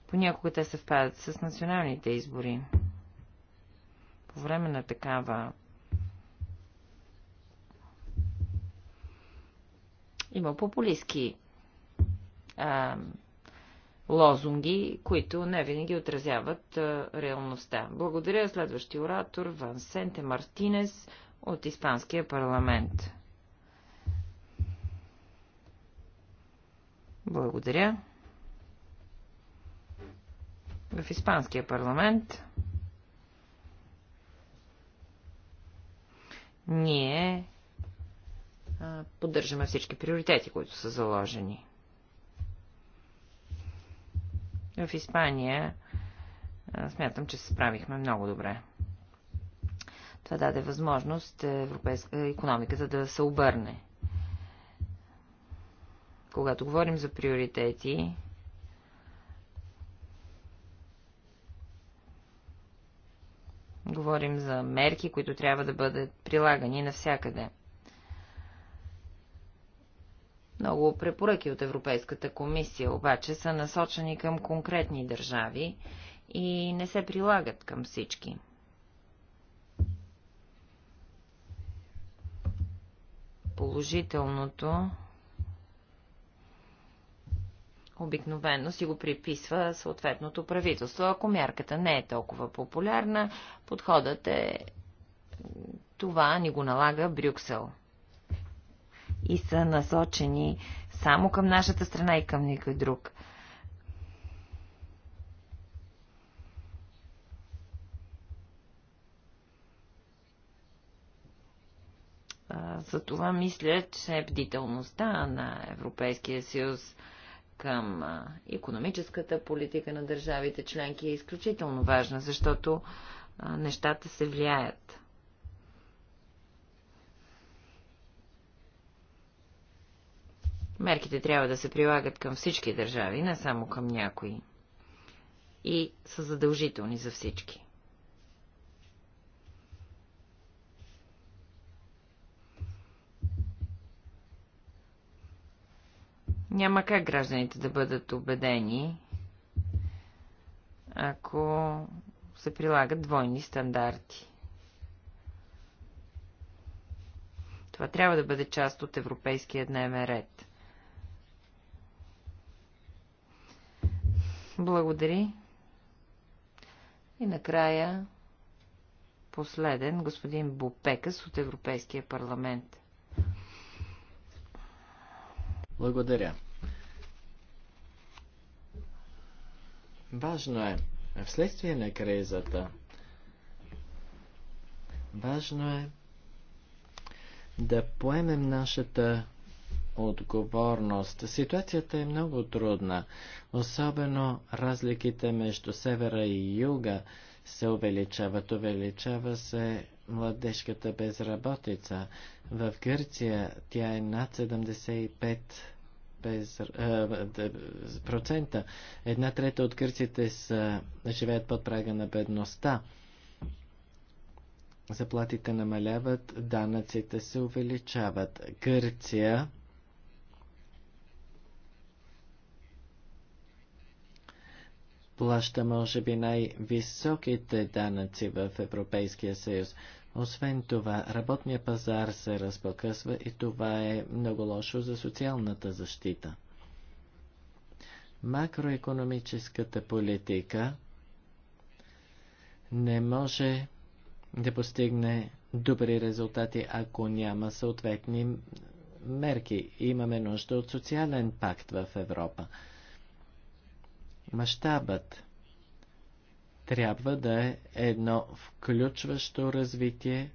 Понякога те съвпадат с националните избори. По време на такава има популистски а, лозунги, които не винаги отразяват а, реалността. Благодаря следващия оратор Ван Сенте Мартинес от Испанския парламент. Благодаря в Испанския парламент ние поддържаме всички приоритети, които са заложени. В Испания смятам, че се справихме много добре. Това даде възможност е, европейска економиката да се обърне. Когато говорим за приоритети, Говорим за мерки, които трябва да бъдат прилагани навсякъде. Много препоръки от Европейската комисия обаче са насочени към конкретни държави и не се прилагат към всички. Положителното обикновено си го приписва съответното правителство. Ако мярката не е толкова популярна, подходът е това ни го налага Брюксел. И са насочени само към нашата страна и към никой друг. За това мисля, че бдителността на Европейския съюз към економическата политика на държавите членки е изключително важна, защото нещата се влияят. Мерките трябва да се прилагат към всички държави, не само към някои. И са задължителни за всички. Няма как гражданите да бъдат убедени, ако се прилагат двойни стандарти. Това трябва да бъде част от европейския дневен ред. Благодари. И накрая последен господин Бопекас от Европейския парламент.
Благодаря. Важно е, вследствие на кризата, важно е да поемем нашата отговорност. Ситуацията е много трудна, особено разликите между севера и юга се увеличават, увеличава се младежката безработица. В Гърция тя е над 75 без, е, процента. Една трета от гърците са, живеят под прага на бедността. Заплатите намаляват, данъците се увеличават. Гърция плаща може би най-високите данъци в Европейския съюз. Освен това, работния пазар се разпокъсва и това е много лошо за социалната защита. Макроекономическата политика не може да постигне добри резултати, ако няма съответни мерки. Имаме нужда от социален пакт в Европа. Мащабът трябва да е едно включващо развитие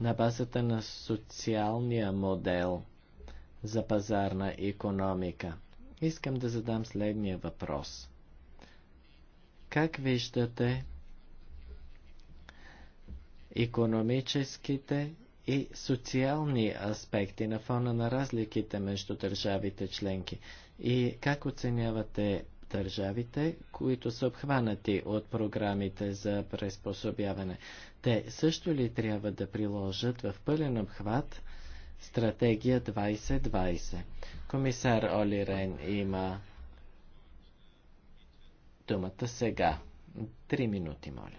на базата на социалния модел за пазарна економика. Искам да задам следния въпрос. Как виждате економическите и социални аспекти на фона на разликите между държавите членки и как оценявате държавите, които са обхванати от програмите за приспособяване. Те също ли трябва да приложат в пълен обхват стратегия 2020? Комисар Оли Рен има думата сега. Три минути, моля.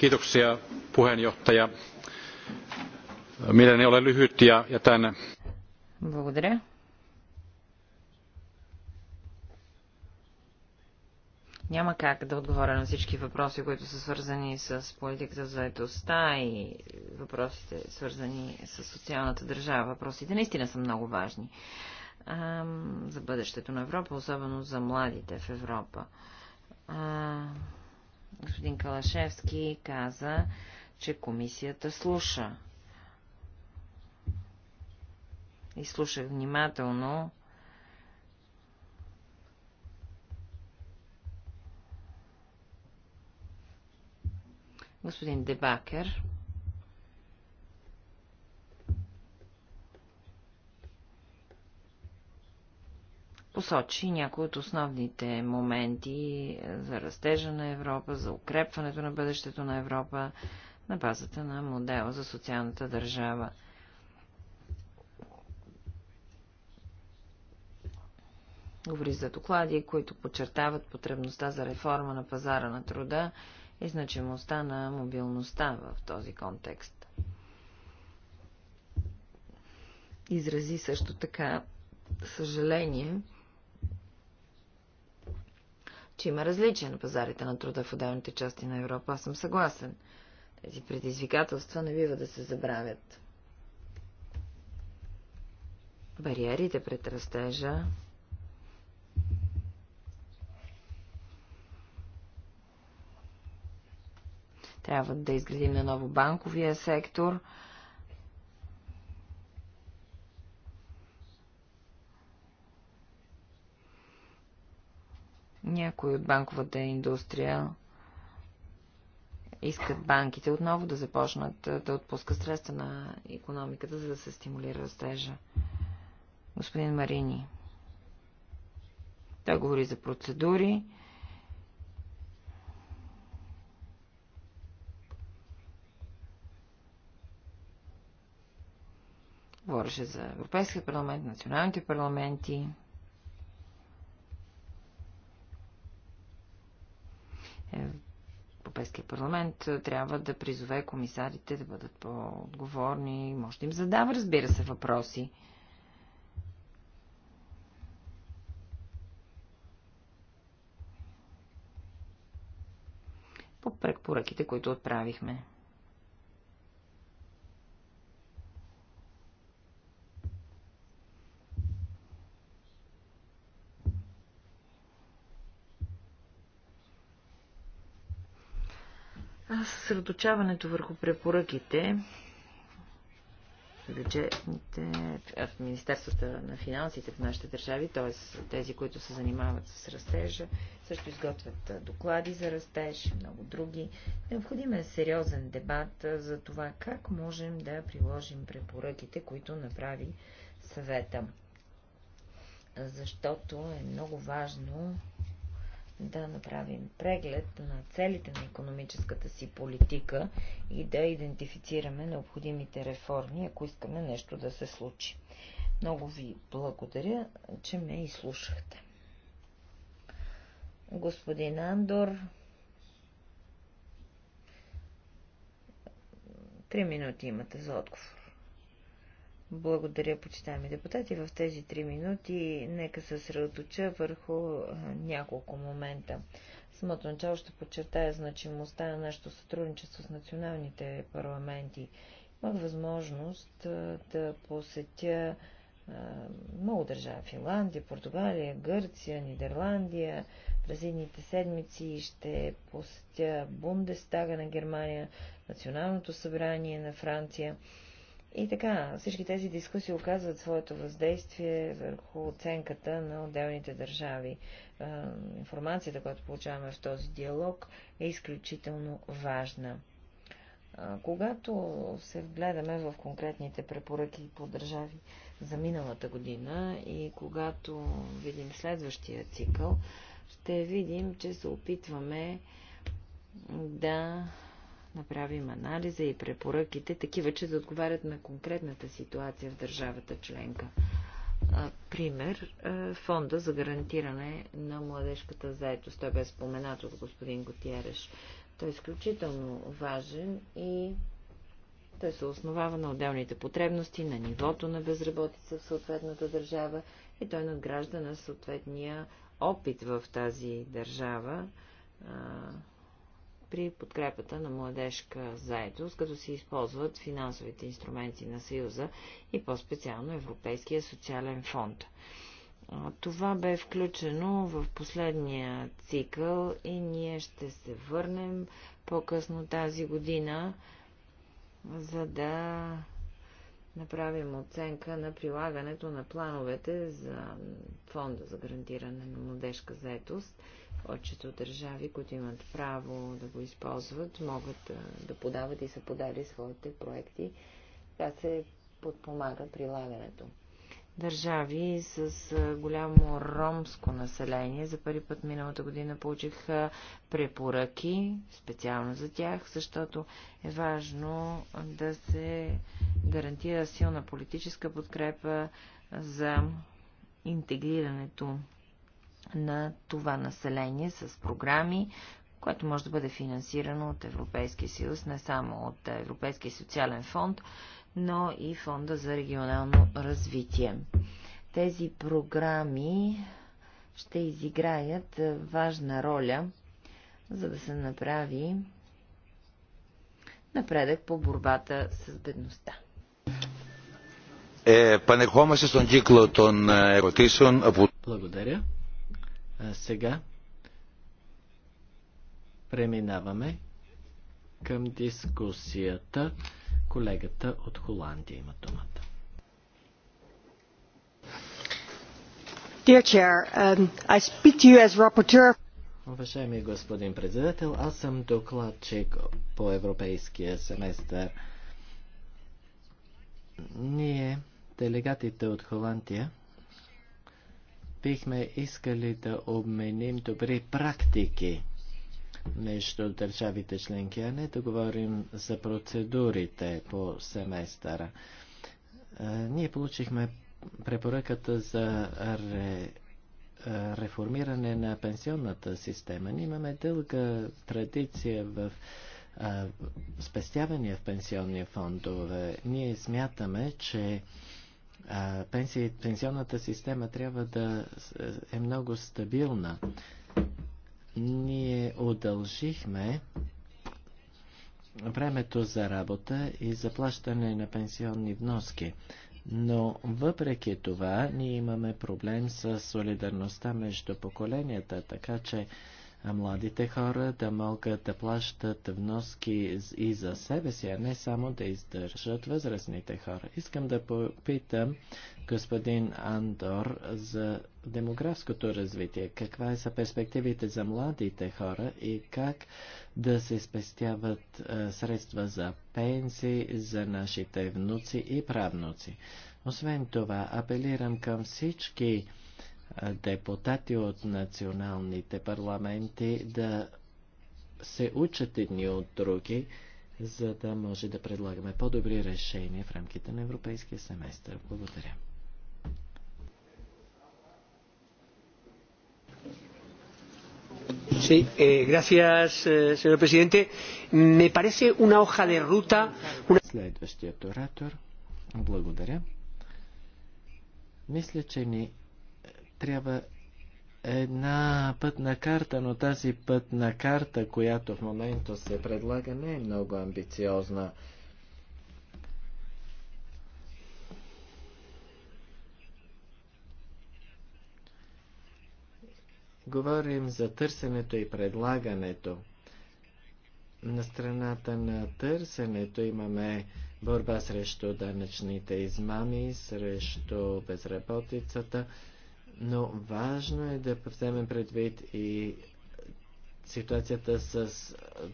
Kiitoksia puheenjohtaja. Mieleni ole lyhyt ja
Благодаря. Няма как да отговоря на всички въпроси, които са свързани с политиката за заедостта и въпросите свързани с социалната държава. Въпросите наистина са много важни а, за бъдещето на Европа, особено за младите в Европа. А, господин Калашевски каза, че комисията слуша изслушах внимателно. Господин Дебакер. посочи някои от основните моменти за растежа на Европа, за укрепването на бъдещето на Европа на базата на модела за социалната държава. Говори за доклади, които подчертават потребността за реформа на пазара на труда и значимостта на мобилността в този контекст. Изрази също така съжаление, че има различия на пазарите на труда в отделните части на Европа. Аз съм съгласен. Тези предизвикателства не бива да се забравят. Бариерите пред растежа Трябва да изградим на ново банковия сектор. Някои от банковата индустрия искат банките отново да започнат да отпускат средства на економиката, за да се стимулира растежа. Господин Марини. Той говори за процедури. Говореше за Европейския парламент, националните парламенти. Е, Европейския парламент е, трябва да призове комисарите да бъдат по-отговорни. Може да им задава, разбира се, въпроси. По препоръките, които отправихме. съсредоточаването върху препоръките бюджетните, в Министерствата на финансите в нашите държави, т.е. тези, които се занимават с растежа, също изготвят доклади за растеж, много други. Необходим е сериозен дебат за това как можем да приложим препоръките, които направи съвета. Защото е много важно да направим преглед на целите на економическата си политика и да идентифицираме необходимите реформи, ако искаме нещо да се случи. Много ви благодаря, че ме изслушахте. Господин Андор, три минути имате за отговор. Благодаря, почитаеми депутати. В тези три минути нека се средоточа върху няколко момента. самото начало ще подчертая значимостта на нашето сътрудничество с националните парламенти. Имах възможност да посетя много държави. Финландия, Португалия, Гърция, Нидерландия. През едните седмици ще посетя Бундестага на Германия, Националното събрание на Франция. И така, всички тези дискусии оказват своето въздействие върху оценката на отделните държави. Информацията, която получаваме в този диалог, е изключително важна. Когато се вгледаме в конкретните препоръки по държави за миналата година и когато видим следващия цикъл, ще видим, че се опитваме да направим анализа и препоръките, такива, че да отговарят на конкретната ситуация в държавата членка. Пример, фонда за гарантиране на младежката заетост. Той бе споменат от господин Готиереш. Той е изключително важен и той се основава на отделните потребности, на нивото на безработица в съответната държава и той надгражда на съответния опит в тази държава при подкрепата на младежка заедост, като се използват финансовите инструменти на Съюза и по-специално Европейския социален фонд. Това бе включено в последния цикъл и ние ще се върнем по-късно тази година, за да направим оценка на прилагането на плановете за Фонда за гарантиране на младежка заетост повечето държави, които имат право да го използват, могат да, да подават и са подали своите проекти. Така се подпомага прилагането. Държави с голямо ромско население за първи път миналата година получих препоръки специално за тях, защото е важно да се гарантира силна политическа подкрепа за интегрирането на това население с програми, което може да бъде финансирано от Европейския съюз, не само от Европейския социален фонд, но и Фонда за регионално развитие. Тези програми ще изиграят важна роля, за да се направи напредък по борбата с бедността.
Е, е,
Благодаря. Сега преминаваме към дискусията. Колегата от Холандия има думата.
Um,
Уважаеми господин председател, аз съм докладчик по европейския семестър. Ние, делегатите от Холандия, бихме искали да обменим добри практики между държавите членки, а не да говорим за процедурите по семестъра. Ние получихме препоръката за ре, реформиране на пенсионната система. Ние имаме дълга традиция в спестявания в пенсионния фондове. Ние смятаме, че пенсии, пенсионната система трябва да е много стабилна. Ние удължихме времето за работа и заплащане на пенсионни вноски. Но въпреки това ние имаме проблем с солидарността между поколенията, така че младите хора да могат да плащат вноски и за себе си, а не само да издържат възрастните хора. Искам да попитам господин Андор за демографското развитие. Каква е са перспективите за младите хора и как да се спестяват средства за пенсии за нашите внуци и правнуци? Освен това, апелирам към всички депутати от националните парламенти да се учат едни от други, за да може да предлагаме по-добри решения в рамките на европейския семестър. Благодаря.
Sí, eh, gracias, eh, señor presidente. Me parece una hoja de ruta. Una...
Следващият оратор. Благодаря. Мисля, че ни трябва една пътна карта, но тази пътна карта, която в момента се предлага, не е много амбициозна. Говорим за търсенето и предлагането. На страната на търсенето имаме борба срещу данъчните измами, срещу безработицата. Но важно е да вземем предвид и ситуацията с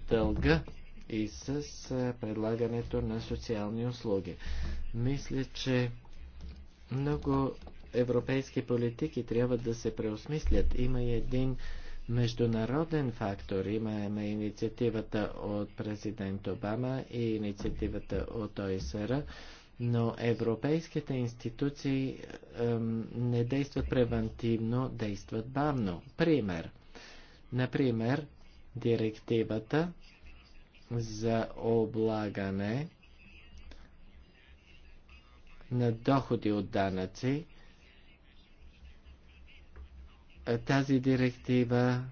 дълга и с предлагането на социални услуги. Мисля, че много европейски политики трябва да се преосмислят. Има и един международен фактор. Имаме инициативата от президент Обама и инициативата от ОИСР но европейските институции эм, не действат превентивно, действат бавно. Пример. Например, директивата за облагане на доходи от данъци. Тази директива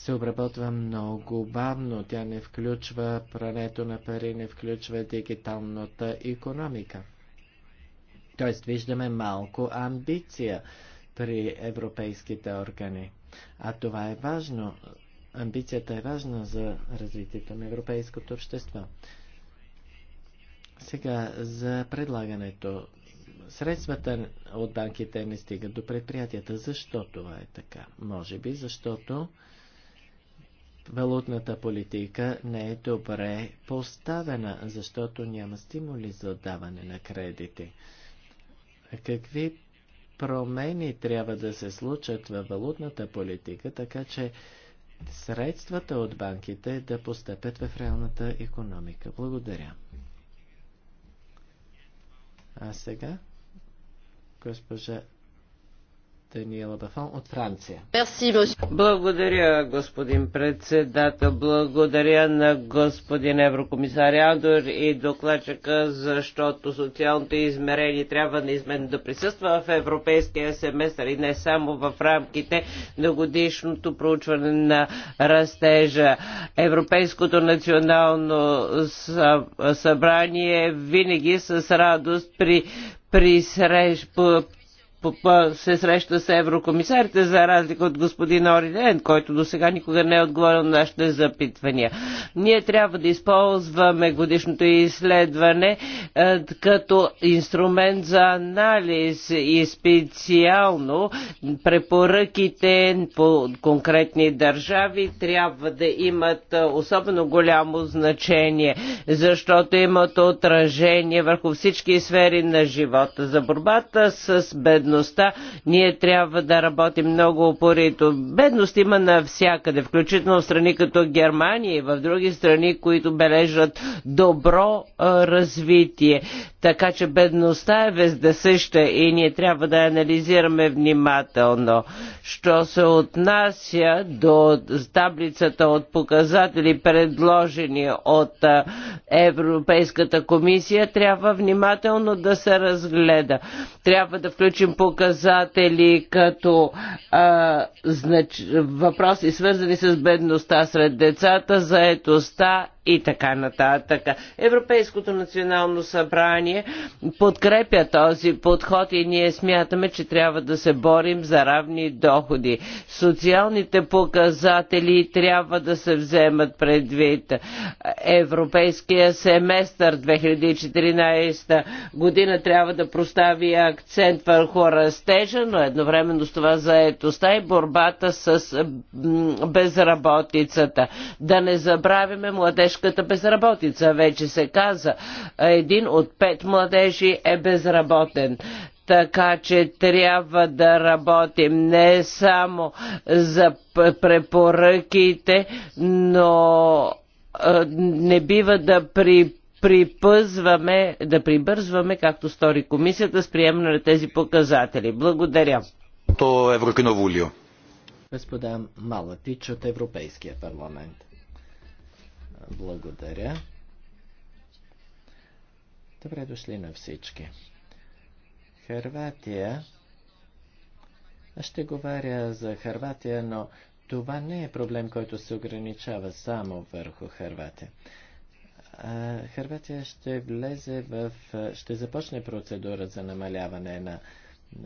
се обработва много бавно. Тя не включва прането на пари, не включва дигиталната економика. Тоест виждаме малко амбиция при европейските органи. А това е важно. Амбицията е важна за развитието на европейското общество. Сега за предлагането. Средствата от банките не стигат до предприятията. Защо това е така? Може би защото валутната политика не е добре поставена, защото няма стимули за отдаване на кредити. Какви промени трябва да се случат във валутната политика, така че средствата от банките да постъпят в реалната економика? Благодаря.
А сега госпожа Даниела Бафон от Франция. Благодаря, господин председател. Благодаря на господин еврокомисар Андор и докладчика, защото социалното измерение трябва неизменно да присъства в европейския семестър и не само в рамките на годишното проучване на растежа. Европейското национално събрание винаги с радост при присрещ, се среща с еврокомисарите, за разлика от господин Ориден, който до сега никога не е отговорил на нашите запитвания. Ние трябва да използваме годишното изследване е, като инструмент за анализ и специално препоръките по конкретни държави трябва да имат е, особено голямо значение, защото имат отражение върху всички сфери на живота. За борбата с бедността бедността, ние трябва да работим много опорито. Бедност има навсякъде, включително в страни като Германия и в други страни, които бележат добро развитие. Така че бедността е вездесъща и ние трябва да анализираме внимателно. Що се отнася до таблицата от показатели, предложени от Европейската комисия, трябва внимателно да се разгледа. Трябва да включим показатели като а, знач... въпроси свързани с бедността сред децата, заетостта и така нататък. Европейското национално събрание подкрепя този подход и ние смятаме, че трябва да се борим за равни доходи. Социалните показатели трябва да се вземат предвид. Европейския семестър 2014 година трябва да простави акцент върху растежа, но едновременно с това заетостта и борбата с безработицата. Да не забравяме младеж младежката безработица. Вече се каза, един от пет младежи е безработен така че трябва да работим не само за препоръките, но не бива да при припъзваме, да прибързваме, както стори комисията, с приемане на тези показатели. Благодаря.
То е Еврокиновулио.
Господа Малатич от Европейския парламент. Благодаря. Добре дошли на всички. Харватия. Аз ще говоря за Харватия, но това не е проблем, който се ограничава само върху Харватия. Харватия ще влезе в... ще започне процедура за намаляване на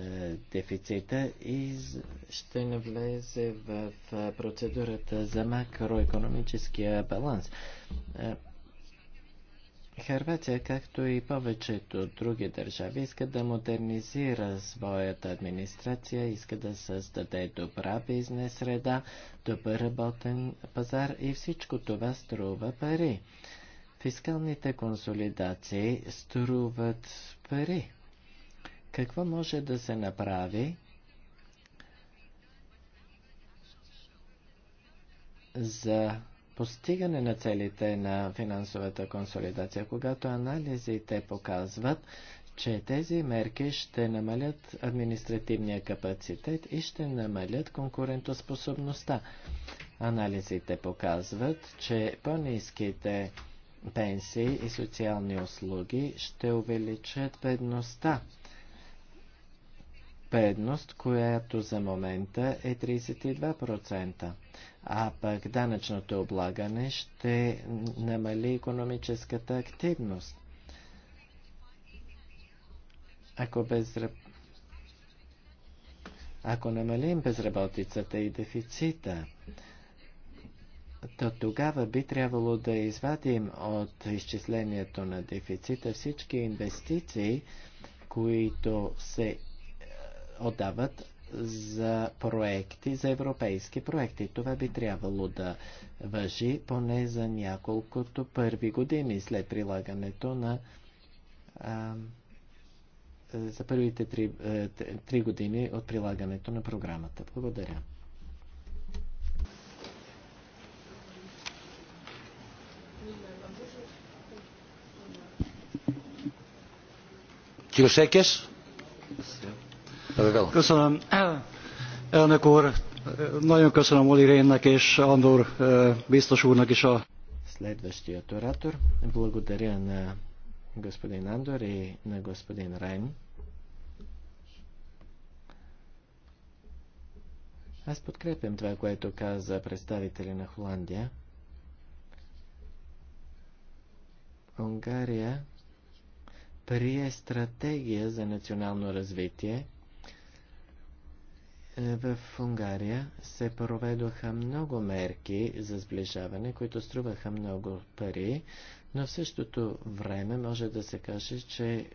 е, дефицита и ще навлезе в процедурата за макроекономическия баланс. Е, Харватия, както и повечето други държави, иска да модернизира своята администрация, иска да създаде добра бизнес среда, добър работен пазар и всичко това струва пари. Фискалните консолидации струват пари. Какво може да се направи за постигане на целите на финансовата консолидация, когато анализите показват, че тези мерки ще намалят административния капацитет и ще намалят конкурентоспособността. Анализите показват, че по-низките пенсии и социални услуги ще увеличат бедността бедност, която за момента е 32%. А пък данъчното облагане ще намали економическата активност. Ако, безраб... Ако намалим безработицата и дефицита, то тогава би трябвало да извадим от изчислението на дефицита всички инвестиции, които се отдават за проекти, за европейски проекти. Това би трябвало да въжи поне за няколкото първи години след прилагането на а, за първите три, е, три години от прилагането на програмата. Благодаря.
Κύριο Σέκες. Köszönöm. Elnök úr, nagyon köszönöm Oli Rénnek és Andor biztos úrnak is a...
Следващият оратор. Благодаря на господин Андор и на господин Райн. Аз подкрепям това, което каза представители на Холандия. Унгария прие стратегия за национално развитие в Унгария се проведоха много мерки за сближаване, които струваха много пари, но в същото време може да се каже, че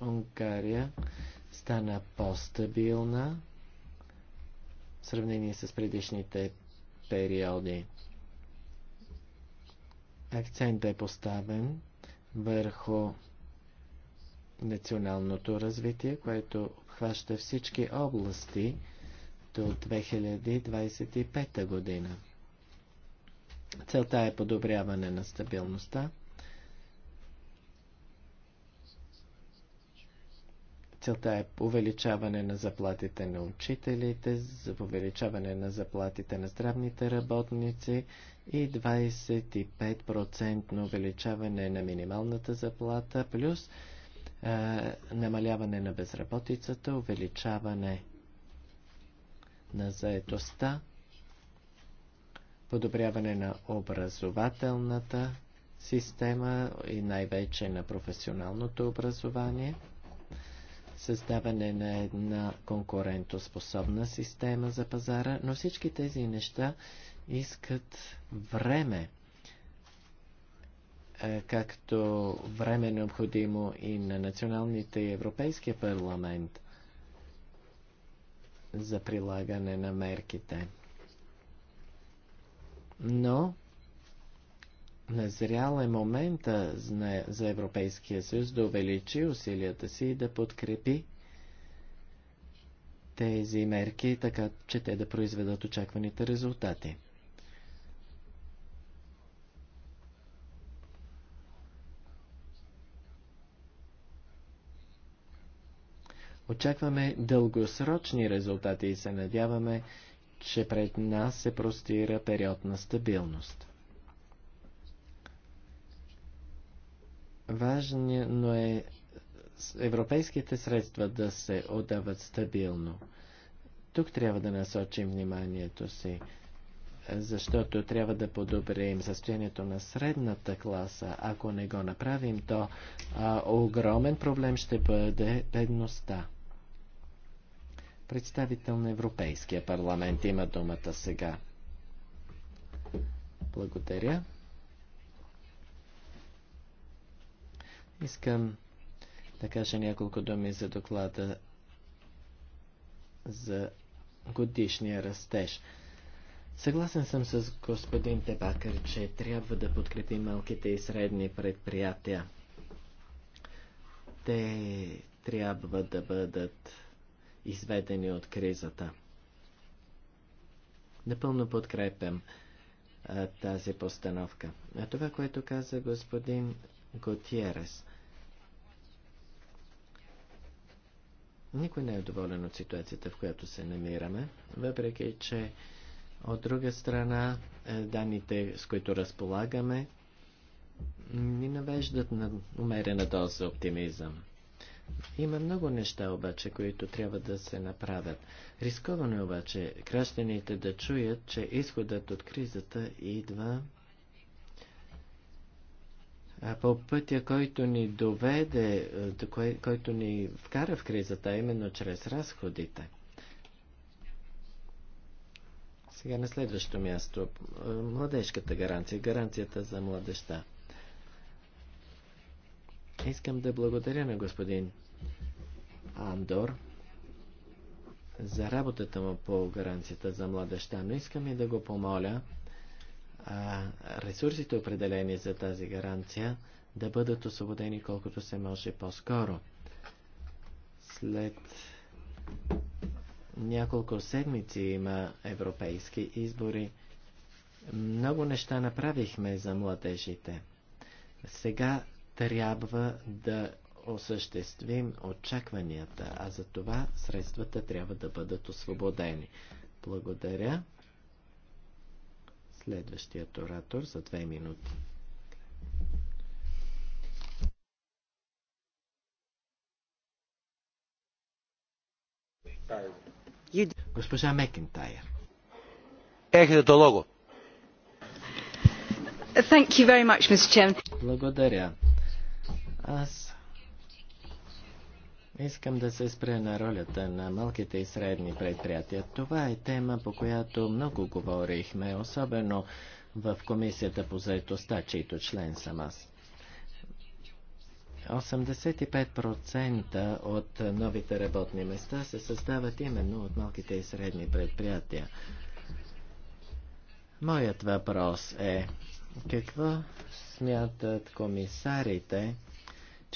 Унгария стана по-стабилна в сравнение с предишните периоди. Акцент е поставен върху националното развитие, което обхваща всички области до 2025 година. Целта е подобряване на стабилността. Целта е увеличаване на заплатите на учителите, увеличаване на заплатите на здравните работници и 25% увеличаване на минималната заплата, плюс е, намаляване на безработицата, увеличаване на заетостта, подобряване на образователната система и най-вече на професионалното образование, създаване на една конкурентоспособна система за пазара, но всички тези неща искат време както време е необходимо и на националните и Европейския парламент за прилагане на мерките. Но назрял е момента за Европейския съюз да увеличи усилията си и да подкрепи тези мерки, така че те да произведат очакваните резултати. Очакваме дългосрочни резултати и се надяваме, че пред нас се простира период на стабилност. Важно е европейските средства да се отдават стабилно. Тук трябва да насочим вниманието си, защото трябва да подобрим състоянието на средната класа. Ако не го направим, то а, огромен проблем ще бъде бедността. Представител на Европейския парламент има думата сега. Благодаря. Искам да кажа няколко думи за доклада за годишния растеж. Съгласен съм с господин Тебакър, че трябва да подкрепим малките и средни предприятия. Те трябва да бъдат изведени от кризата. Напълно подкрепям а, тази постановка. А това, което каза господин Готиерес. Никой не е доволен от ситуацията, в която се намираме, въпреки че от друга страна е, данните, с които разполагаме, ни навеждат на умерена доза оптимизъм. Има много неща обаче, които трябва да се направят. Рисковано е обаче гражданите да чуят, че изходът от кризата идва а по пътя, който ни доведе, е, кой, който ни вкара в кризата, е именно чрез разходите. Сега на следващо място. Е, младежката гаранция. Гаранцията за младеща. Искам да благодаря на господин Андор за работата му по гаранцията за младеща, но искам и да го помоля а, ресурсите определени за тази гаранция да бъдат освободени колкото се може по-скоро. След няколко седмици има европейски избори. Много неща направихме за младежите. Сега трябва да осъществим очакванията, а за това средствата трябва да бъдат освободени. Благодаря. Следващият оратор за две минути.
Госпожа Мекентайер. Ехте до лого.
Благодаря. Аз искам да се спре на ролята на малките и средни предприятия. Това е тема, по която много говорихме, особено в Комисията по заедостта, чийто член съм аз. 85% от новите работни места се създават именно от малките и средни предприятия. Моят въпрос е, какво смятат комисарите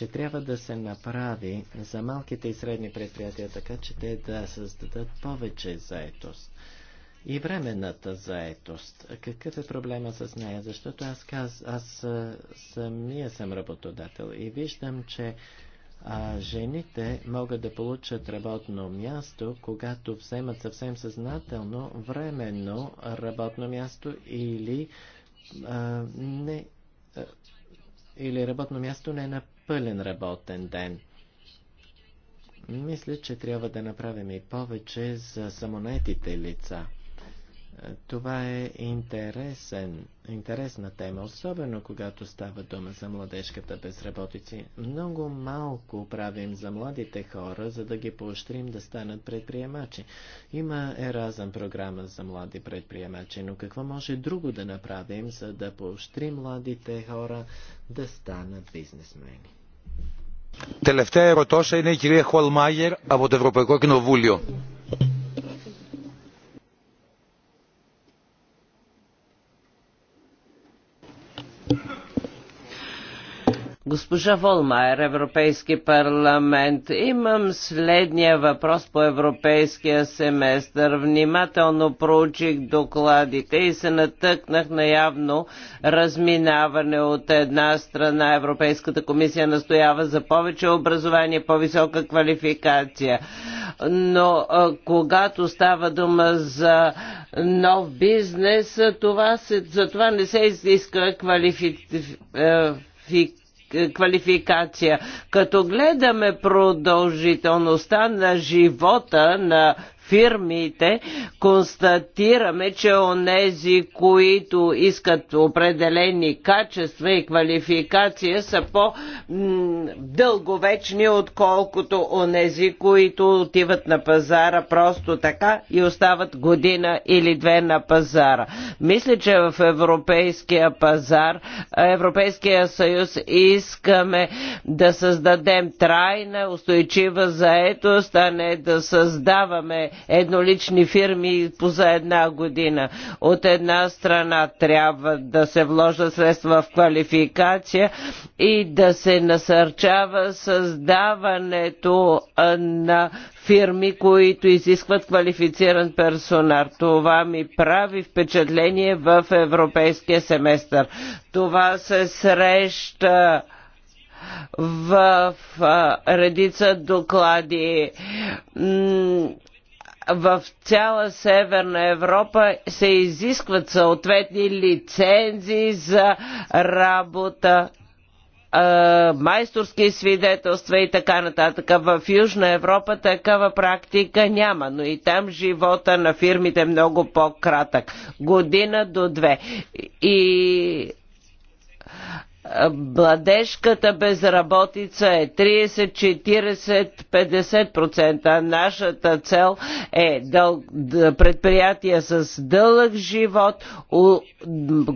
че трябва да се направи за малките и средни предприятия така, че те да създадат повече заетост. И временната заетост. Какъв е проблема с нея? Защото аз, каз, аз самия съм работодател и виждам, че а, жените могат да получат работно място, когато вземат съвсем съзнателно временно работно място или а, не. А, или работно място не на пълен работен ден. Мисля, че трябва да направим и повече за самонетите лица. Това е интересен, интересна тема, особено когато става дума за младежката безработица. Много малко правим за младите хора, за да ги поощрим да станат предприемачи. Има еразъм програма за млади предприемачи, но какво може друго да направим, за да поощрим младите хора да станат бизнесмени?
Τελευταία ротоша е на кирия Холмайер, а от Европейко Κοινοβούλιο.
Госпожа Волмайер, Европейски парламент, имам следния въпрос по европейския семестър. Внимателно проучих докладите и се натъкнах на явно разминаване от една страна. Европейската комисия настоява за повече образование, по-висока квалификация. Но когато става дума за нов бизнес, това се, за това не се изиска квалификация е, квалификация. Като гледаме продължителността на живота на фирмите, констатираме, че онези, които искат определени качества и квалификация, са по-дълговечни, отколкото онези, които отиват на пазара просто така и остават година или две на пазара. Мисля, че в европейския пазар, Европейския съюз искаме да създадем трайна, устойчива заетост, а не да създаваме еднолични фирми за една година. От една страна трябва да се вложат средства в квалификация и да се насърчава създаването на фирми, които изискват квалифициран персонал. Това ми прави впечатление в европейския семестър. Това се среща в редица доклади в цяла Северна Европа се изискват съответни лицензии за работа майсторски свидетелства и така нататък. В Южна Европа такава практика няма, но и там живота на фирмите е много по-кратък. Година до две. И Младежката безработица е 30, 40, 50%. Нашата цел е дъл... предприятия с дълъг живот, у...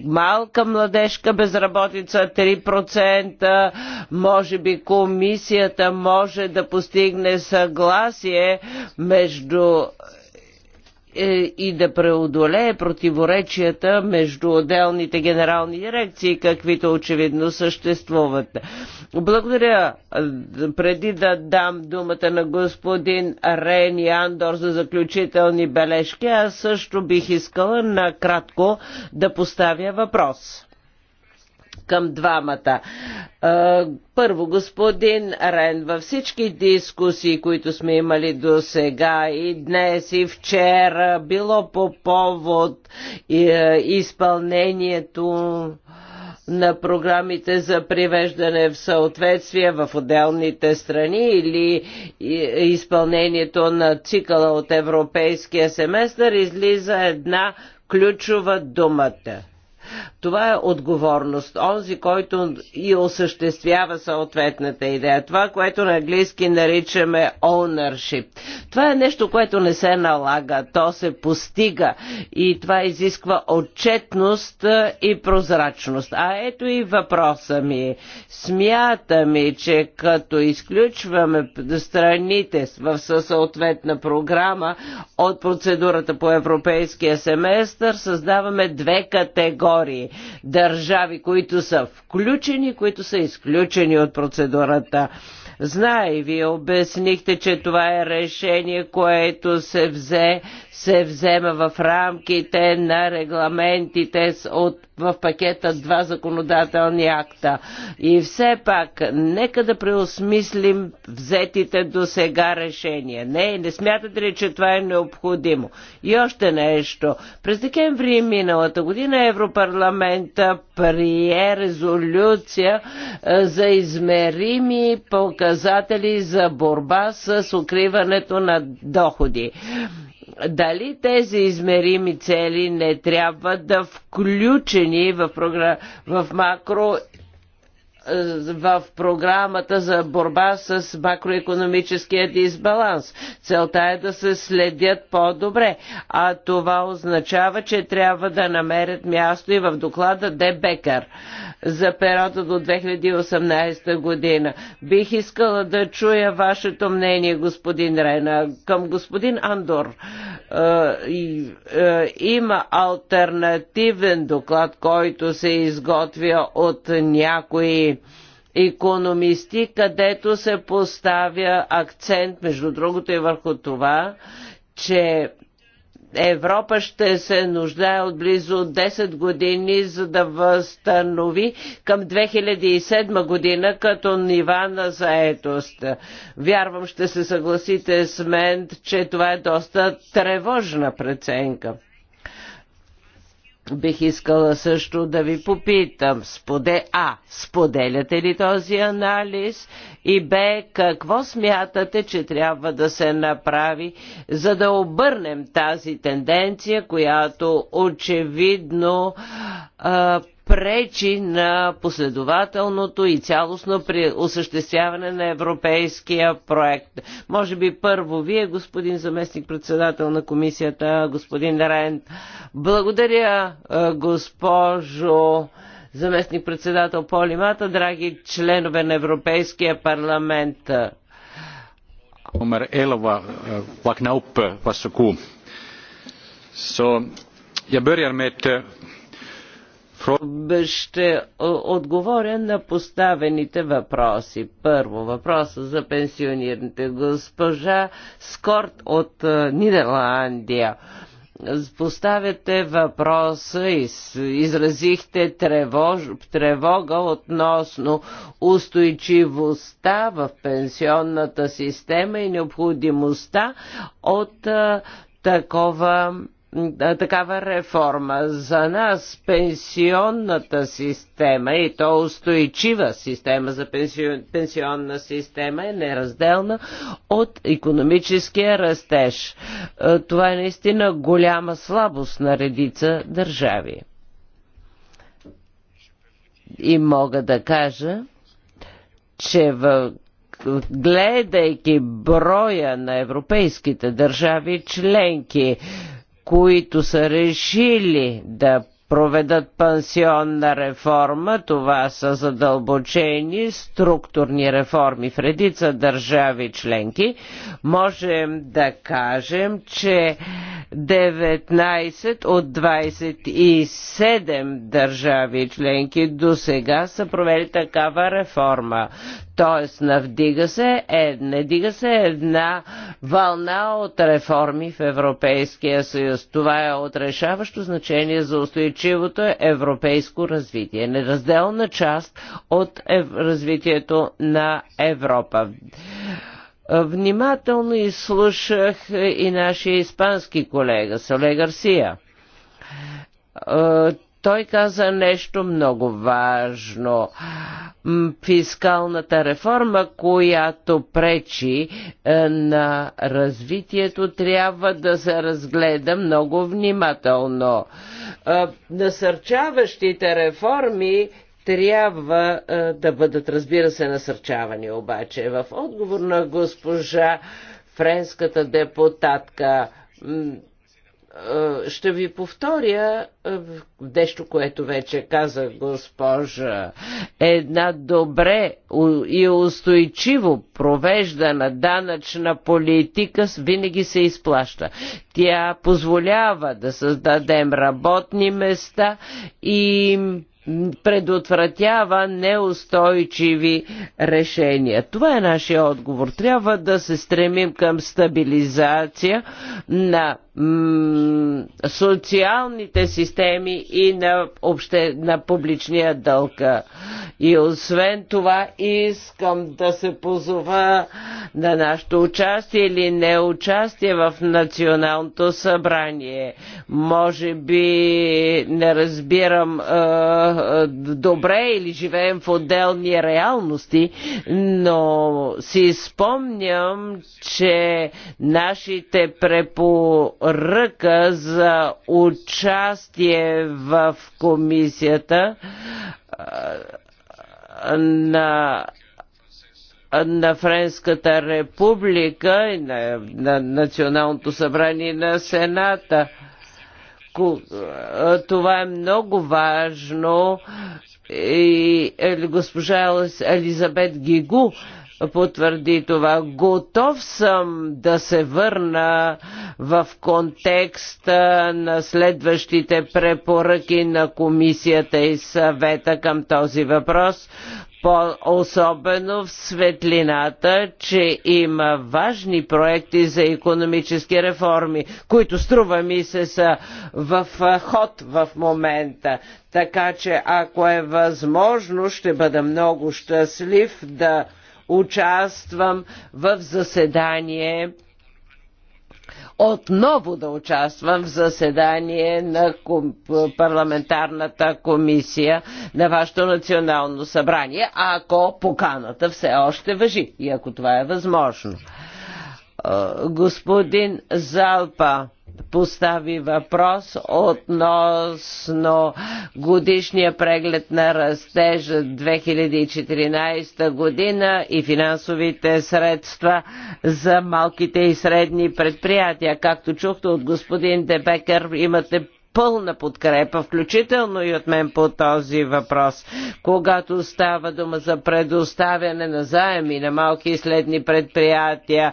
малка младежка безработица 3%. Може би комисията може да постигне съгласие между е, и да преодолее противоречията между отделните генерални дирекции, каквито очевидно съществуват. Благодаря. Преди да дам думата на господин Рен Андор за заключителни бележки, аз също бих искала накратко да поставя въпрос към двамата. Първо, господин Рен, във всички дискусии, които сме имали до сега и днес и вчера, било по повод изпълнението на програмите за привеждане в съответствие в отделните страни или изпълнението на цикъла от европейския семестър излиза една ключова думата това е отговорност. Онзи, който и осъществява съответната идея. Това, което на английски наричаме ownership. Това е нещо, което не се налага. То се постига и това изисква отчетност и прозрачност. А ето и въпроса ми. Смята ми, че като изключваме страните в съответна програма от процедурата по европейския семестър, създаваме две категории държави, които са включени, които са изключени от процедурата. Знае, вие обяснихте, че това е решение, което се взе, се взема в рамките на регламентите от, в пакета два законодателни акта. И все пак, нека да преосмислим взетите до сега решения. Не, не смятате ли, че това е необходимо? И още нещо. През декември миналата година Европарламента прие резолюция за измерими пълка показатели за борба с укриването на доходи. Дали тези измерими цели не трябва да включени в, програ... в макро в програмата за борба с макроекономическия дисбаланс. Целта е да се следят по-добре, а това означава, че трябва да намерят място и в доклада Дебекър за периода до 2018 година. Бих искала да чуя вашето мнение, господин Рена. Към господин Андор има альтернативен доклад, който се изготвя от някои економисти, където се поставя акцент, между другото и върху това, че Европа ще се нуждае от близо 10 години, за да възстанови към 2007 година като нива на заетост. Вярвам, ще се съгласите с мен, че това е доста тревожна преценка. Бих искала също да ви попитам, споде А, споделяте ли този анализ и Б, какво смятате, че трябва да се направи, за да обърнем тази тенденция, която очевидно а, пречи на последователното и цялостно при осъществяване на европейския проект. Може би първо вие, господин заместник председател на комисията, господин Рент. Благодаря, е, госпожо заместник председател Полимата, драги членове на Европейския парламент.
Номер 11 vakna
Så jag börjar med ще отговоря на поставените въпроси. Първо, въпроса за пенсионираните. Госпожа Скорт от Нидерландия поставяте въпроса и изразихте тревож, тревога относно устойчивостта в пенсионната система и необходимостта от а, такова такава реформа. За нас пенсионната система и то устойчива система за пенсион, пенсионна система е неразделна от економическия растеж. Това е наистина голяма слабост на редица държави. И мога да кажа, че в гледайки броя на европейските държави членки, които са решили да проведат пансионна реформа, това са задълбочени структурни реформи в редица държави членки, можем да кажем, че 19 от 27 държави членки до сега са провели такава реформа. Тоест, навдига се, е, не дига се една вълна от реформи в Европейския съюз. Това е отрешаващо значение за устойчивото европейско развитие. Неразделна част от ев... развитието на Европа. Внимателно изслушах и нашия испански колега Соле Гарсия е, той каза нещо много важно. Фискалната реформа, която пречи е, на развитието, трябва да се разгледа много внимателно. Е, насърчаващите реформи трябва е, да бъдат, разбира се, насърчавани обаче. В отговор на госпожа френската депутатка е, ще ви повторя е, нещо, което вече каза госпожа. Една добре и устойчиво провеждана данъчна политика винаги се изплаща. Тя позволява да създадем работни места и предотвратява неустойчиви решения. Това е нашия отговор. Трябва да се стремим към стабилизация на социалните системи и на, обще, на публичния дълг. И освен това искам да се позова на нашето участие или неучастие в Националното събрание. Може би не разбирам е, добре или живеем в отделни реалности, но си спомням, че нашите препо ръка за участие в комисията на на Френската република и на, на Националното събрание на Сената. Това е много важно и е, госпожа Елизабет Гигу потвърди това. Готов съм да се върна в контекста на следващите препоръки на комисията и съвета към този въпрос, особено в светлината, че има важни проекти за економически реформи, които струва ми се са в ход в момента. Така че ако е възможно, ще бъда много щастлив да участвам в заседание отново да участвам в заседание на парламентарната комисия на вашето национално събрание, ако поканата все още въжи и ако това е възможно. Господин Залпа, постави въпрос относно годишния преглед на растежа 2014 година и финансовите средства за малките и средни предприятия. Както чухте от господин Дебекер, имате пълна подкрепа, включително и от мен по този въпрос. Когато става дума за предоставяне на заеми на малки и следни предприятия,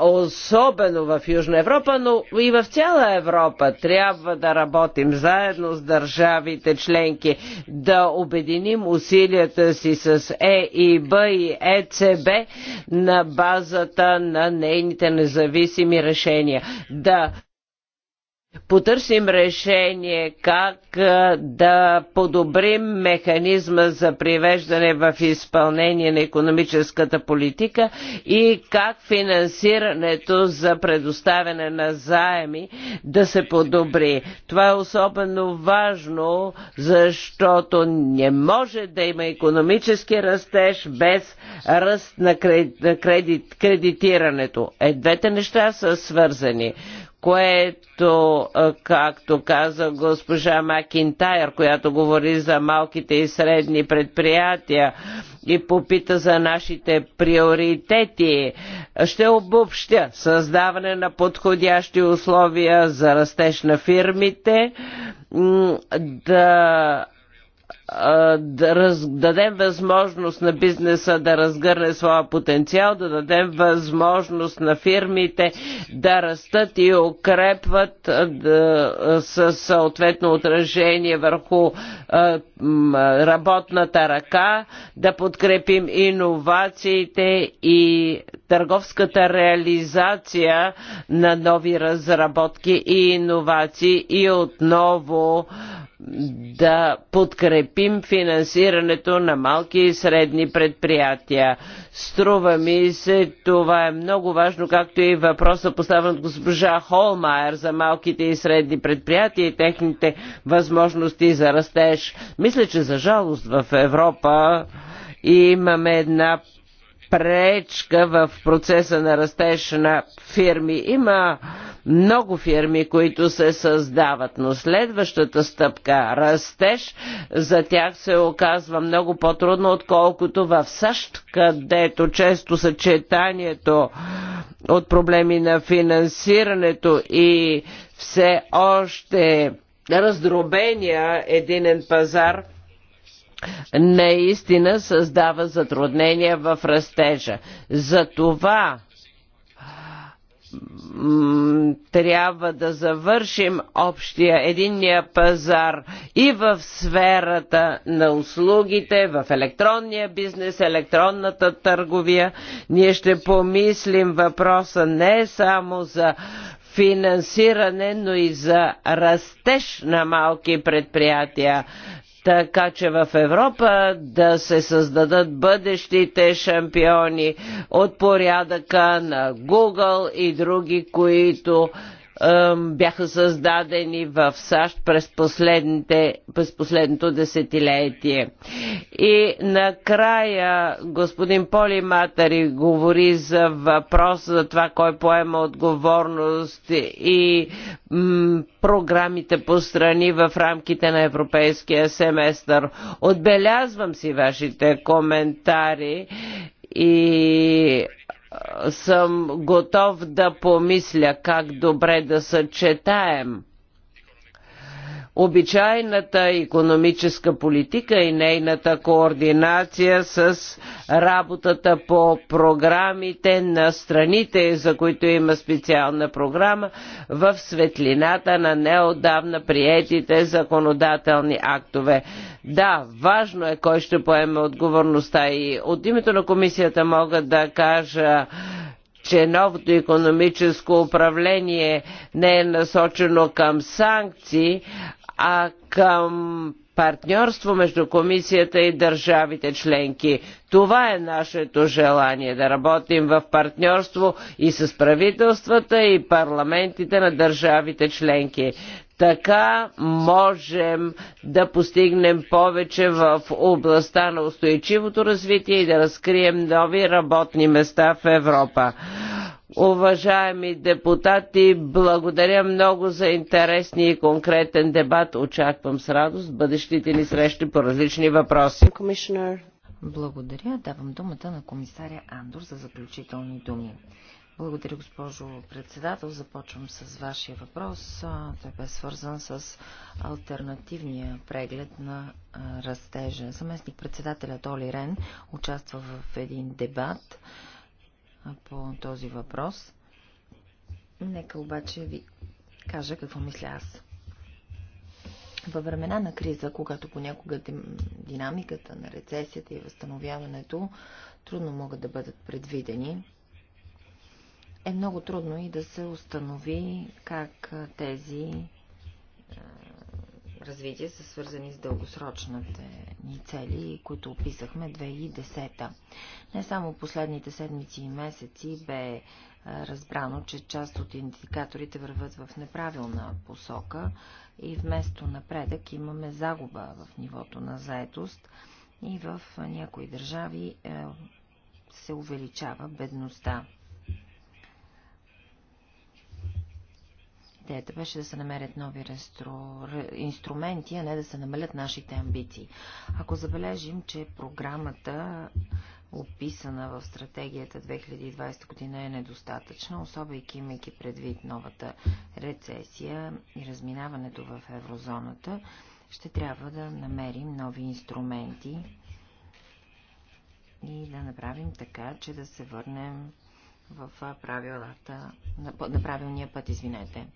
особено в Южна Европа, но и в цяла Европа, трябва да работим заедно с държавите членки, да обединим усилията си с ЕИБ и ЕЦБ е на базата на нейните независими решения. Да потърсим решение как да подобрим механизма за привеждане в изпълнение на економическата политика и как финансирането за предоставяне на заеми да се подобри. Това е особено важно, защото не може да има економически растеж без ръст на кредит, кредит кредитирането. Е, двете неща са свързани което, е, както каза госпожа Макинтайр, която говори за малките и средни предприятия и попита за нашите приоритети, ще обобщя създаване на подходящи условия за растеж на фирмите, да да раз, дадем възможност на бизнеса да разгърне своя потенциал, да дадем възможност на фирмите да растат и укрепват да, със съответно отражение върху а, работната ръка, да подкрепим иновациите и търговската реализация на нови разработки и иновации и отново а, да подкрепим финансирането на малки и средни предприятия. Струва ми се, това е много важно, както и въпроса поставен от госпожа Холмайер за малките и средни предприятия и техните възможности за растеж. Мисля, че за жалост в Европа имаме една пречка в процеса на растеж на фирми. Има много фирми, които се създават, но следващата стъпка, растеж, за тях се оказва много по-трудно, отколкото в САЩ, където често съчетанието от проблеми на финансирането и все още раздробения единен пазар наистина създава затруднения в растежа. За това трябва да завършим общия единния пазар и в сферата на услугите, в електронния бизнес, електронната търговия. Ние ще помислим въпроса не само за финансиране, но и за растеж на малки предприятия така че в Европа да се създадат бъдещите шампиони от порядъка на Google и други, които бяха създадени в САЩ през, през последното десетилетие. И накрая господин Поли Матари говори за въпрос за това кой поема отговорност и програмите по страни в рамките на европейския семестър. Отбелязвам си вашите коментари и съм готов да помисля как добре да съчетаем обичайната економическа политика и нейната координация с работата по програмите на страните, за които има специална програма, в светлината на неодавна приетите законодателни актове. Да, важно е кой ще поеме отговорността и от името на комисията мога да кажа, че новото економическо управление не е насочено към санкции, а към партньорство между комисията и държавите членки. Това е нашето желание да работим в партньорство и с правителствата и парламентите на държавите членки. Така можем да постигнем повече в областта на устойчивото развитие и да разкрием нови работни места в Европа. Уважаеми депутати, благодаря много за интересния и конкретен дебат. Очаквам с радост бъдещите ни срещи по различни въпроси.
Благодаря. Давам думата на комисаря Андор за заключителни думи. Благодаря, госпожо председател. Започвам с вашия въпрос. Той бе свързан с альтернативния преглед на растежа. Заместник председателят Оли Рен участва в един дебат по този въпрос. Нека обаче ви кажа какво мисля аз. Във времена на криза, когато понякога динамиката на рецесията и възстановяването трудно могат да бъдат предвидени, е много трудно и да се установи как тези развития са свързани с дългосрочните ни цели, които описахме 2010. Не само последните седмици и месеци бе разбрано, че част от индикаторите върват в неправилна посока и вместо напредък имаме загуба в нивото на заетост и в някои държави е, се увеличава бедността. Идеята беше да се намерят нови рестру... инструменти, а не да се намалят нашите амбиции. Ако забележим, че програмата описана в стратегията 2020 година е недостатъчна, особено имайки предвид новата рецесия и разминаването в еврозоната, ще трябва да намерим нови инструменти и да направим така, че да се върнем в правилата на правилния път, извинете.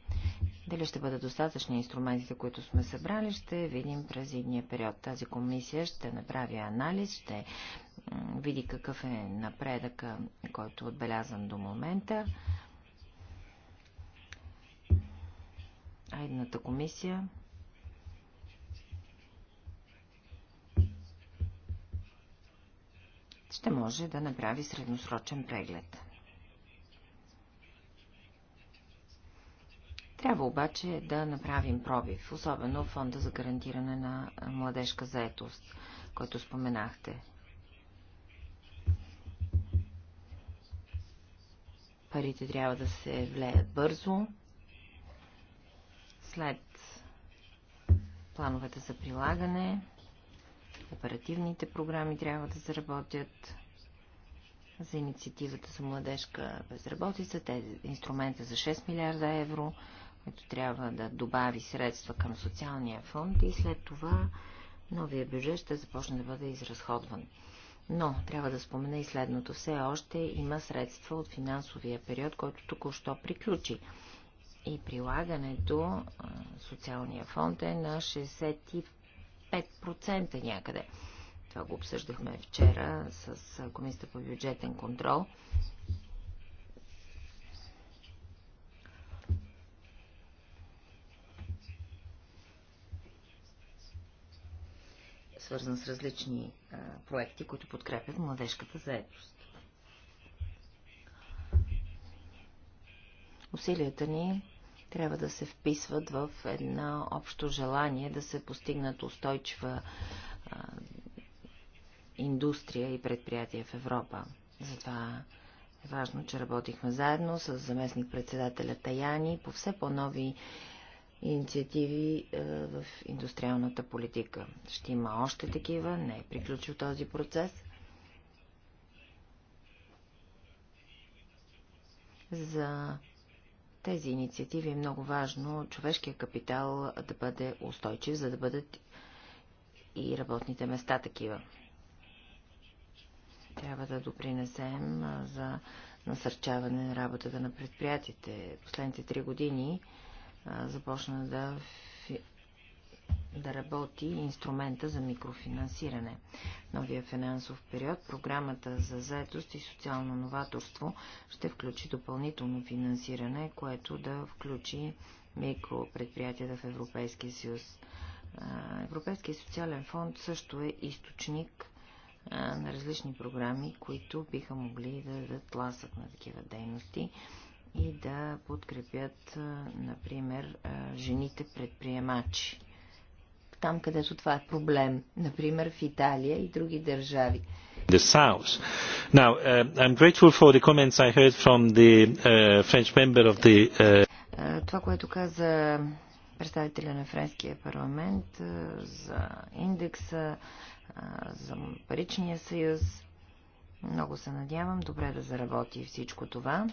Дали ще бъдат достатъчни инструментите, които сме събрали, ще видим през едния период. Тази комисия ще направи анализ, ще види какъв е напредъка, който е отбелязан до момента. А едната комисия ще може да направи средносрочен преглед. Трябва обаче да направим пробив, особено в фонда за гарантиране на младежка заетост, който споменахте. Парите трябва да се влеят бързо. След плановете за прилагане, оперативните програми трябва да заработят за инициативата за младежка безработица, тези инструмента за 6 милиарда евро – ето трябва да добави средства към социалния фонд и след това новия бюджет ще започне да бъде изразходван. Но трябва да спомена и следното. Все още има средства от финансовия период, който току-що приключи. И прилагането, социалния фонд е на 65% някъде. Това го обсъждахме вчера с Комисията по бюджетен контрол. свързан с различни а, проекти, които подкрепят младежката заедност. Усилията ни трябва да се вписват в едно общо желание да се постигнат устойчива а, индустрия и предприятия в Европа. Затова е важно, че работихме заедно с заместник-председателя Таяни по все по-нови инициативи е, в индустриалната политика. Ще има още такива, не е приключил този процес. За тези инициативи е много важно човешкия капитал да бъде устойчив, за да бъдат и работните места такива. Трябва да допринесем за насърчаване на работата на предприятите. Последните три години започна да, да работи инструмента за микрофинансиране. Новия финансов период програмата за заетост и социално новаторство ще включи допълнително финансиране, което да включи микропредприятията в Европейския съюз. Европейския социален фонд също е източник на различни програми, които биха могли да дадат ласък на такива дейности и да подкрепят, например, жените предприемачи. Там, където това е проблем, например в Италия и други държави.
The South. Now, uh, I'm grateful for the comments I heard from the uh, French member of the. Uh... Uh,
това, което каза представителя на Френския парламент uh, за индекса, uh, за паричния съюз, много се надявам добре да заработи всичко това.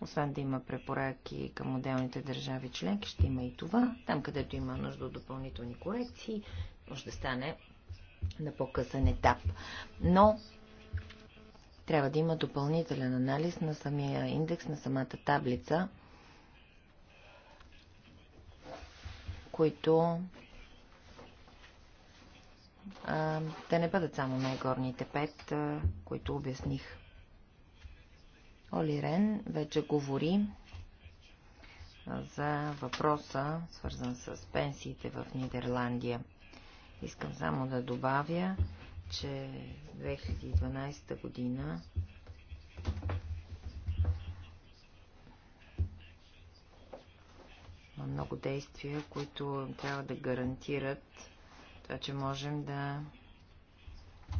Освен да има препоръки към отделните държави членки, ще има и това. Там, където има нужда от допълнителни корекции, може да стане на по-късен етап. Но трябва да има допълнителен анализ на самия индекс, на самата таблица, които да не бъдат само най-горните пет, които обясних. Оли Рен вече говори за въпроса, свързан с пенсиите в Нидерландия. Искам само да добавя, че 2012 година има много действия, които трябва да гарантират това, че можем да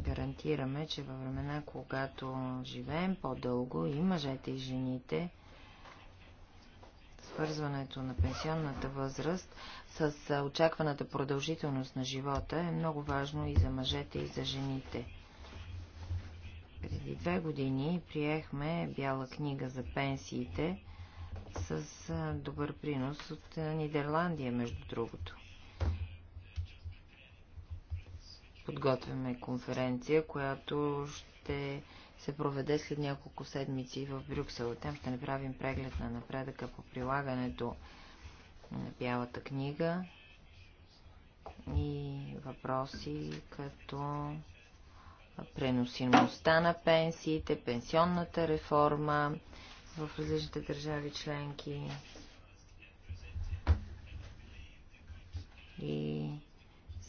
гарантираме, че във времена, когато живеем по-дълго и мъжете и жените, свързването на пенсионната възраст с очакваната продължителност на живота е много важно и за мъжете и за жените. Преди две години приехме бяла книга за пенсиите с добър принос от Нидерландия, между другото. подготвяме конференция, която ще се проведе след няколко седмици в Брюксел. Там ще направим преглед на напредъка по прилагането на Бялата книга и въпроси като преносимостта на пенсиите, пенсионната реформа в различните държави членки и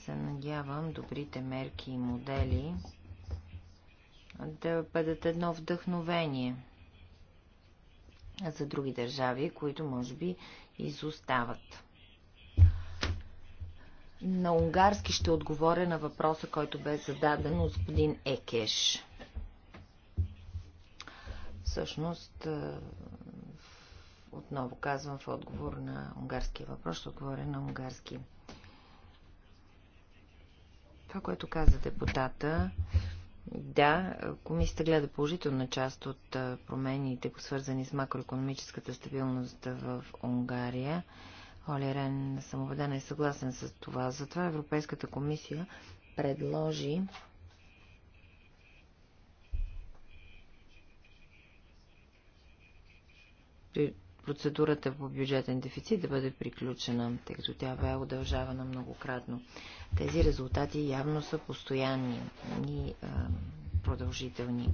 се надявам добрите мерки и модели да бъдат едно вдъхновение за други държави, които може би изостават. На унгарски ще отговоря на въпроса, който бе зададен от господин Екеш. Всъщност, е, отново казвам в отговор на унгарския въпрос, ще отговоря на унгарски. Това, което каза депутата, да, комисията гледа положителна част от промените, свързани с макроекономическата стабилност в Унгария. Оли Рен, съм убедена, е съгласен с това. Затова Европейската комисия предложи при процедурата по бюджетен дефицит да бъде приключена, тъй като тя бе удължавана многократно. Тези резултати явно са постоянни и а, продължителни.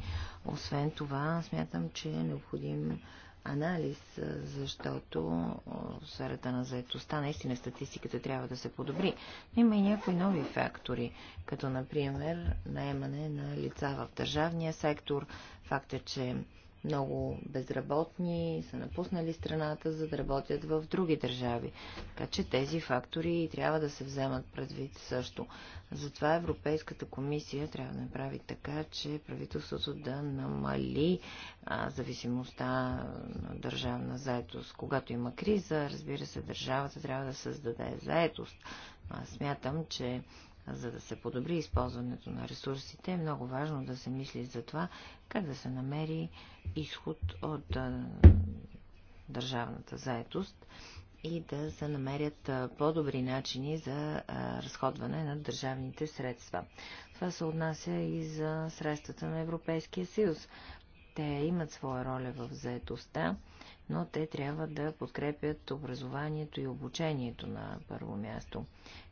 Освен това, смятам, че е необходим анализ, защото в сферата на заедостта наистина статистиката трябва да се подобри. Но има и някои нови фактори, като например наемане на лица в държавния сектор, факта, че много безработни са напуснали страната, за да работят в други държави. Така че тези фактори трябва да се вземат предвид също. Затова Европейската комисия трябва да направи така, че правителството да намали а, зависимостта на държавна заетост. Когато има криза, разбира се, държавата трябва да създаде заетост. Аз смятам, че за да се подобри използването на ресурсите, е много важно да се мисли за това, как да се намери изход от а, държавната заетост и да се намерят по-добри начини за а, разходване на държавните средства. Това се отнася и за средствата на Европейския съюз. Те имат своя роля в заетостта но те трябва да подкрепят образованието и обучението на първо място.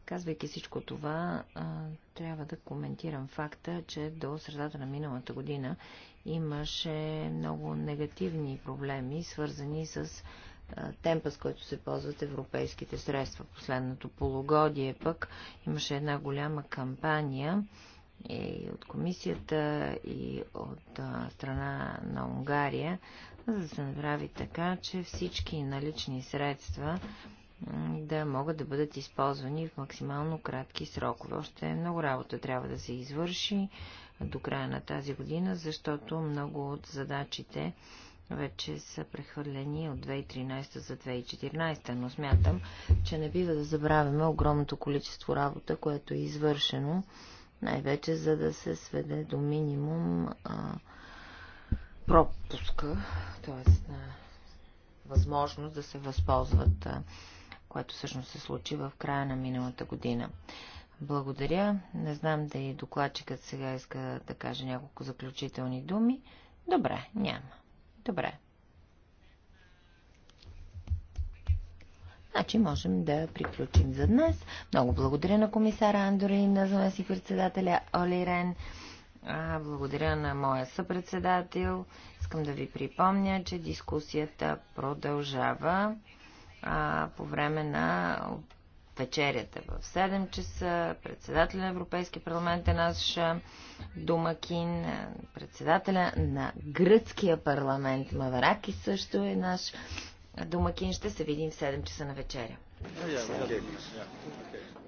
Казвайки всичко това, трябва да коментирам факта, че до средата на миналата година имаше много негативни проблеми, свързани с темпа, с който се ползват европейските средства. Последното полугодие пък имаше една голяма кампания и от комисията, и от страна на Унгария за да се направи така, че всички налични средства да могат да бъдат използвани в максимално кратки срокове. Още много работа трябва да се извърши до края на тази година, защото много от задачите вече са прехвърлени от 2013 за 2014, но смятам, че не бива да забравяме огромното количество работа, което е извършено, най-вече за да се сведе до минимум а, пропуска, т.е. на възможност да се възползват, което всъщност се случи в края на миналата година. Благодаря. Не знам да и докладчикът сега иска да каже няколко заключителни думи. Добре, няма. Добре. Значи можем да приключим за днес. Много благодаря на комисара Андорин, на заместник председателя Оли Рен. А, благодаря на моя съпредседател. Искам да ви припомня, че дискусията продължава а, по време на вечерята в 7 часа. председател на Европейския парламент е наш домакин. Председателя на Гръцкия парламент Мавараки също е наш домакин. Ще се видим в 7 часа на вечеря. Yeah, yeah, yeah.
Okay.